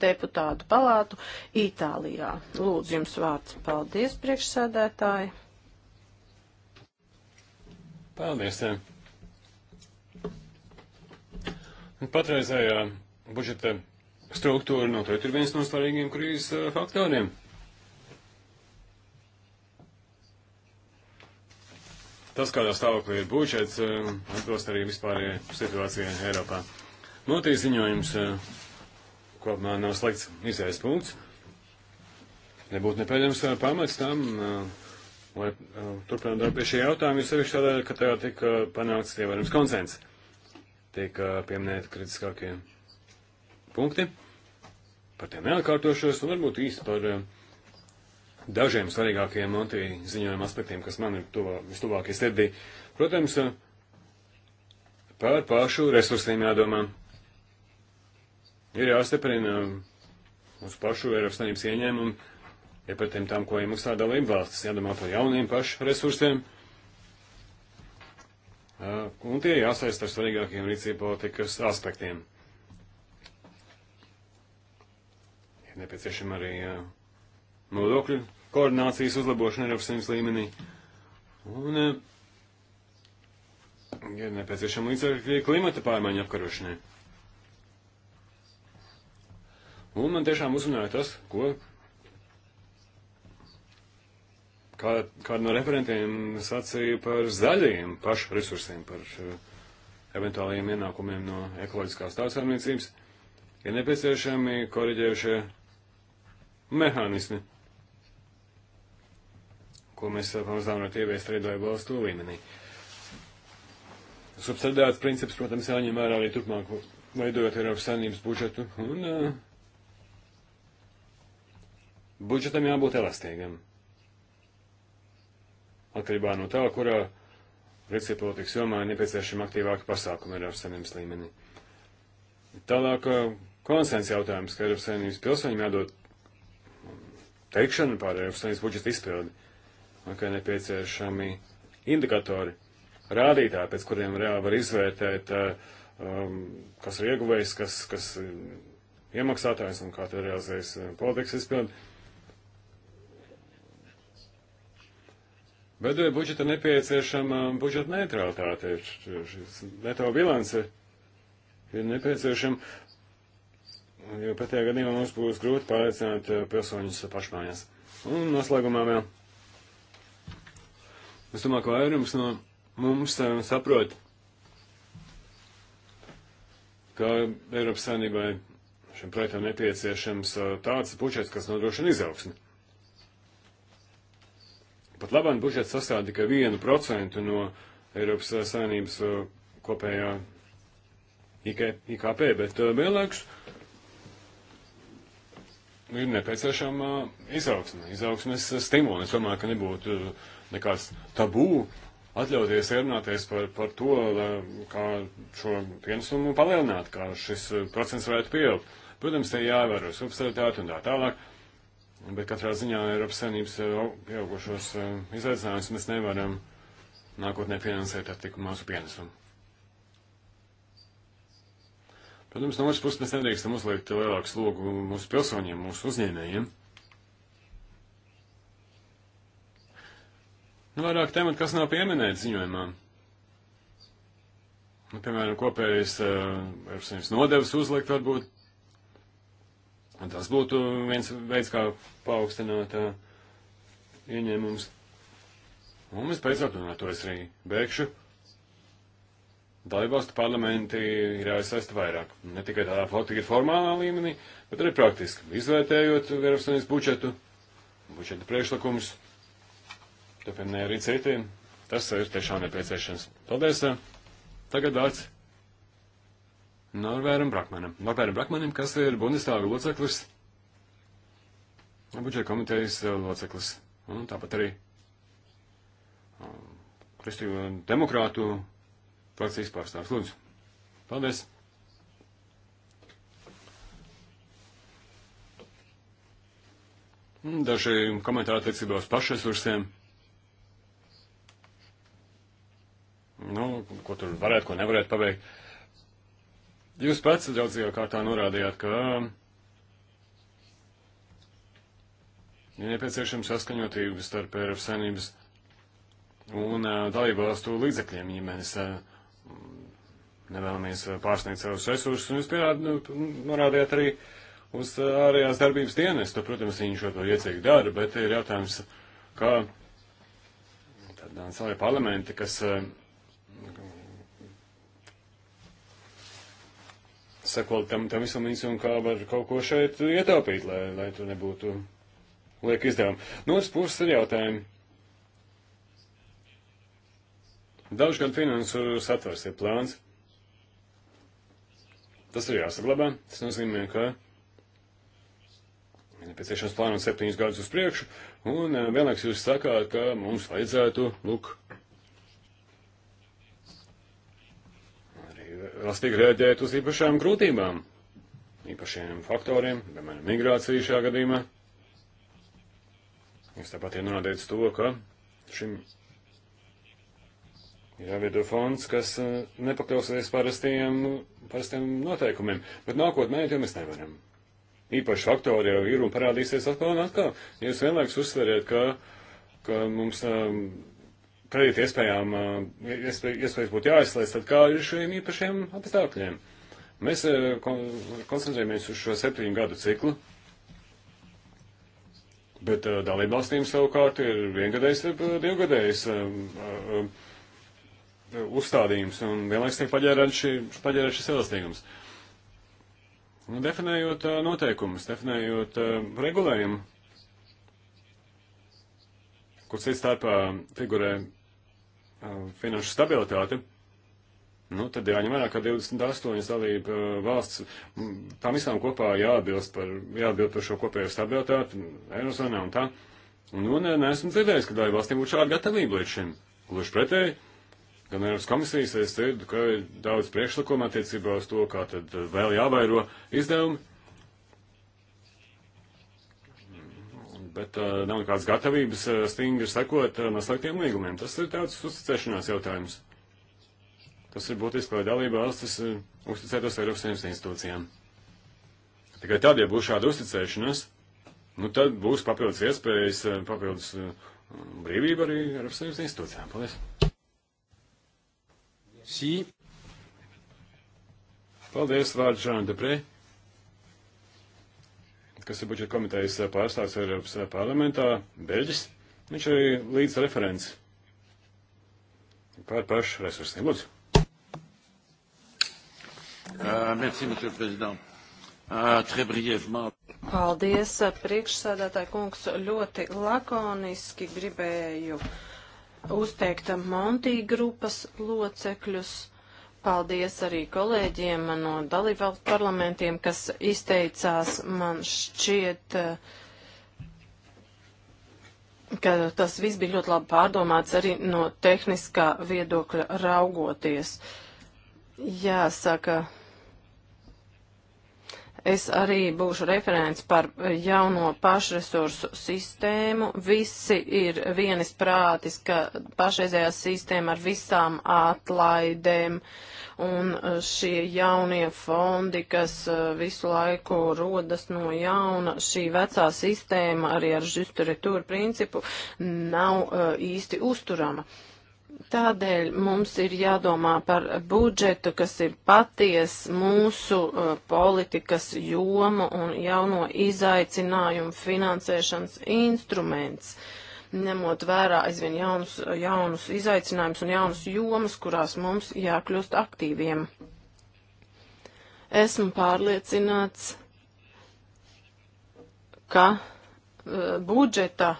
deputātu palātu Itālijā. Lūdzu, jums vārds. Paldies, priekšsēdētāji. Paldies. Patreizējā budžeta struktūra noteikti ir viens no svarīgiem krīzes eh, faktoriem. Tas, kādā stāvoklī ir budžets, eh, atbilst arī vispārējai situācijai Eiropā. Notīs ziņojums eh, kopumā nav slikts izējas punkts. Nebūtu nepēļams pamats tam, lai turpināt darbu pie šī jautājuma, jo sevišķi tādēļ, ka tajā tika panākts ievērams konsens. Tika pieminēti kritiskākie punkti. Par tiem neatkārtošos un varbūt īsti par eh, dažiem svarīgākajiem Monti ziņojuma aspektiem, kas man ir tuvā, vistuvākie sirdī. Protams, eh, par pašu resursiem jādomā. Ir jāstiprina eh, mūsu pašu Eiropas Savienības ieņēmumu, ja par tiem tām, ko iemaksā dalība valstis, jādomā par jauniem pašu resursiem. Un tie jāsaist ar svarīgākiem rīcību politikas aspektiem. Ir nepieciešama arī nodokļu koordinācijas uzlabošana Eiropas Savienības līmenī. Un eh, ir nepieciešama līdzekļi klimata pārmaiņu apkarošanai. Un man tiešām uzrunāja tas, ko kā, kāda no referentiem sacīja par zaļajiem pašu resursiem, par uh, eventuālajiem ienākumiem no ekoloģiskās tautsāmniecības, ir nepieciešami koriģējušie mehānismi, ko mēs pamazām varam ieviest arī valstu līmenī. Subsidētas princips, protams, jāņem vērā arī turpmāk veidojot Eiropas saimnības budžetu, un uh, budžetam jābūt elastīgam. Atkarībā no tā, kurā reciprotikas jomā ir nepieciešama aktīvāka pasākuma Eiropas saimnības līmenī. Tālāk uh, konsens jautājums, ka Eiropas saimnības pilsoņiem jādod teikšanu pār Eiropas Savienības budžeta izpildi, un ka nepieciešami indikatori, rādītāji, pēc kuriem reāli var izvērtēt, eh, um, kas ir ieguvējis, kas, kas eh, iemaksātājs un kā tad realizējas eh, politikas izpildi. Vedoja budžeta nepieciešama budžeta neutralitāte, šis neto bilance ir nepieciešama, jo pretējā gadījumā mums būs grūti pārliecināt eh, pilsoņus pašmājās. Un noslēgumā vēl. Es domāju, ka vairums no mums eh, saprot, ka Eiropas saimnībai šim projektam nepieciešams eh, tāds budžets, kas nodrošina izaugsmi. Pat labāk budžets sastāv tikai 1% no Eiropas saimnības kopējā IKP, bet vienlaikus. Uh, Nu, ir nepieciešama izaugsme, izaugsmes stimuli. Es domāju, ka nebūtu nekāds tabū atļauties ierunāties par, par to, kā šo pienesumu palielināt, kā šis procents varētu pieaugt. Protams, te jāievēro subsidiaritāte un tā tālāk, bet katrā ziņā Eiropas saimnības pieaugušos eh, izaicinājumus mēs nevaram nākotnē finansēt ar tik mazu pienesumu. Protams, no otras puses mēs nedrīkstam uzliekt lielāku slogu mūsu pilsoņiem, mūsu uzņēmējiem. Nu, vairāk temati, kas nav pieminēti ziņojumā. Nu, piemēram, kopējais uh, eh, nodevs uzlikt varbūt. Un tas būtu viens veids, kā paaugstināt uh, ieņēmumus. Un mēs beidzot, un ar to es arī beigšu dalībvalstu parlamenti ir jāiesaista vairāk. Ne tikai tādā faktiski formālā līmenī, bet arī praktiski. Izvērtējot Eiropas Savienības budžetu, budžeta priekšlikumus, tāpēc ne arī citiem. Tas ir tiešām nepieciešams. Paldies! Tagad dārts Norvēram Brakmanam. Norvēram Brakmanam, kas ir Bundestāga loceklis, budžeta komitejas eh, loceklis. Un tāpat arī um, Kristīgo demokrātu policijas pārstāvs. Lūdzu. Paldies. Daži komentāri attiecībā uz pašresursiem. Nu, ko tur varētu, ko nevarētu paveikt. Jūs pats daudzīgā kārtā norādījāt, ka ir nepieciešams saskaņotības starp Eiropas saimnības un uh, dalībvalstu līdzekļiem, ja mēs uh, nevēlamies eh, pārsniegt savus resursus, un jūs pierādījāt, nu, norādījāt arī uz eh, ārējās darbības dienestu. Protams, viņi šo to iecīgi dara, bet ir jautājums, kā tādā savai parlamenti, kas eh, sakot tam, tam visam visam, kā var kaut ko šeit ietaupīt, lai, lai tur nebūtu lieka izdevuma. No otras puses ir jautājumi. Daudz gan finansu satvers ir plāns. Ja Tas ir jāsaglabā. Tas nozīmē, ka ir nepieciešams plānot septiņus gadus uz priekšu, un eh, vienlaiks jūs sakāt, ka mums vajadzētu, lūk, arī elastīgi rēģēt uz īpašām grūtībām, īpašiem faktoriem, piemēram, migrācija šajā gadījumā. Jūs tāpat ir norādīts to, ka šim ir jāveido fonds, kas eh, nepakļausies parastiem parastiem noteikumiem, bet nākotnē jau mēs nevaram. Īpaši faktori jau ir un parādīsies atkal un atkal. Jūs vienlaikus uzsveriet, ka, ka mums um, kredīti iespējām, um, iespēj, iespējas būtu jāizslēdz, tad kā ir šiem īpašiem apstākļiem. Mēs uh, koncentrējamies uz šo septiņu gadu ciklu, bet uh, dalībvalstīm savukārt ir viengadējs vai uh, divgadējs um, uzstādījums, un vienlaiks tiek paģērēts šī, šis elastīgums. Un nu, definējot noteikumus, definējot regulējumu, kur cits starpā figurē finanšu stabilitāti, nu, tad jāņem vērā, ka 28 dalība valsts tam visām kopā jāatbilst par, jāatbild par šo kopējo stabilitāti, Eirozonā un tā. Nu, nē, neesmu dzirdējis, ka dalība valstīm būtu šāda gatavība līdz šim. Gluži pretēji, gan Eiropas komisijas, es dzirdu, ka ir daudz priekšlikumu attiecībā uz to, kā tad vēl jāvairo izdevumi. Bet uh, nav nekādas gatavības uh, stingri sekot uh, noslēgtiem līgumiem. Tas ir tāds uzticēšanās jautājums. Tas ir būtiski, lai dalība valstis uh, uzticētos Eiropas Savienības institūcijām. Tikai tad, ja būs šāda uzticēšanās, nu tad būs papildus iespējas, uh, papildus uh, brīvība arī Eiropas Savienības institūcijām. Paldies! Sī. Paldies, vārds Žāna Deprē, kas ir budžeta komitejas pārstāvs Eiropas parlamentā, Beļģis. Viņš arī līdz referents par pašu resursiem. Lūdzu. Uh, merci, monsieur le président. Uh, très brièvement. Paldies, priekšsēdētāji kungs, ļoti lakoniski gribēju uh, uzteikta Monti grupas locekļus. Paldies arī kolēģiem no dalībvalstu parlamentiem, kas izteicās man šķiet, eh, ka tas viss bija ļoti labi pārdomāts arī no tehniskā viedokļa raugoties. Jāsaka. saka Es arī būšu referents par jauno pašresursu sistēmu. Visi ir vienis prātis, ka pašreizējā sistēma ar visām atlaidēm un e, šie jaunie fondi, kas e, visu laiku rodas no jauna, šī vecā sistēma arī ar žusturitūru principu nav e, īsti uzturama. Uh, Tādēļ mums ir jādomā par budžetu, kas ir paties mūsu uh, politikas jomu un jauno izaicinājumu finansēšanas instruments, ņemot vērā aizvien jaunus, jaunus izaicinājumus un jaunus jomas, kurās mums jākļūst aktīviem. Esmu pārliecināts, ka uh, budžeta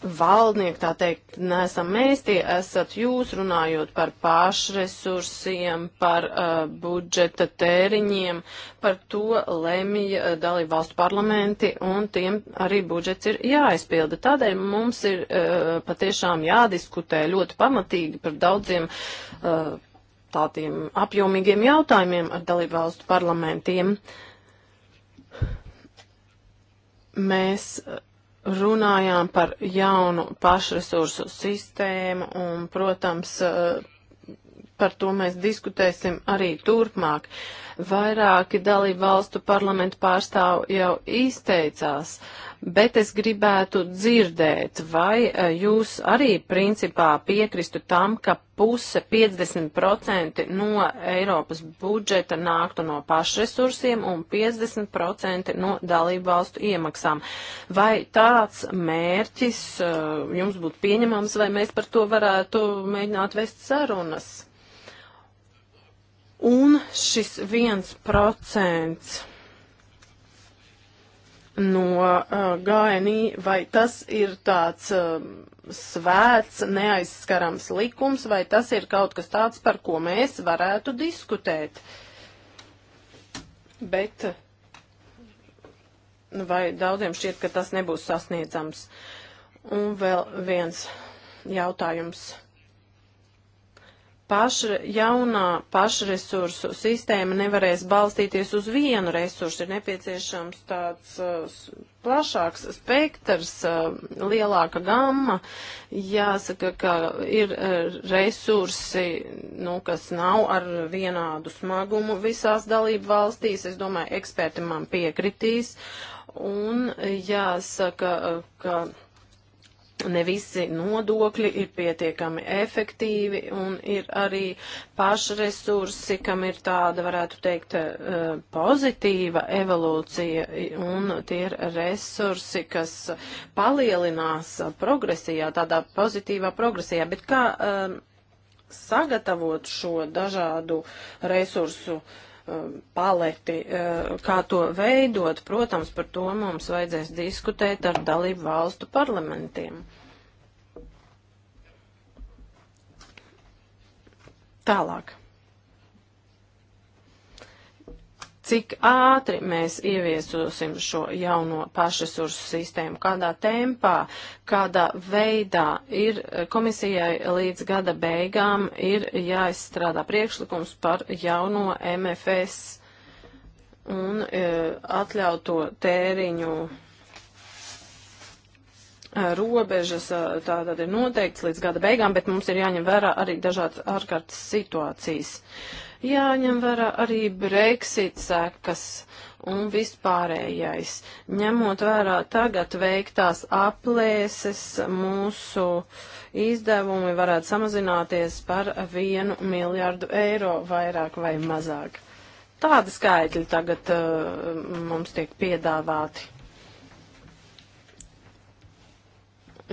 valdnieki, tā teikt, nesam mēs, tie esat jūs runājot par pašresursiem, par uh, budžeta tēriņiem, par to lemja uh, dalību valstu parlamenti un tiem arī budžets ir jāizpilda. Tādēļ mums ir uh, patiešām jādiskutē ļoti pamatīgi par daudziem. Uh, Tādiem apjomīgiem jautājumiem ar dalību valstu parlamentiem mēs uh, runājām par jaunu pašresursu sistēmu un, protams, eh, par to mēs diskutēsim arī turpmāk. Vairāki dalību valstu parlamentu pārstāvu jau izteicās. Uh, bet es gribētu dzirdēt, vai eh, jūs arī principā piekristu tam, ka puse 50% no Eiropas budžeta nāktu no pašresursiem un 50% no dalību valstu iemaksām. Vai tāds mērķis eh, jums būtu pieņemams, vai mēs par to varētu mēģināt vest sarunas? Un šis viens procents no uh, GNI, vai tas ir tāds uh, svēts, neaizskarams likums, vai tas ir kaut kas tāds, par ko mēs varētu diskutēt. Bet uh, vai daudziem šķiet, ka tas nebūs sasniedzams? Un vēl viens jautājums paša, jaunā pašresursu sistēma nevarēs balstīties uz vienu resursu, ir nepieciešams tāds uh, plašāks spektrs, uh, lielāka gamma. Jāsaka, ka ir uh, resursi, nu, kas nav ar vienādu smagumu visās dalību valstīs. Es domāju, eksperti man piekritīs. Un jāsaka, uh, ka ne visi nodokļi ir pietiekami efektīvi un ir arī pašresursi, kam ir tāda, varētu teikt, eh, pozitīva evolūcija un tie ir resursi, kas palielinās progresijā, tādā pozitīvā progresijā. Bet kā um, sagatavot šo dažādu resursu uh, Um, paleti, uh, kā to veidot, protams, par to mums vajadzēs diskutēt ar dalību valstu parlamentiem. Tālāk. cik ātri mēs ieviesosim šo jauno pašresursu sistēmu, kādā tempā, kādā veidā ir komisijai līdz gada beigām ir jāizstrādā priekšlikums par jauno MFS un e, atļauto tēriņu e, robežas, e, tā tad ir noteikts līdz gada beigām, bet mums ir jāņem vērā arī dažādas ārkārtas situācijas. Uh, Jāņem vērā arī Brexit sekas un vispārējais. Ņemot vērā tagad veiktās aplēses, mūsu izdevumi varētu samazināties par vienu miljardu eiro vairāk vai mazāk. Tādi skaitļi tagad uh, mums tiek piedāvāti.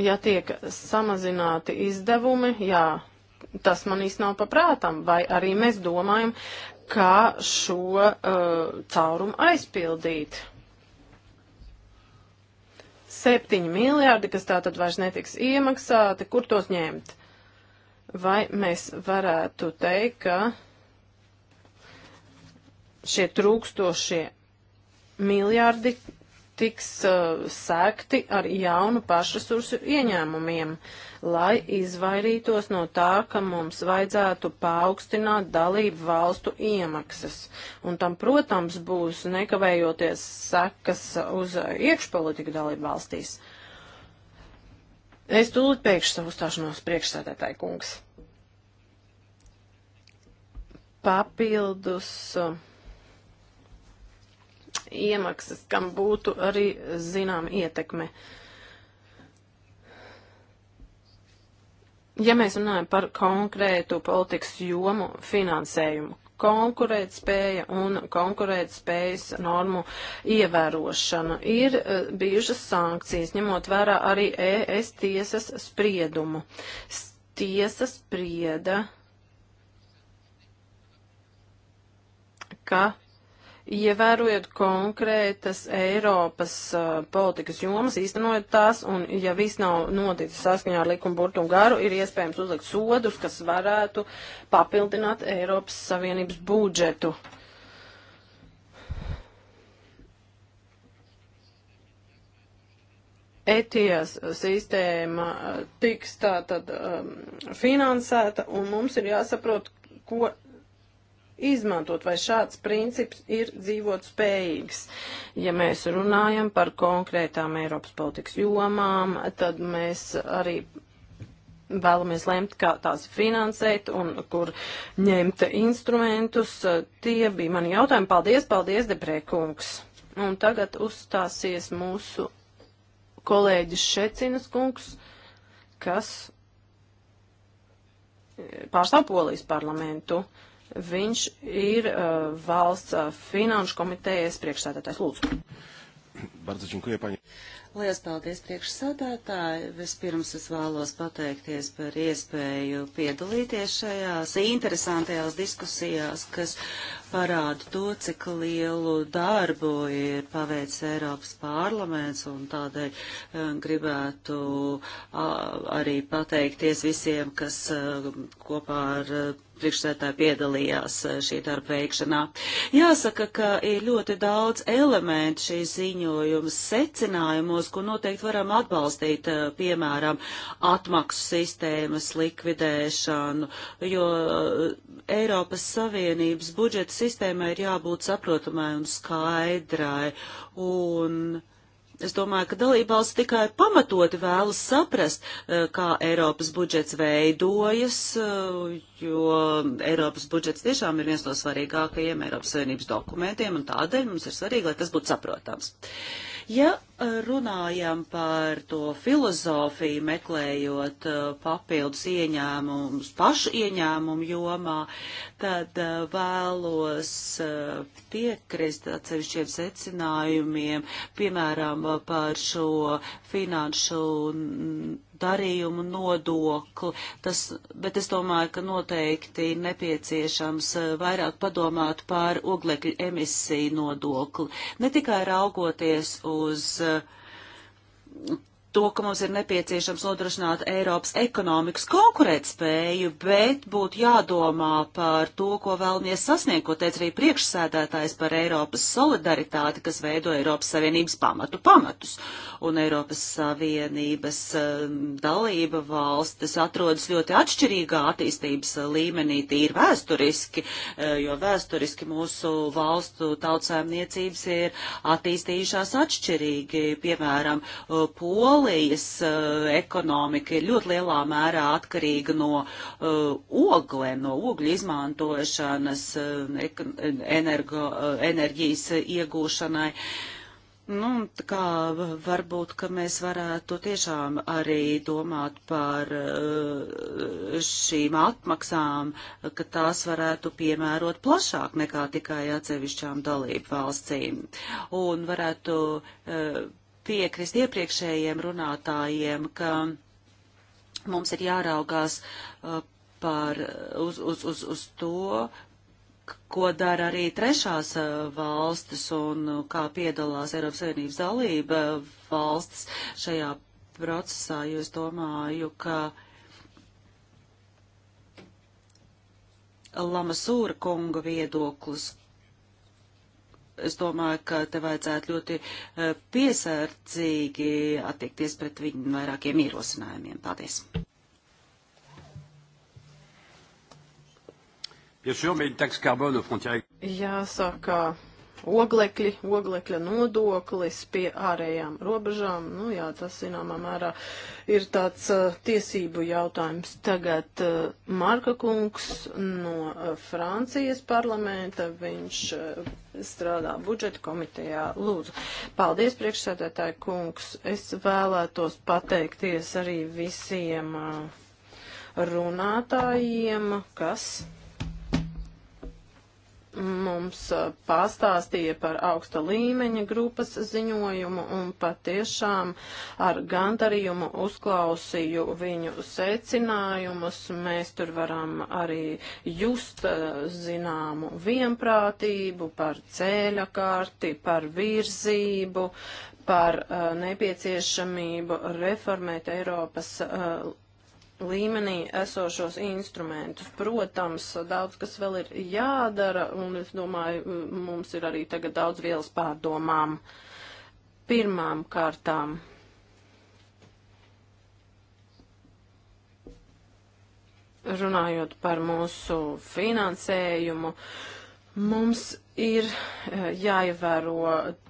Ja tiek samazināti izdevumi, jā, tas man īsti nav paprātam, vai arī mēs domājam, kā šo uh, caurumu aizpildīt. 7 miljārdi, kas tā tad vairs netiks iemaksāti, kur tos ņemt? Vai mēs varētu teikt, ka šie trūkstošie miljārdi tiks uh, sēkti ar jaunu pašresursu ieņēmumiem? Uh, lai izvairītos no tā, ka mums vajadzētu paaugstināt dalību valstu iemaksas. Un tam, protams, būs nekavējoties sekas uz iekšpolitiku dalību valstīs. Es tūlīt pēkšu savu stāšanos priekšsēdētāju kungs. Papildus. Uh, iemaksas, kam būtu arī zinām ietekme. Uh, Ja mēs runājam par konkrētu politikas jomu finansējumu, konkurētspēja un konkurētspējas normu ievērošana ir e, bijušas sankcijas, ņemot vērā arī ES tiesas spriedumu. Tiesa sprieda, ka Ievērojot konkrētas Eiropas uh, politikas jomas, īstenojot tās, un ja viss nav noticis saskaņā ar likumu burtu un garu, ir iespējams uzlikt sodus, kas varētu papildināt Eiropas Savienības budžetu. ETIAS sistēma tiks tā tad um, finansēta, un mums ir jāsaprot, ko izmantot, vai šāds princips ir dzīvot spējīgs. Ja mēs runājam par konkrētām Eiropas politikas jomām, tad mēs arī vēlamies lemt, kā tās finansēt un kur ņemt instrumentus. Tie bija mani jautājumi. Paldies, paldies, Deprēkungs. Un tagad uzstāsies mūsu kolēģis Šecinas kungs, kas pārstāv Polijas parlamentu. Uh, Viņš ir uh, valsts uh, finanšu komitejas priekšsēdētājs. Lūdzu. Bardzo dziękuję, pani. Lielas paldies priekšsādātāji. Vispirms es vēlos pateikties par iespēju piedalīties šajās interesantajās diskusijās, kas parāda to, cik lielu darbu ir paveicis Eiropas parlaments, un tādēļ eh, gribētu arī pateikties visiem, kas eh, kopā ar eh, priekšsētāji piedalījās šī darba veikšanā. Jāsaka, ka ir ļoti daudz elementu šī ziņojuma secinājumos, ko noteikti varam atbalstīt, piemēram, atmaksu sistēmas likvidēšanu, jo Eiropas Savienības budžets sistēmai ir jābūt saprotamai un skaidrai. Un Es domāju, ka dalībvalsts tikai pamatoti vēlas saprast, eh, kā Eiropas budžets veidojas, eh, jo Eiropas budžets tiešām ir viens no svarīgākajiem Eiropas Savienības dokumentiem, un tādēļ mums ir svarīgi, lai tas būtu saprotams. Ja runājam par to filozofiju, meklējot uh, papildus ieņēmumus pašu ieņēmumu jomā, tad uh, vēlos uh, piekrist atsevišķiem secinājumiem, piemēram, par šo finanšu darījumu nodokli, tas, bet es domāju, ka noteikti ir nepieciešams eh, vairāk padomāt par oglekļa emisiju nodokli. Ne tikai raugoties uz eh, to, ka mums ir nepieciešams nodrošināt Eiropas ekonomikas konkurētspēju, bet būtu jādomā par to, ko vēlamies sasniegt, ko teica arī priekšsēdētājs par Eiropas solidaritāti, kas veido Eiropas Savienības pamatu pamatus. Un Eiropas Savienības um, dalība valstis atrodas ļoti atšķirīgā attīstības līmenī, tīri vēsturiski, uh, jo vēsturiski mūsu valstu tautsēmniecības ir attīstījušās atšķirīgi. Piemēram, uh, Pola Polijas uh, ekonomika ir ļoti lielā mērā atkarīga no uh, oglēm, no ogļu izmantošanas, uh, energo, uh, enerģijas iegūšanai. Nu, tā kā varbūt, ka mēs varētu tiešām arī domāt par šīm atmaksām, ka tās varētu piemērot plašāk nekā tikai atsevišķām dalību valstīm. Un varētu piekrist iepriekšējiem runātājiem, ka mums ir jāraugās uh, par, uz, uz, uz, uz to, ko dara arī trešās uh, valstis un uh, kā piedalās Eiropas Savienības dalība valstis šajā procesā, jo es domāju, ka Lamasūra kunga viedoklis, es domāju, ka te vajadzētu ļoti eh, piesardzīgi attiekties pret viņu vairākiem ierosinājumiem. Paldies! Jāsaka, oglekļi, oglekļa nodoklis pie ārējām robežām. Nu jā, tas zināmā mērā ir tāds uh, tiesību jautājums. Tagad uh, Marka kungs no uh, Francijas parlamenta, viņš uh, strādā budžeta komitejā. Lūdzu, paldies priekšsēdētāji kungs. Es vēlētos pateikties arī visiem uh, runātājiem, kas mums uh, pastāstīja par augsta līmeņa grupas ziņojumu un patiešām ar gandarījumu uzklausīju viņu secinājumus. Mēs tur varam arī just uh, zināmu vienprātību par ceļa karti, par virzību, par uh, nepieciešamību reformēt Eiropas uh, līmenī esošos instrumentus. Protams, daudz kas vēl ir jādara, un es domāju, mums ir arī tagad daudz vielas pārdomām. Pirmām kārtām. Runājot par mūsu finansējumu, mums ir eh, jāievēro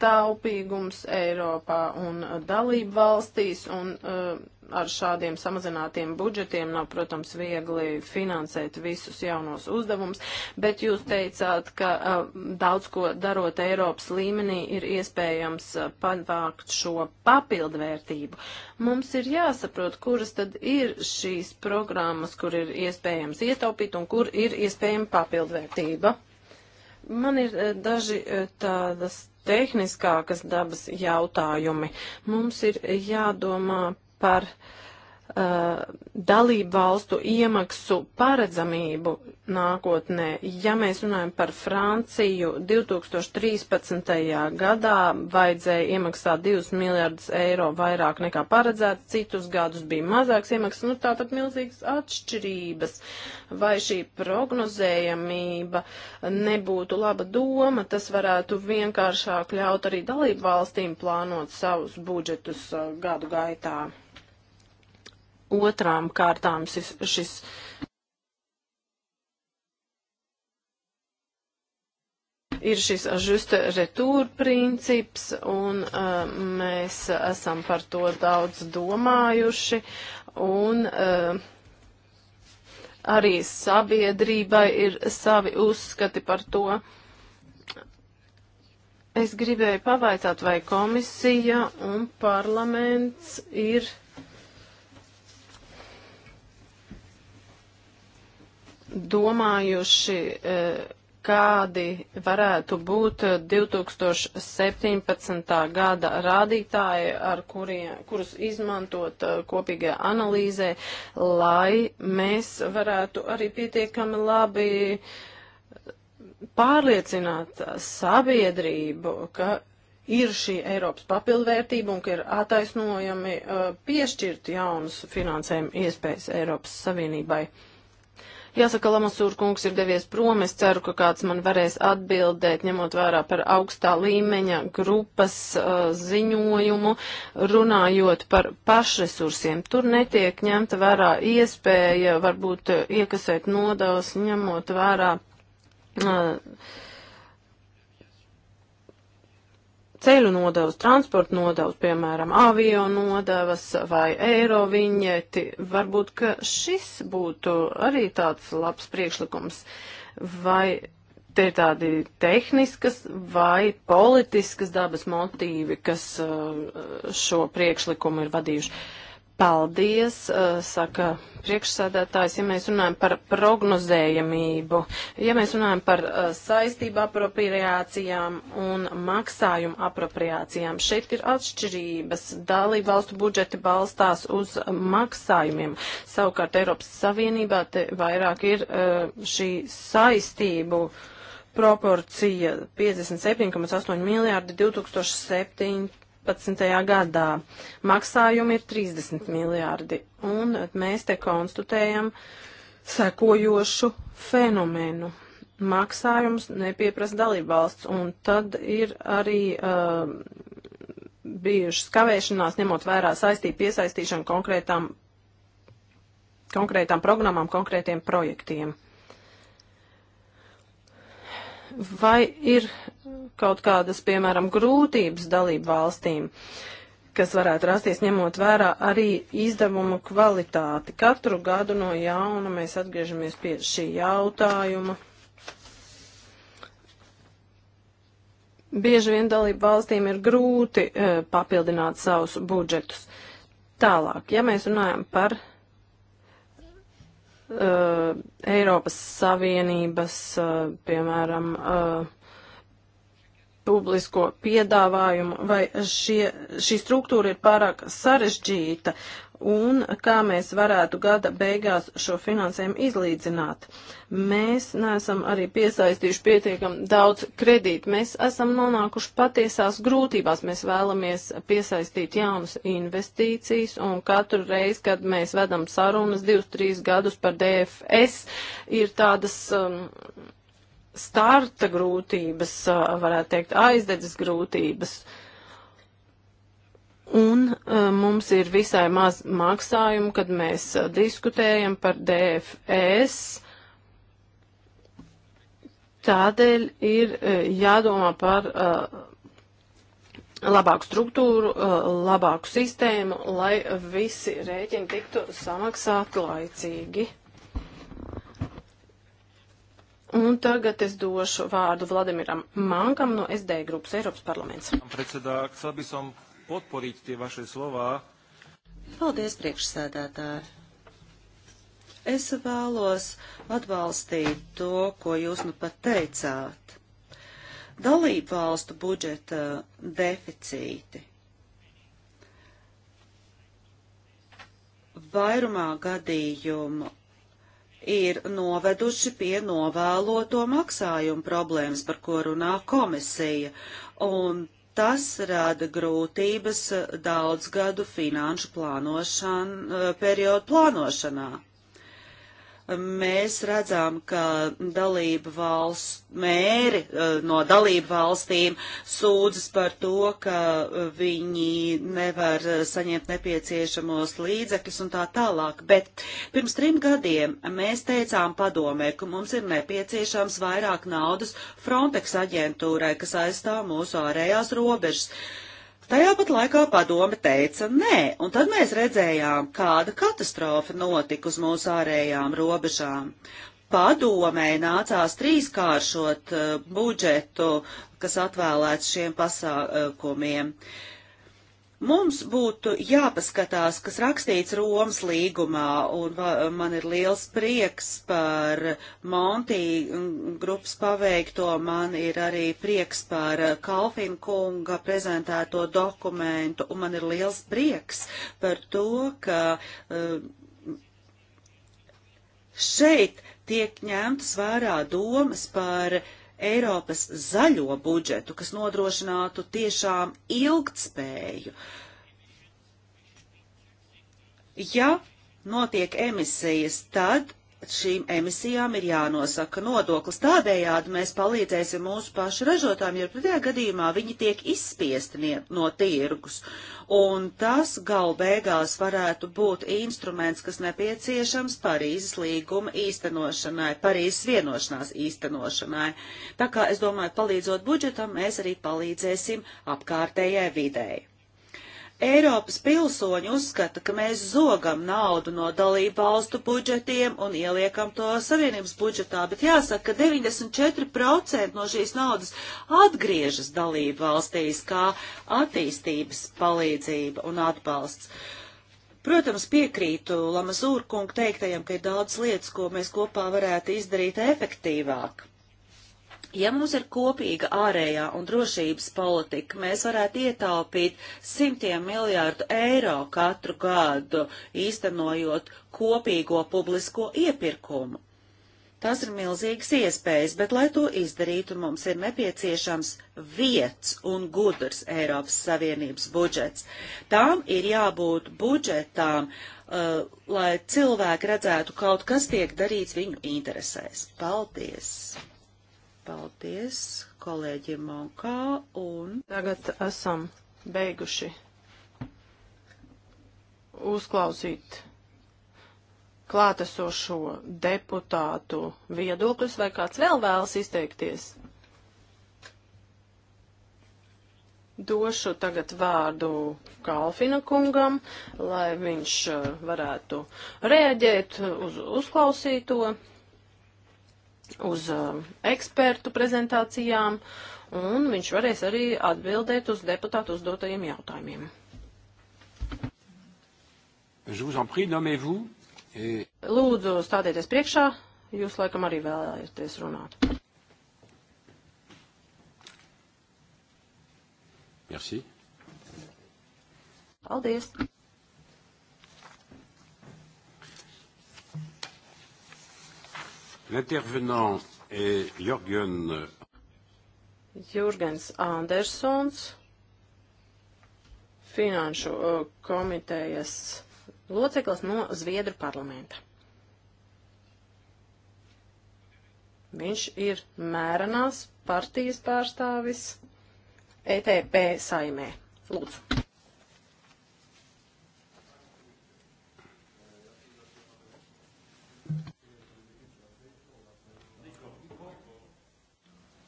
taupīgums Eiropā un dalību valstīs, un uh, ar šādiem samazinātiem budžetiem nav, protams, viegli finansēt visus jaunos uzdevumus, bet jūs teicāt, ka uh, daudz ko darot Eiropas līmenī ir iespējams uh, panākt šo papildvērtību. Mums ir jāsaprot, kuras tad ir šīs programmas, kur ir iespējams ietaupīt un kur ir iespējama papildvērtība. Man ir eh, daži eh, tādas tehniskākas dabas jautājumi. Mums ir eh, jādomā par uh, Uh, dalību valstu iemaksu paredzamību nākotnē. Ja mēs runājam par Franciju, 2013. gadā vajadzēja iemaksāt 2 miljardus eiro vairāk nekā paredzēts, citus gadus bija mazāks iemaksas, nu tātad milzīgas atšķirības. Vai šī prognozējamība nebūtu laba doma, tas varētu vienkāršāk ļaut arī dalību valstīm plānot savus budžetus uh, gadu gaitā otrām kārtām šis, šis ir šis juste retūra princips, un uh, mēs esam par to daudz domājuši, un uh, arī sabiedrībai ir savi uzskati par to. Es gribēju pavaicāt, vai komisija un parlaments ir domājuši, e, kādi varētu būt 2017. gada rādītāji, ar kuriem, kurus izmantot e, kopīgajā analīzē, lai mēs varētu arī pietiekami labi pārliecināt sabiedrību, ka ir šī Eiropas papildvērtība un ka ir attaisnojami e, piešķirt jaunas finansējuma iespējas Eiropas Savienībai. Jāsaka, Lamasūr kungs ir devies prom, es ceru, ka kāds man varēs atbildēt, ņemot vērā par augstā līmeņa grupas uh, ziņojumu, runājot par pašresursiem. Tur netiek ņemta vērā iespēja varbūt iekasēt nodevas, ņemot vērā. Uh, ceļu nodevas, transporta nodevas, piemēram, avio nodevas vai eiro viņeti. Varbūt, ka šis būtu arī tāds labs priekšlikums. Vai te ir tādi tehniskas vai politiskas dabas motīvi, kas uh, šo priekšlikumu ir vadījuši? Paldies, eh, saka priekšsādātājs, ja mēs runājam par prognozējamību, ja mēs runājam par eh, saistību apropriācijām un maksājumu apropriācijām. Šeit ir atšķirības. Dalība valstu budžeti balstās uz maksājumiem. Savukārt Eiropas Savienībā te vairāk ir eh, šī saistību proporcija 57,8 miljārdi 2007 15. gadā. Maksājumi ir 30 miljārdi, un mēs te konstatējam sekojošu fenomenu. Maksājums nepieprasa dalībvalsts, un tad ir arī uh, bijušas kavēšanās, ņemot vērā saistību piesaistīšanu konkrētām, konkrētām programmām, konkrētiem projektiem vai ir kaut kādas, piemēram, grūtības dalību valstīm, kas varētu rasties ņemot vērā arī izdevumu kvalitāti. Katru gadu no jauna mēs atgriežamies pie šī jautājuma. Bieži vien dalību valstīm ir grūti e, papildināt savus budžetus. Tālāk, ja mēs runājam par Uh, Eiropas Savienības, uh, piemēram, uh, publisko piedāvājumu, vai šie, šī struktūra ir pārāk sarežģīta un kā mēs varētu gada beigās šo finansējumu izlīdzināt. Mēs neesam arī piesaistījuši pietiekam daudz kredītu. Mēs esam nonākuši patiesās grūtībās. Mēs vēlamies piesaistīt jaunas investīcijas un katru reizi, kad mēs vedam sarunas divus, trīs gadus par DFS, ir tādas. Um, starta grūtības, varētu teikt, aizdedzes grūtības. Un mums ir visai maz maksājumu, kad mēs diskutējam par DFS. Tādēļ ir jādomā par labāku struktūru, labāku sistēmu, lai visi rēķini tiktu samaksāti laicīgi. Un tagad es došu vārdu Vladimiram Mankam no SD grupas Eiropas parlaments. Paldies, priekšsēdētāji! Es vēlos atbalstīt to, ko jūs nu pat teicāt. Dalību valstu budžeta deficīti vairumā gadījumu ir noveduši pie novēloto maksājumu problēmas, par ko runā komisija. Un tas rada grūtības daudzgadu finanšu plānošanu, eh, periodu plānošanā mēs redzam, ka dalība valsts mēri eh, no dalību valstīm sūdzas par to, ka eh, viņi nevar eh, saņemt nepieciešamos līdzekļus un tā tālāk. Bet pirms trim gadiem mēs teicām padomē, ka mums ir nepieciešams vairāk naudas Frontex aģentūrai, kas aizstāv mūsu ārējās robežas. Tajā pat laikā padome teica nē, un tad mēs redzējām, kāda katastrofa notika uz mūsu ārējām robežām. Padomēji nācās trīskāršot eh, budžetu, kas atvēlēts šiem pasākumiem. Uh, Mums būtu jāpaskatās, kas rakstīts Romas līgumā, un man ir liels prieks par Monti grupas paveikto, man ir arī prieks par Kalfin kunga prezentēto dokumentu, un man ir liels prieks par to, ka eh, šeit tiek ņemtas vērā domas par uh, Eiropas zaļo budžetu, kas nodrošinātu tiešām ilgtspēju. Ja notiek emisijas, tad šīm emisijām ir jānosaka nodoklis. Tādējādi mēs palīdzēsim mūsu pašu ražotājiem, jo pretējā gadījumā viņi tiek izspiesti no tirgus. Un tas gal beigās varētu būt instruments, kas nepieciešams Parīzes līguma īstenošanai, Parīzes vienošanās īstenošanai. Tā kā es domāju, palīdzot budžetam, mēs arī palīdzēsim apkārtējai videi. Eiropas pilsoņi uzskata, ka mēs zogam naudu no dalību valstu budžetiem un ieliekam to savienības budžetā, bet jāsaka, ka 94% no šīs naudas atgriežas dalību valstīs kā attīstības palīdzība un atbalsts. Protams, piekrītu Lamazūrkungu teiktajam, ka ir daudz lietas, ko mēs kopā varētu izdarīt efektīvāk. Ja mums ir kopīga ārējā un drošības politika, mēs varētu ietaupīt simtiem miljārdu eiro katru gadu, īstenojot kopīgo publisko iepirkumu. Tas ir milzīgas iespējas, bet, lai to izdarītu, mums ir nepieciešams vietas un gudrs Eiropas Savienības budžets. Tām ir jābūt budžetām, uh, lai cilvēki redzētu kaut kas tiek darīts viņu interesēs. Paldies! Paldies kolēģiem Monkā un. Tagad esam beiguši uzklausīt klātesošo deputātu viedokļus, vai kāds vēl vēlas izteikties? Došu tagad vārdu Kalfina kungam, lai viņš eh, varētu reaģēt uz uzklausīto uz uh, ekspertu prezentācijām, un viņš varēs arī atbildēt uz deputātu uzdotajiem jautājumiem. Prie, et... Lūdzu, stādieties priekšā, jūs laikam arī vēlēties runāt. Merci. Paldies. L'intervenant est Jürgen. Jurgens Andersons, finanšu komitejas loceklis no Zviedru parlamenta. Viņš ir mērenās partijas pārstāvis ETP saimē. Lūdzu.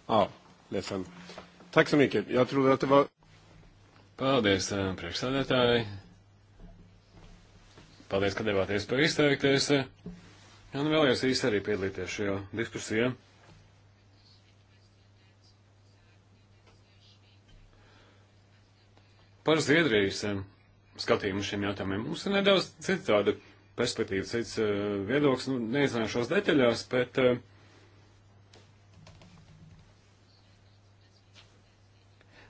Ja, ledsen. Tack så mycket. Jag trodde att det var... Paldies, eh, priekšsēdētāji. Paldies, ka devāties par izteikties. Un nu vēlējos īsti arī piedalīties šajā diskusijā. Par Zviedrijas eh, skatījumu šiem jautājumiem mums ir nedaudz citāda perspektīva, cits eh, viedoklis. Nu, neizināšos detaļās, bet uh,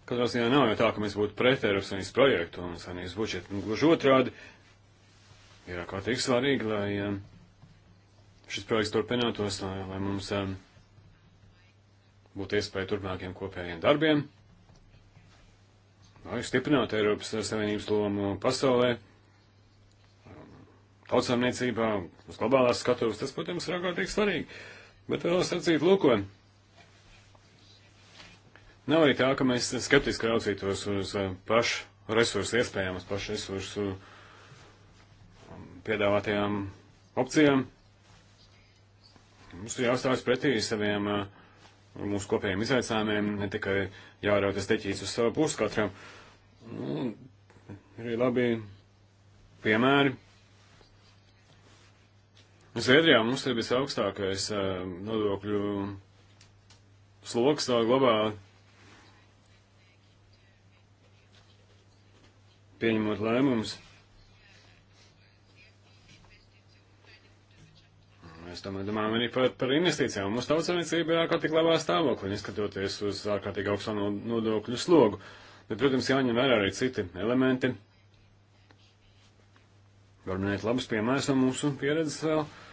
Katrā ziņā nav jau tā, ka mēs būtu pret Eiropas Savienības projektu un Savienības budžetu. Nu, gluži otrādi, ir ārkārtīgi svarīgi, lai um, šis projekts turpinātos, lai, lai mums um, būtu iespēja turpmākiem kopējiem darbiem, lai stiprinātu Eiropas Savienības lomu pasaulē, um, tautsāmniecībā, uz globālās skatuves, tas, protams, ir ārkārtīgi svarīgi. Bet vēl sacīt, lūko, Nav arī tā, ka mēs skeptiski raucītos uz uh, pašu resursu iespējām, uz pašu resursu um, piedāvātajām opcijām. Mums ir jāuzstājas pretī saviem uh, mūsu kopējiem izaicinājumiem, ne tikai jārautas teķīts uz savu pusi katram. Nu, ir labi piemēri. Zviedrijā mums ir visaugstākais uh, nodokļu sloks, tā globāli pieņemot lēmumus. Mēs tomēr domājam arī par, par investīcijām. Mūsu tautsavniecība ir ārkārtīgi labā stāvoklī, neskatoties uz ārkārtīgi augsto nodokļu slogu. Bet, protams, jāņem vērā arī citi elementi. Var minēt labus piemērus no mūsu pieredzes vēl. Uh,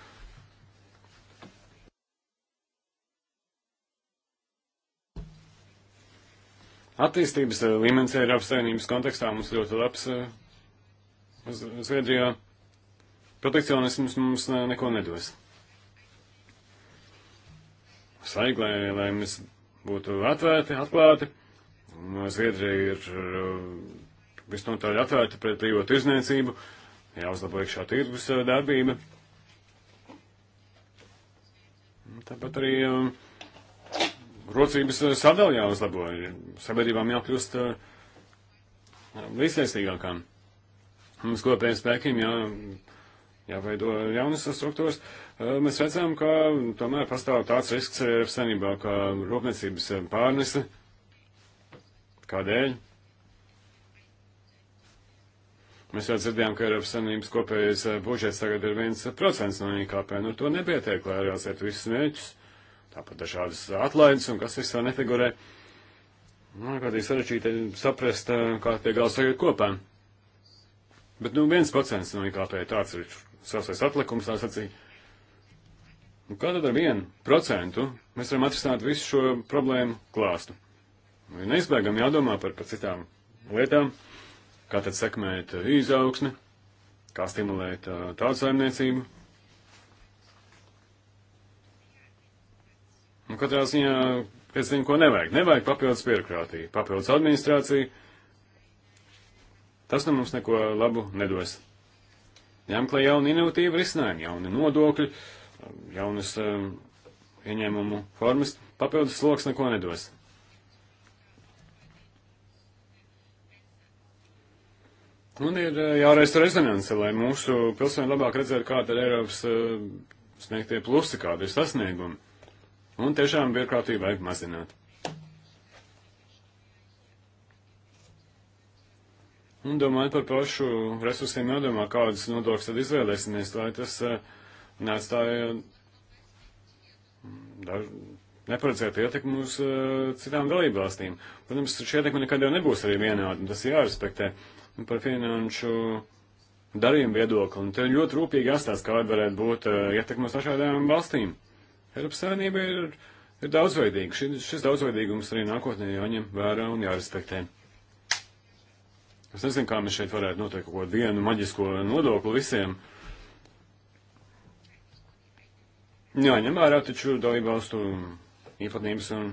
attīstības eh, līmenis Eiropas Savienības kontekstā mums ļoti labs eh, Zviedrijā. Protekcionisms mums neko nedos. Svaigi, lai, lai mēs būtu atvērti, atklāti. Zviedrija ir eh, visnotaļ atvērta pret brīvo tirzniecību, jāuzlabo iekšā tirgus darbība. Tāpat arī uh, rocības eh, sadaļa jāuzlabo, sabiedrībām jākļūst eh, līdztiesīgākām. Mums kopējiem spēkiem jā, jāveido jaunas struktūras. Eh, mēs redzam, ka tomēr pastāv tāds risks Eiropas Savienībā, ka rūpniecības pārnese. Kādēļ? Mēs jau dzirdējām, ka Eiropas Savienības kopējais budžets tagad ir 1% no IKP, nu to nepietiek, lai realizētu visus mērķus tāpat dažādas atlaides un kas visā nefigurē. Nu, kādīgi sarežģīti saprast, eh, kā tie gala sajūt kopā. Bet, nu, viens procents no IKP tāds ir savs atlikums, tā sacīja. Nu, kā tad ar vienu procentu mēs varam atrisināt visu šo problēmu klāstu? Nu, ja neizbēgam jādomā par, par citām lietām, kā tad sekmēt eh, izaugsmi, kā stimulēt eh, tādu saimniecību, Un nu, katrā ziņā pēc tam, ko nevajag. Nevajag papildus birokrātiju, papildus administrāciju. Tas nu mums neko labu nedos. Jāmeklē jauni inovatīvi risinājumi, jauni nodokļi, jaunas um, ieņēmumu formas. Papildus sloks neko nedos. Un ir uh, jāraista rezonance, lai mūsu pilsoņi labāk redzētu, kāda ir Eiropas uh, sniegtie plusi, kāda ir sasniegumi. Un tiešām birokrātiju vajag mazināt. Un domājot par pašu resursiem, jādomā, kādas nodokļas tad izvēlēsimies, lai tas eh, neatstāja mm, daž, neparedzētu ietekmi uz uh, citām dalībvalstīm. Protams, šī ietekme nekad jau nebūs arī vienāda, un tas jārespektē. Un par finanšu darījumu viedokli, un te ļoti rūpīgi jāstāsta, kāda varētu būt uh, ietekme uz dažādām valstīm. Eiropas Savienība ir, ir daudzveidīga. Šis, šis daudzveidīgums arī nākotnē jāņem vērā un jārespektē. Es nezinu, kā mēs šeit varētu noteikt kaut ko vienu maģisko nodokli visiem. Jāņem vērā taču dalībvalstu īpatnības un,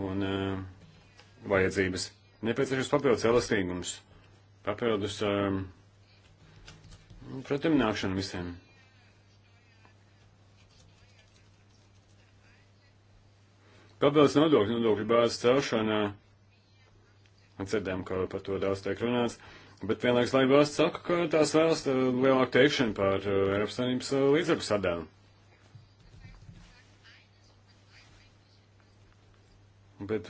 un uh, vajadzības. Nepieciešams papildus elastīgums, papildus um, eh, pretimnākšana visiem. Papildus nodokļu, nodokļu bāzes celšanā, dzirdējām, ka par to daudz tiek runāts, bet vienlaiks lai valsts saka, ka tās vēlas eh, lielāku teikšanu par eh, Eiropas Savienības eh, līdzekļu sadēlu. Bet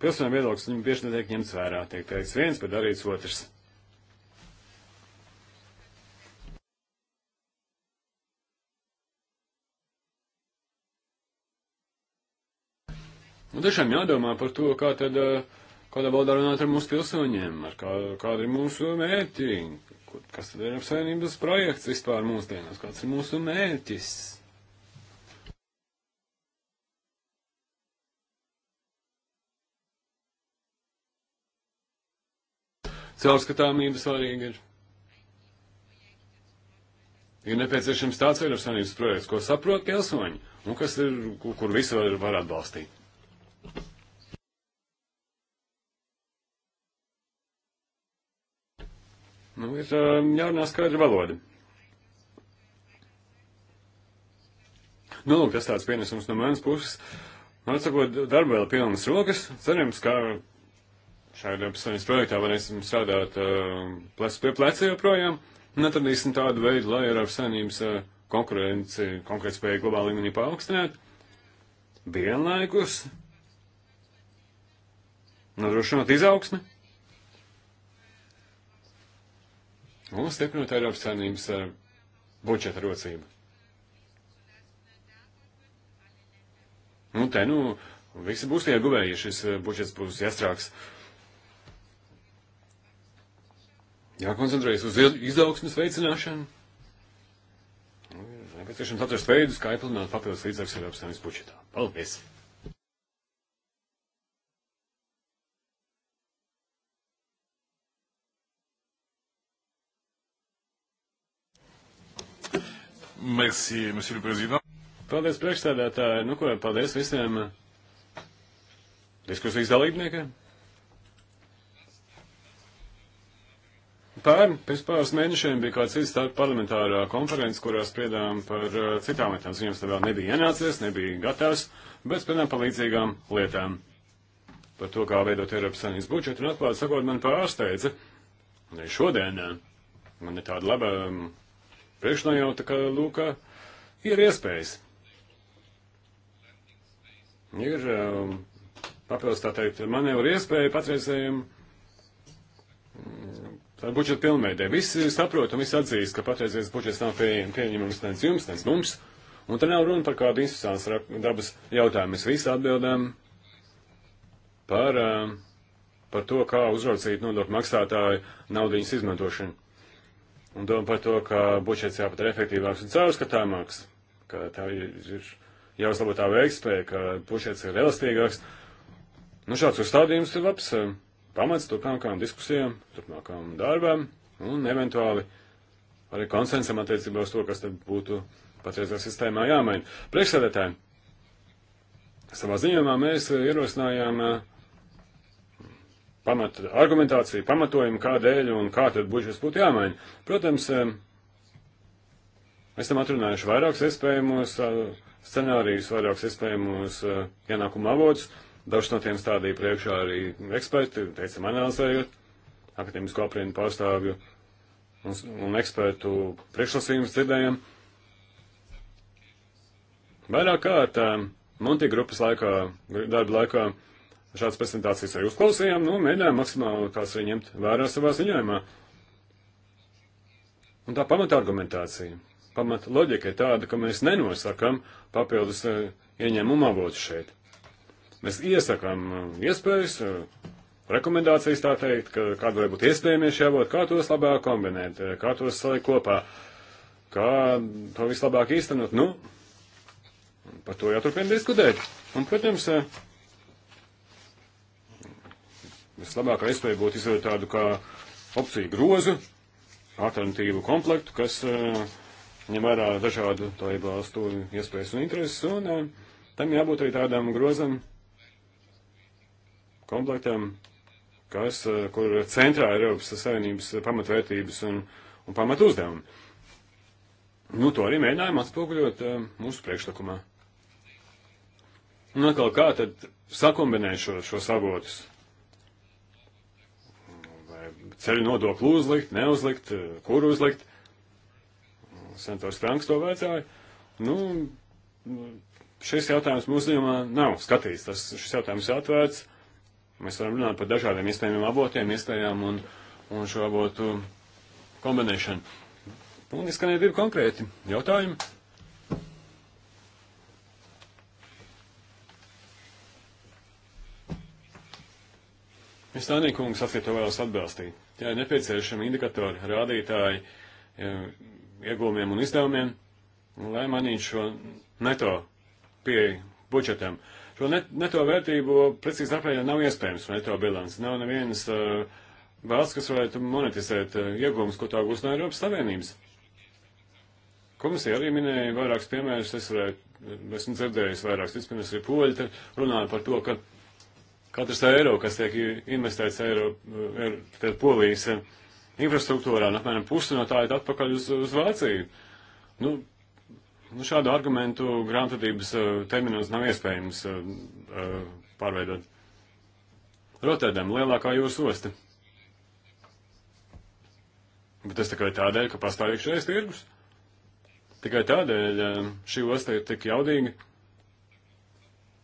pilsoņu viedoklis viņam bieži netiek ņemts vērā, tiek teikts viens, bet darīts otrs. Un tiešām jādomā par to, kā tad, eh, kādā valodā runāt ar mūsu pilsoņiem, ar kā, kāda ir mūsu mērķi, kas tad ir apsainības projekts vispār mūsdienās, kāds ir mūsu mērķis. Caurskatāmība svarīga ir. Ir nepieciešams tāds Eiropas Savienības projekts, ko saprot pilsoņi un kas ir, kur, kur visi var, var atbalstīt. Nu, ir jārunā skaidra valoda. Nu, lūk, tas tāds pienesums no manas puses. Atsakot, darba vēl pilnas rokas. Cerams, ka šajā apsaņas projektā varēsim strādāt uh, plecu pie pleca joprojām. Un atradīsim tādu veidu, lai ar apsaņības uh, konkurenci, konkurētspēju globāla līmenī paaugstināt. Vienlaikus nodrošinot izaugsmi. un stiprinot Eiropas saimnības eh, budžeta rocību. Un nu, te, nu, visi būs tie guvēji, ja šis eh, budžets būs iestrāks. Jākoncentrējas uz izaugsmas veicināšanu. Nu, nepieciešams atrast veidus, kā ieplināt papildus līdzekļus Eiropas saimnības budžetā. Paldies! Merci, monsieur le président. Paldies priekšstādātāji. Nu ko, paldies visiem diskusijas dalībniekiem. Pērn, pēc pāris mēnešiem bija kāds cits parlamentārā konferences, kurā spriedām par uh, citām lietām. Viņam tā vēl nebija ienācies, nebija gatavs, bet spēlēm par līdzīgām lietām. Par to, kā veidot Eiropas Savienības budžetu, un atklāt sakot, man pārsteidza. Ne šodien, eh, man ir tāda laba mm, priekšnojauta, ka, lūk, ir iespējas. Ir um, papildus, tā teikt, manevru iespēja patreizējiem mm, tāda budžeta pilnveidē. Visi saprot un visi atzīst, ka patreizējais budžets nav pieejams, pieņemams nec jums, nec mums. Un te nav runa par kādu institucionāls dabas jautājumu. Mēs visi atbildām par, um, par to, kā uzraucīt nodokļu maksātāju naudiņas izmantošanu. Un doma par to, ka budžets jāpadara efektīvāks un caurskatāmāks, ka tā ir jāuzlabo tā veikspēja, ka budžets ir elastīgāks. Nu, šāds uzstādījums ir labs eh, pamats turpmākām diskusijām, turpmākām darbām un eventuāli arī konsensam attiecībā uz to, kas tad būtu patreizā sistēmā jāmaina. Priekšsēdētāji, savā ziņojumā mēs ierosinājām uh, pamat argumentāciju, pamatojumu, kādēļ un kā tad budžets būtu jāmaina. Protams, esam eh, atrunājuši vairākus iespējamos eh, scenārijus, vairākus iespējamos eh, ienākumu avotus. Dažs no tiem stādīja priekšā arī eksperti, teicam, analizējot akadēmisko aprindu pārstāvju un, un ekspertu priekšlasījumus dzirdējam. Vairāk kārt Monti grupas laikā, darba laikā, šādas prezentācijas arī uzklausījām, nu, mēģinājām maksimāli tās arī ņemt vērā savā ziņojumā. Un tā pamata argumentācija, pamata loģika ir tāda, ka mēs nenosakam papildus eh, ieņēmumu avotu šeit. Mēs iesakām eh, iespējas, eh, rekomendācijas tā teikt, ka kāda varētu būt iespējamie šie avoti, kā tos labāk kombinēt, kā tos salikt kopā, kā to vislabāk īstenot. Nu, par to jāturpina diskutēt. Un, protams, vislabākā iespēja būtu izveidot tādu kā opciju grozu, alternatīvu komplektu, kas uh, ņem vērā dažādu dalību valstu iespējas un intereses, un uh, tam jābūt arī tādam grozam, komplektam, kas, uh, kur centrā ir Eiropas Savienības pamatvērtības un, un pamat uzdevumi. Nu, to arī mēģinājām atspoguļot uh, mūsu priekšlikumā. Un atkal kā tad sakombinēt šo, šos avotus? ceļu nodokli uzlikt, neuzlikt, kur uzlikt. Sentors Franks to vajadzēja. Nu, šis jautājums mūsdienā nav skatīts. Tas, šis jautājums ir atvērts. Mēs varam runāt par dažādiem iespējamiem avotiem, iespējām un, un šo avotu kombinēšanu. Un izskanēja divi konkrēti jautājumi. Mistānī kungs, atliet to vēlas atbalstīt. Jā, nepieciešami indikatori, rādītāji iegūmiem un izdevumiem, lai manītu šo neto pieeju budžetam. Šo net, neto vērtību precīzi aprēķināt nav iespējams, neto bilanci. Nav nevienas uh, valsts, kas varētu monetizēt uh, iegūmus, ko tā gūst no Eiropas Savienības. Komisija arī minēja vairākus piemērus, es varētu, esmu dzirdējis vairākus, vispirms arī poļi runāja par to, ka Katrs eiro, kas tiek investēts eiro, eh, ir tad polijas eh, infrastruktūrā, un apmēram pusi no tā ir atpakaļ uz, uz Vāciju. Nu, nu šādu argumentu grāmatvedības eh, terminos nav iespējams pārveidot. Rotterdam, lielākā jūras osta. Bet tas tikai tādēļ, ka pastāv iekšējais tirgus. Tikai tādēļ šī osta ir tik jaudīga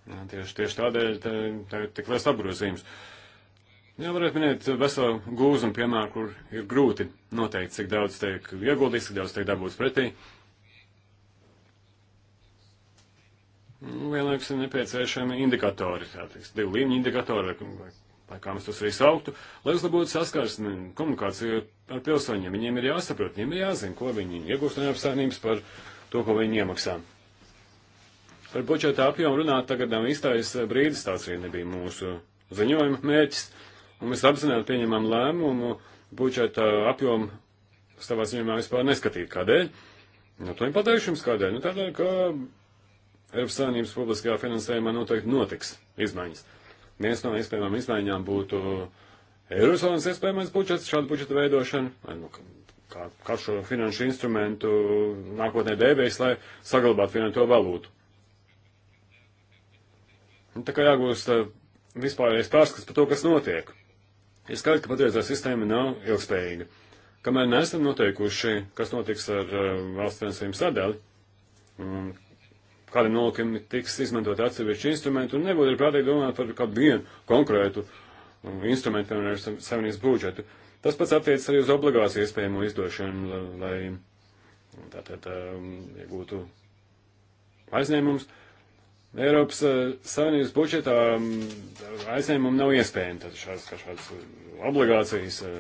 Tieši, tieši tādēļ tā, tā ir tik liels apgrozījums. Jā, varētu minēt veselu gūzumu piemēru, kur ir grūti noteikt, cik daudz tiek ieguldīts, cik daudz tiek dabūts pretī. Vienlaikus ir nepieciešami indikatori, tā teiks, divu līmeņu indikatori, vai, vai kā mēs tos arī sauktu, lai uzlabotu saskarsmi, komunikāciju ar pilsoņiem. Viņiem ir jāsaprot, viņiem ir jāzina, ko viņi iegūst no apsainības par to, ko viņi iemaksā. Par budžeta apjomu runāt tagad nav īstais eh, brīdis, tās arī nebija mūsu ziņojuma mērķis, un mēs apzināti pieņemam lēmumu budžeta apjomu savā ziņojumā vispār neskatīt. Kādēļ? Nu, to viņam pateikšu jums kādēļ. Nu, tādēļ, ka Eiropas Savienības publiskajā finansējumā noteikti notiks izmaiņas. Viens no iespējamām izmaiņām būtu Eirozonas iespējamais budžets, šāda budžeta veidošana, vai nu, kā, kā šo finanšu instrumentu nākotnē dēvēs, lai saglabātu vienu to valūtu. Nu, tā kā jāgūst vispārējais pārskats par to, kas notiek. Ir skaidrs, ka patreizā sistēma nav ilgspējīga. Kamēr neesam noteikuši, kas notiks ar valsts finansējumu sadali, un kādam nolūkiem tiks izmantot atsevišķi instrumenti, un nebūtu ir prātīgi domāt par kādu vienu konkrētu instrumentu, piemēram, savienības budžetu. Tas pats attiecas arī uz obligāciju iespējamo izdošanu, lai tātad iegūtu aizņēmumus. Tā, tā, Eiropas eh, Savienības budžetā mm, aizņēmumi nav iespējami, tad šāds, kā šāds eh, obligācijas eh,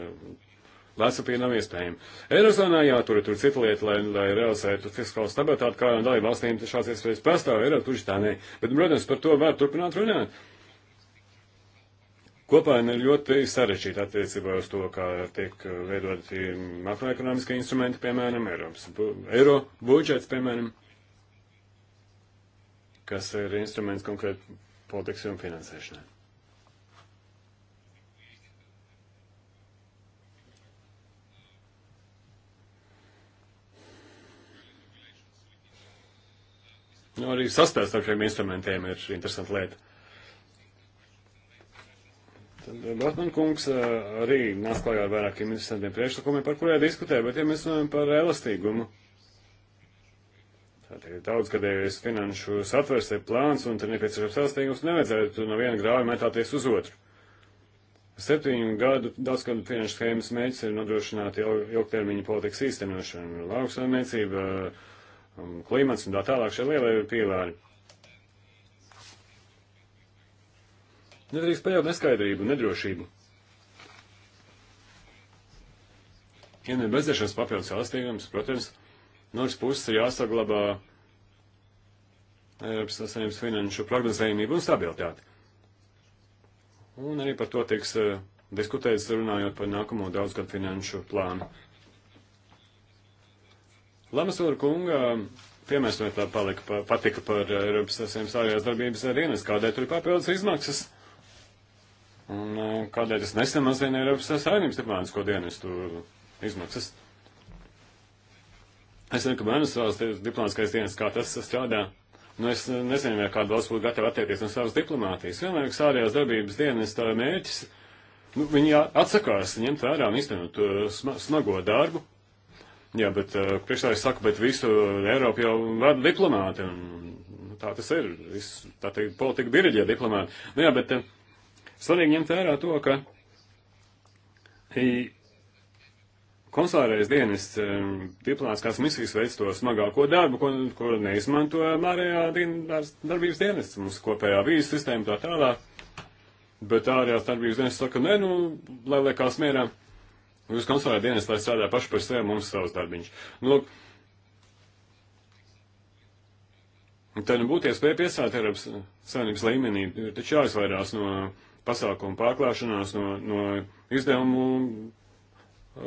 lēsapie nav iespējami. Eirozonā jātura tur cita lieta, lai, lai realizētu fiskālu stabilitāti, kā dalību valstīm šāds iespējas pastāv, Eiropas budžetā nē. Bet, protams, par to var turpināt runāt. Kopaina ir ļoti sarežģīta attiecībā uz to, kā tiek veidoti makroekonomiskie instrumenti, piemēram, Eiropas, bu, eiro budžets, piemēram kas ir instruments konkrēti politikas un finansēšanai. Nu, arī sastāvs ar šiem instrumentiem ir interesanta lieta. Tad eh, Batman kungs eh, arī nāks klājā ar vairākiem interesantiem priekšlikumiem, par kuriem diskutē, bet ja mēs runājam par elastīgumu. Uh, Tātad daudzgadējais finanšu satvers ir plāns, un te nepieciešams sasniegums nevajadzētu no viena grāva metāties uz otru. Septiņu gadu daudzgadu finanšu schēmas mērķis ir nodrošināt ilgtermiņa politikas īstenošanu, lauksaimniecība, um, klimats un tā tālāk šie lielie pīlāri. Nedrīkst paļaut neskaidrību, nedrošību. Ja nebezdešanas papildus elastīgums, protams, No otras puses ir jāsaglabā Eiropas Savienības finanšu prognozējumība un stabilitāte. Un arī par to tiks uh, diskutēts runājot par nākamo daudzgadu finanšu plānu. Lamasūra kunga piemērs man tā palika, pa, patika par Eiropas Savienības ārējās darbības dienas, kādēļ tur ir papildus izmaksas. Un uh, kādēļ tas nesamazina Eiropas Savienības diplomātisko dienestu izmaksas. Es zinu, ka Venezuelas diplomātiskais dienas, kā tas strādā, nu es nezinu, vai kāda valsts būtu gatava attiekties no savas diplomātijas. Vienmēr, kas ārējās darbības dienas tā mērķis, nu, viņi atsakās ņemt vērā un iztenot sma smago darbu. Jā, bet uh, eh, priekšstāvis saka, bet visu Eiropu jau vada diplomāti, un nu, tā tas ir. Visu, tā teikt, politika biriģē diplomāti. Nu jā, bet uh, svarīgi ņemt vērā to, ka konsulārijas dienas diplomātiskās misijas veic to smagāko darbu, ko, ko neizmanto mārējā dien, darbības dienas, mums kopējā vīzu sistēma tā tālāk, bet ārējās darbības dienas saka, nē, nu, lai liekās mierā, jūs konsulārija dienas, lai strādā paši par sevi, mums savs darbiņš. Nu, lūk, Tad nu būtu iespēja piesākt Eiropas Savienības līmenī, taču jāizvairās no pasākumu pārklāšanās, no, no izdevumu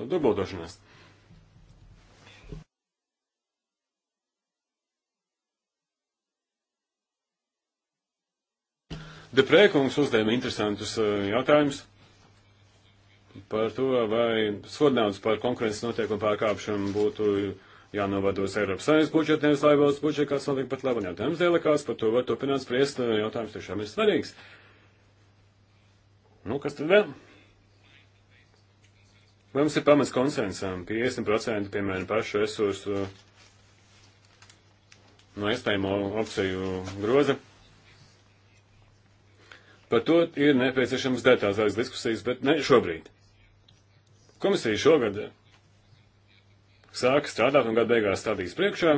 dubultošanās. Deprēkungs uzdēma interesantus uh, jautājumus par to, vai sodnāms par konkurences noteikumu pārkāpšanu būtu jānovados Eiropas Savienības budžetiem, lai valsts budžetā, kas notiek pat labi. Jautājums delikāts, par to var turpināt spriest, jautājums tiešām ir svarīgs. Nu, kas tad vēl? Mums ir pamats konsensām 50% piemēram pašu resursu no iespējamo opciju groza. Par to ir nepieciešams detalizētas diskusijas, bet ne šobrīd. Komisija šogad sāka strādāt un gada beigās stādīs priekšā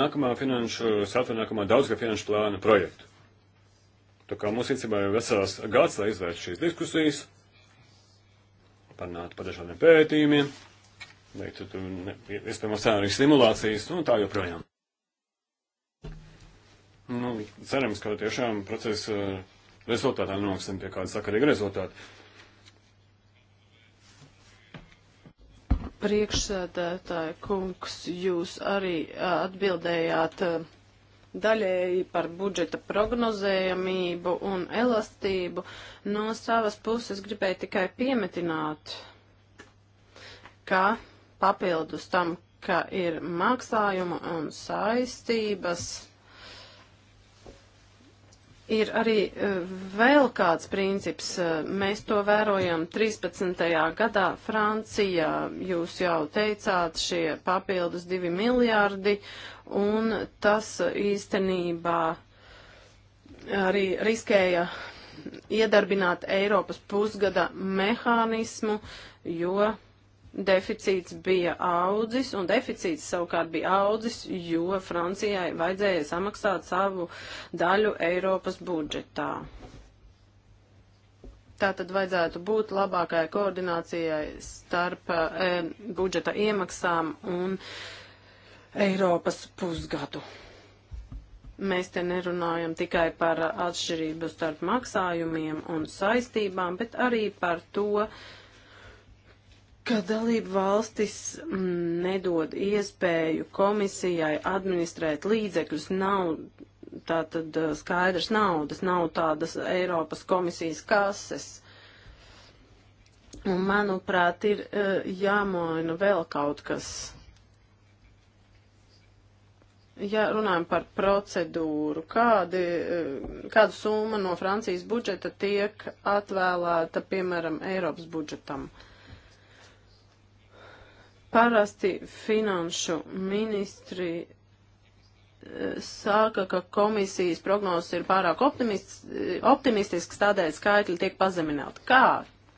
nākamā finanšu, satura nākamā daudzga finanšu plāna projektu. Tā kā mums īstenībā jau vesels gads, lai izvērstu šīs diskusijas parunātu par dažādiem pētījumiem, veiktu um, tur iespējamo scenāriju simulācijas un tā joprojām. Nu, cerams, ka tiešām procesa uh, rezultātā nonāksim pie kāda sakarīga rezultāta. Priekšsēdētāja kungs, jūs arī uh, atbildējāt. Uh, daļēji par budžeta prognozējamību un elastību, no savas puses gribēju tikai piemetināt, ka papildus tam, ka ir maksājuma un saistības, Ir arī e, vēl kāds princips, e, mēs to vērojam 13. gadā Francijā, jūs jau teicāt, šie papildus 2 miljārdi, un tas īstenībā arī riskēja iedarbināt Eiropas pusgada mehānismu, jo deficīts bija audzis, un deficīts savukārt bija audzis, jo Francijai vajadzēja samaksāt savu daļu Eiropas budžetā. Tā tad vajadzētu būt labākai koordinācijai starp e, budžeta iemaksām un Eiropas pusgadu mēs te nerunājam tikai par atšķirību starp maksājumiem un saistībām, bet arī par to, ka dalību valstis mm, nedod iespēju komisijai administrēt līdzekļus, nav tātad eh, skaidrs naudas, nav tādas Eiropas komisijas kases. Un, manuprāt, ir eh, jāmaina vēl kaut kas. Ja runājam par procedūru, kādi, eh, kāda summa no Francijas budžeta tiek atvēlēta, piemēram, Eiropas budžetam? Uh, Parasti finanšu ministri eh, saka, ka komisijas prognozes ir pārāk optimistisks, tādēļ skaitļi tiek pazemināti. Kā?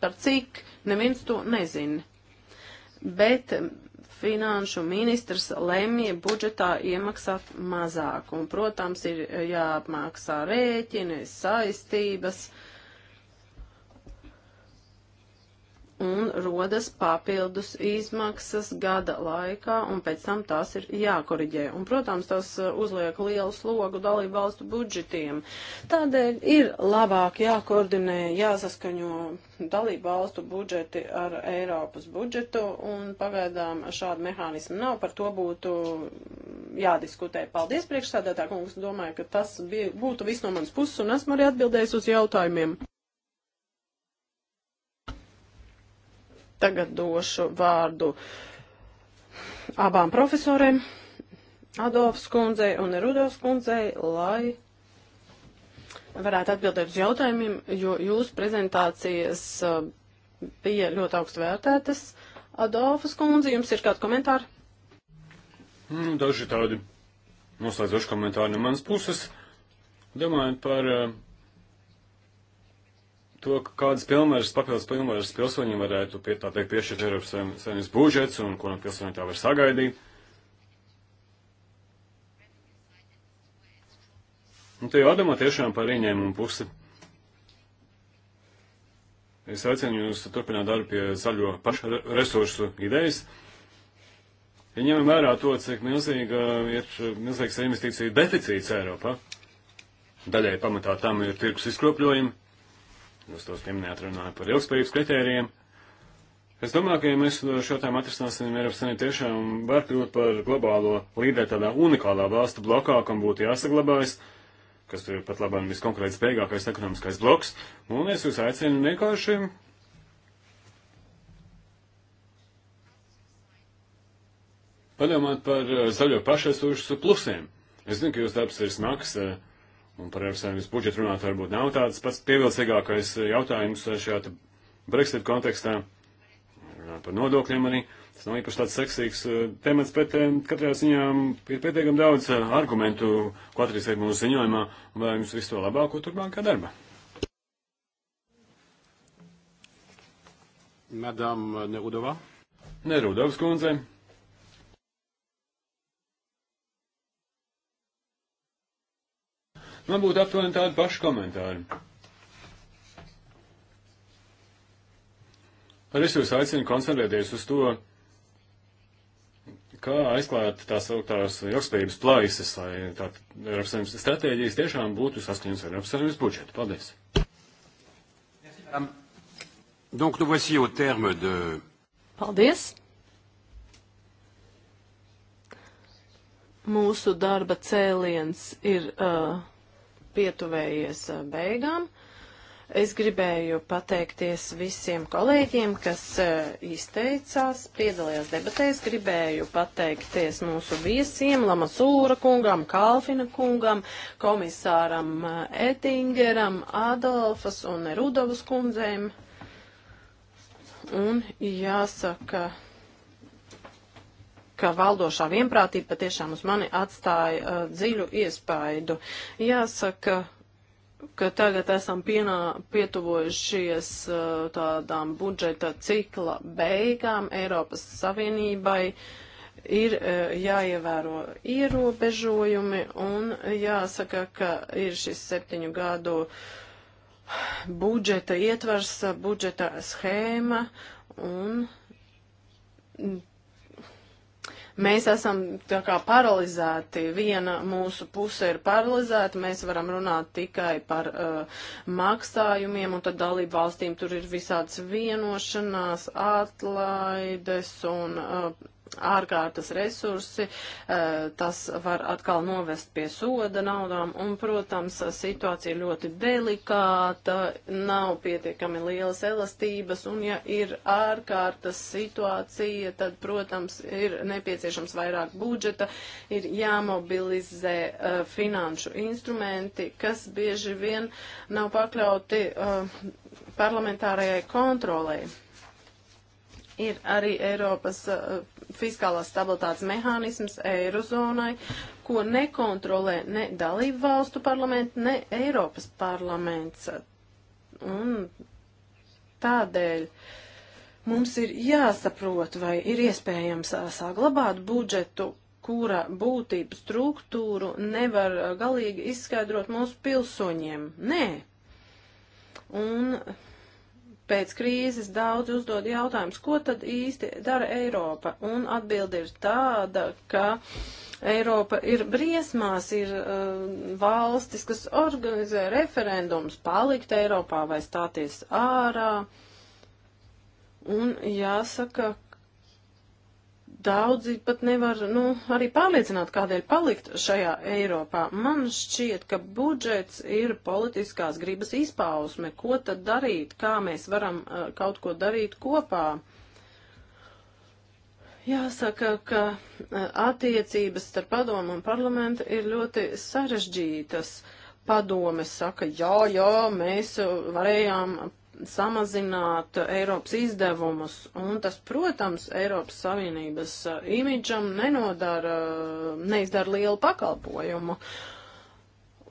Par cik? Neviens to nezina. Bet eh, finanšu ministrs lemj budžetā iemaksāt mazāk. Un, protams, ir eh, jāapmaksā rēķini, saistības. Uh, un rodas papildus izmaksas gada laikā, un pēc tam tās ir jākoriģē. Un, protams, tas uh, uzliek lielu slogu dalību valstu budžetiem. Tādēļ ir labāk jākoordinē, jāsaskaņo dalību valstu budžeti ar Eiropas budžetu, un pagaidām šāda mehānisma nav, par to būtu jādiskutē. Paldies priekšsādātā kungs, domāju, ka tas bija, būtu viss no manas puses, un esmu arī atbildējis uz jautājumiem. Tagad došu vārdu abām profesoriem, Adolfs kundzei un Rudovs kundzei, lai varētu atbildēt uz jautājumiem, jo jūsu prezentācijas uh, bija ļoti augstu vērtētas. Adolfas kundze, jums ir kādi komentāri? Nu, daži tādi noslēdzoši komentāri no manas puses. Domājot par uh, to, kādas pilnvaras, papildus pilnvaras pilsoņiem varētu pie tā teikt piešķirt Eiropas saimnes budžets un ko no pilsoņiem tā var sagaidīt. Un te jādomā tiešām par ieņēmumu pusi. Es aicinu jūs turpināt darbu pie zaļo pašu resursu idejas. Ja ņemam vērā to, cik milzīga ir milzīgs investīcija deficīts Eiropā, daļai pamatā tam ir tirkus izkropļojumi, Jūs tos pieminējāt runāju par ilgspējības kritērijiem. Es domāju, ka, ja mēs šo tēmu atrisināsim, Eiropas Savienība tiešām var kļūt par globālo līderi tādā unikālā valstu blokā, kam būtu jāsaglabājas, kas ir pat labāk viskonkurēt spējīgākais ekonomiskais bloks. Un es jūs aicinu vienkārši padomāt par eh, zaļo pašresursu plusiem. Es zinu, ka jūsu darbs ir smags. Uh, Un par Eiropas Savienības budžetu runāt varbūt nav tāds pats pievilcīgākais jautājums šajā Brexit kontekstā. Runāt par nodokļiem arī. Tas nav īpaši tāds seksīgs eh, temats, bet eh, katrā ziņā ir pietiekami daudz eh, argumentu, ko atrīsiet mūsu ziņojumā, lai jums visu to labāko turpmākā darba. Madame Nerudova. Nerudovs kundze. Man būtu aptuveni tādi paši komentāri. Arī es jūs aicinu koncentrēties uz to, kā aizklāt tās augtās ilgspējības plaisas, lai tā Eiropas Savienības stratēģijas tiešām būtu saskaņas ar Eiropas Savienības budžetu. Paldies! Um, donc, nous voici au terme de... Paldies! Mūsu darba cēliens ir uh, pietuvējies eh, beigām. Es gribēju pateikties visiem kolēģiem, kas eh, izteicās, piedalījās debatēs. Gribēju pateikties mūsu viesiem, Lamasūra kungam, Kalfina kungam, komisāram eh, Ettingeram, Adolfas un Rudovas kundzēm. Un jāsaka ka valdošā vienprātība patiešām uz mani atstāja uh, dziļu iespaidu. Jāsaka, ka tagad esam pienā, pietuvojušies uh, tādām budžeta cikla beigām Eiropas Savienībai. Ir uh, jāievēro ierobežojumi un jāsaka, ka ir šis septiņu gadu budžeta ietvars, budžeta schēma un Mēs esam tā kā paralizēti, viena mūsu puse ir paralizēta, mēs varam runāt tikai par uh, maksājumiem, un tad dalību valstīm tur ir visādas vienošanās, atlaides un. Uh, ārkārtas resursi, eh, tas var atkal novest pie soda naudām, un, protams, situācija ir ļoti delikāta, nav pietiekami lielas elastības, un, ja ir ārkārtas situācija, tad, protams, ir nepieciešams vairāk budžeta, ir jāmobilizē uh, finanšu instrumenti, kas bieži vien nav pakļauti uh, parlamentārajai kontrolē. Ir arī Eiropas uh, fiskālās stabilitātes mehānisms eirozonai, ko nekontrolē ne dalību valstu parlamenti, ne Eiropas parlaments. Un tādēļ mums ir jāsaprot, vai ir iespējams uh, saglabāt budžetu, kura būtību struktūru nevar uh, galīgi izskaidrot mūsu pilsoņiem. Nē. Un Pēc krīzes daudz uzdod jautājums, ko tad īsti dara Eiropa? Un atbildi ir tāda, ka Eiropa ir briesmās, ir uh, valstis, kas organizē referendums palikt Eiropā vai stāties ārā. Un jāsaka, daudzi pat nevar nu, arī pārliecināt, kādēļ palikt šajā Eiropā. Man šķiet, ka budžets ir politiskās gribas izpausme. Ko tad darīt? Kā mēs varam uh, kaut ko darīt kopā? Jāsaka, ka eh, attiecības starp padomu un parlamentu ir ļoti sarežģītas. Padome saka, jā, jā, mēs eh, varējām samazināt Eiropas izdevumus, un tas, protams, Eiropas Savienības eh, imidžam nenodara, neizdara lielu pakalpojumu.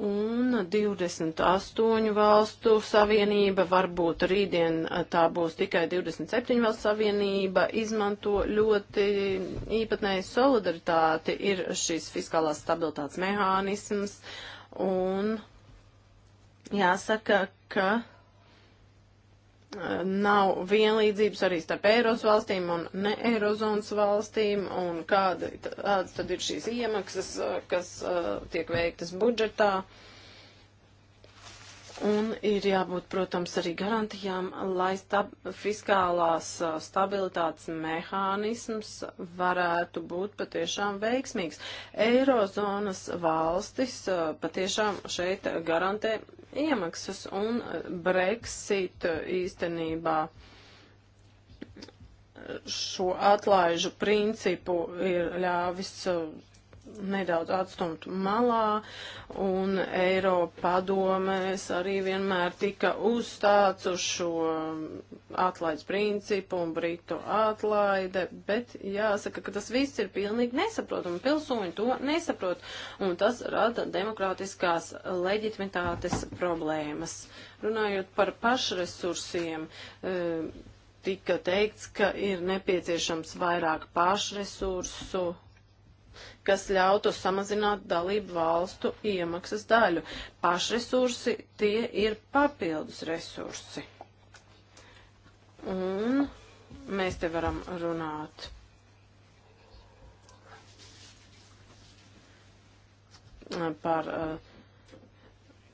Un 28 valstu savienība, varbūt rītdien eh, tā būs tikai 27 valstu savienība, izmanto ļoti īpatnēju solidaritāti, ir šis fiskālās stabilitātes mehānisms, un jāsaka, ka nav vienlīdzības arī starp Eiros valstīm un ne Eirozonas valstīm, un kādas tad ir šīs iemaksas, kas eh, tiek veiktas budžetā. Uh, Un ir jābūt, protams, arī garantijām, lai stab fiskālās stabilitātes mehānisms varētu būt patiešām veiksmīgs. Eirozonas valstis patiešām šeit garantē iemaksas un Brexit īstenībā šo atlaižu principu ir ļāvis nedaudz atstumt malā, un Eiropa padomēs arī vienmēr tika uzstāts uz šo atlaides principu un Britu atlaide, bet jāsaka, ka tas viss ir pilnīgi nesaprotam, pilsoņi to nesaprot, un tas rada demokrātiskās leģitimitātes problēmas. Runājot par pašresursiem, e, tika teikts, ka ir nepieciešams vairāk pašresursu kas ļautu samazināt dalību valstu iemaksas daļu. Pašresursi tie ir papildus resursi. Un mēs te varam runāt. par uh,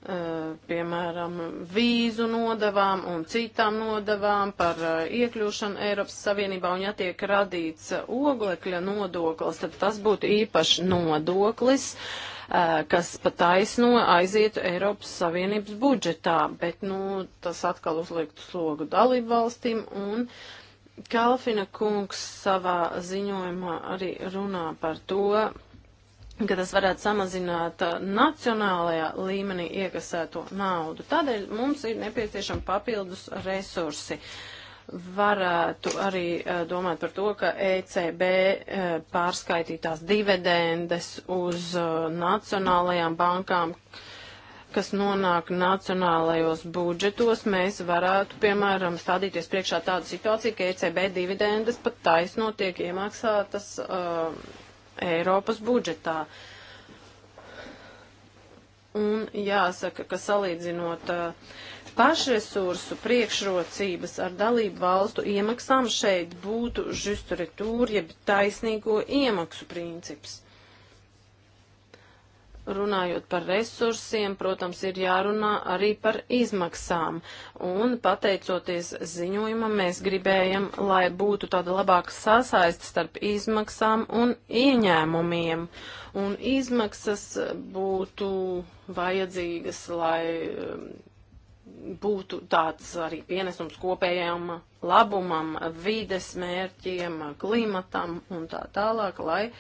Eh, piemēram, vīzu nodavām un citām nodavām par eh, iekļūšanu Eiropas Savienībā, un ja tiek radīts eh, oglekļa nodoklis, tad tas būtu īpašs nodoklis, kas pa taisno aizietu Eiropas Savienības budžetā, bet, nu, tas atkal uzliektu slogu dalību valstīm un. Kalfina kungs savā ziņojumā arī runā par to, ka tas varētu samazināt uh, nacionālajā līmenī iekasēto naudu. Tādēļ mums ir nepieciešama papildus resursi. Varētu arī uh, domāt par to, ka ECB uh, pārskaitītās dividendes uz nacionālajām bankām, kas nonāk nacionālajos budžetos, mēs varētu, piemēram, stādīties priekšā tādu situāciju, ka ECB dividendes pat taisno tiek iemaksātas. Uh, Eiropas budžetā. Un jāsaka, ka salīdzinot uh, pašresursu priekšrocības ar dalību valstu iemaksām šeit būtu žusturetūri, jeb taisnīgo iemaksu princips runājot par resursiem, protams, ir jārunā arī par izmaksām. Un pateicoties ziņojumam, mēs gribējam, lai būtu tāda labāka sasaiste starp izmaksām un ieņēmumiem. Un izmaksas būtu vajadzīgas, lai um, būtu tāds arī pienesums kopējām labumam, vides mērķiem, klimatam un tā tālāk, lai uh,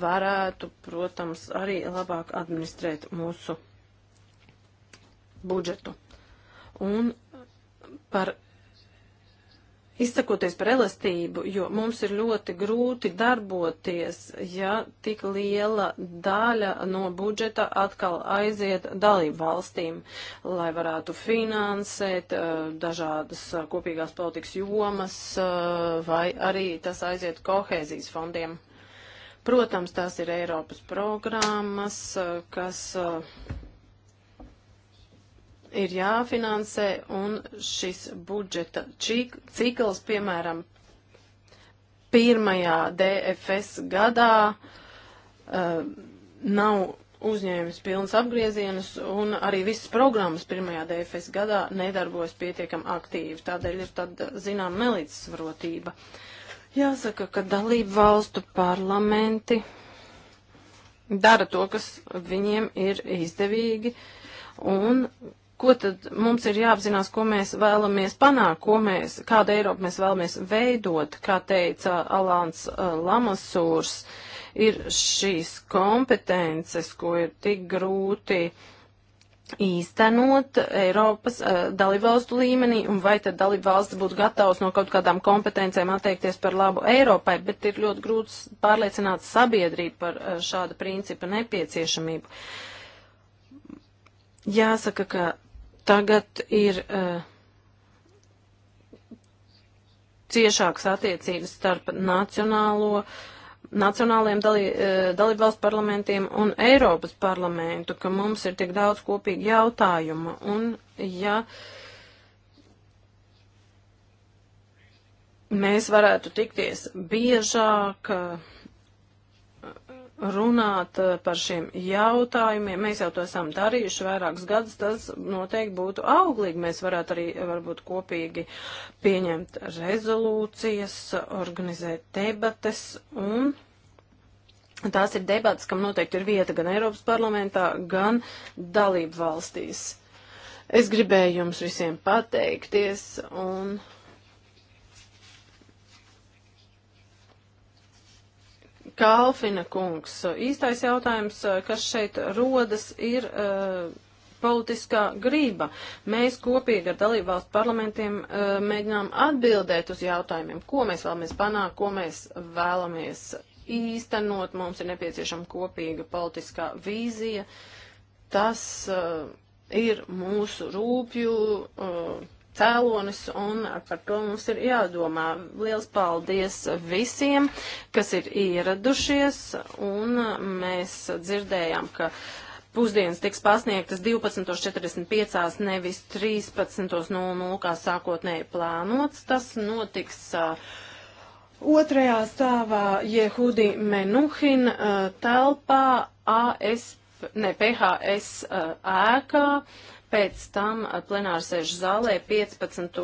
varētu, protams, arī labāk administrēt mūsu budžetu. Un par izsakoties par elastību, jo mums ir ļoti grūti darboties, ja tik liela daļa no budžeta atkal aiziet dalību valstīm, lai varētu finansēt eh, dažādas kopīgās politikas jomas, eh, vai arī tas aiziet kohēzijas fondiem. Protams, tās ir Eiropas programmas, eh, kas eh, ir jāfinansē, un šis budžeta cikls, piemēram, pirmajā DFS gadā uh, nav uzņēmis pilns apgriezienus, un arī visas programmas pirmajā DFS gadā nedarbojas pietiekam aktīvi. Tādēļ ir tad, zinām, nelīdzsvarotība. Uh, Jāsaka, ka dalību valstu parlamenti dara to, kas viņiem ir izdevīgi, un ko tad mums ir jāapzinās, ko mēs vēlamies panākt, ko mēs, kādu Eiropu mēs vēlamies veidot, kā teica Alāns uh, Lamasūrs, ir šīs kompetences, ko ir tik grūti uh, īstenot Eiropas uh, dalībvalstu līmenī, un vai tad dalībvalsts būtu gatavs no kaut kādām kompetencēm atteikties par labu Eiropai, bet ir ļoti grūti pārliecināt sabiedrību par uh, šāda principa nepieciešamību. Jāsaka, ka tagad ir. Uh, ciešākas attiecības starp nacionālo uh, nacionāliem dalī, e, dalībvalstu parlamentiem un Eiropas parlamentu, ka mums ir tik daudz kopīgi jautājumu. Un, ja mēs varētu tikties biežāk, uh, runāt eh, par šiem jautājumiem. Mēs jau to esam darījuši vairākus gadus, tas noteikti būtu auglīgi. Mēs varētu arī eh, varbūt kopīgi pieņemt rezolūcijas, organizēt debates un. Tās ir debatas, kam noteikti ir vieta gan Eiropas parlamentā, gan dalību valstīs. Es gribēju jums visiem pateikties un. Kalfina kungs, īstais jautājums, eh, kas šeit rodas, ir uh, politiskā grība. Mēs kopīgi ar dalībvalstu parlamentiem uh, mēģinām atbildēt uz jautājumiem, ko mēs vēlamies panākt, ko mēs vēlamies īstenot. Mums ir nepieciešama kopīga politiskā vīzija. Tas uh, ir mūsu rūpju cēlonis, un par to mums ir jādomā. Liels paldies visiem, kas ir ieradušies, un mēs dzirdējām, ka pusdienas tiks pasniegtas 12.45, nevis 13.00, kā sākotnēji plānots. Tas notiks. Uh, Otrajā stāvā Jehudi Menuhin uh, telpā AS, ne, PHS uh, ēkā. Pēc tam plenārsēžu zālē 15.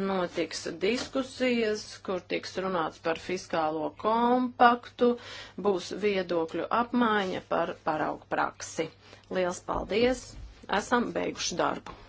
notiks diskusijas, kur tiks runāts par fiskālo kompaktu, būs viedokļu apmaiņa par paraugu praksi. Liels paldies! Esam beiguši darbu!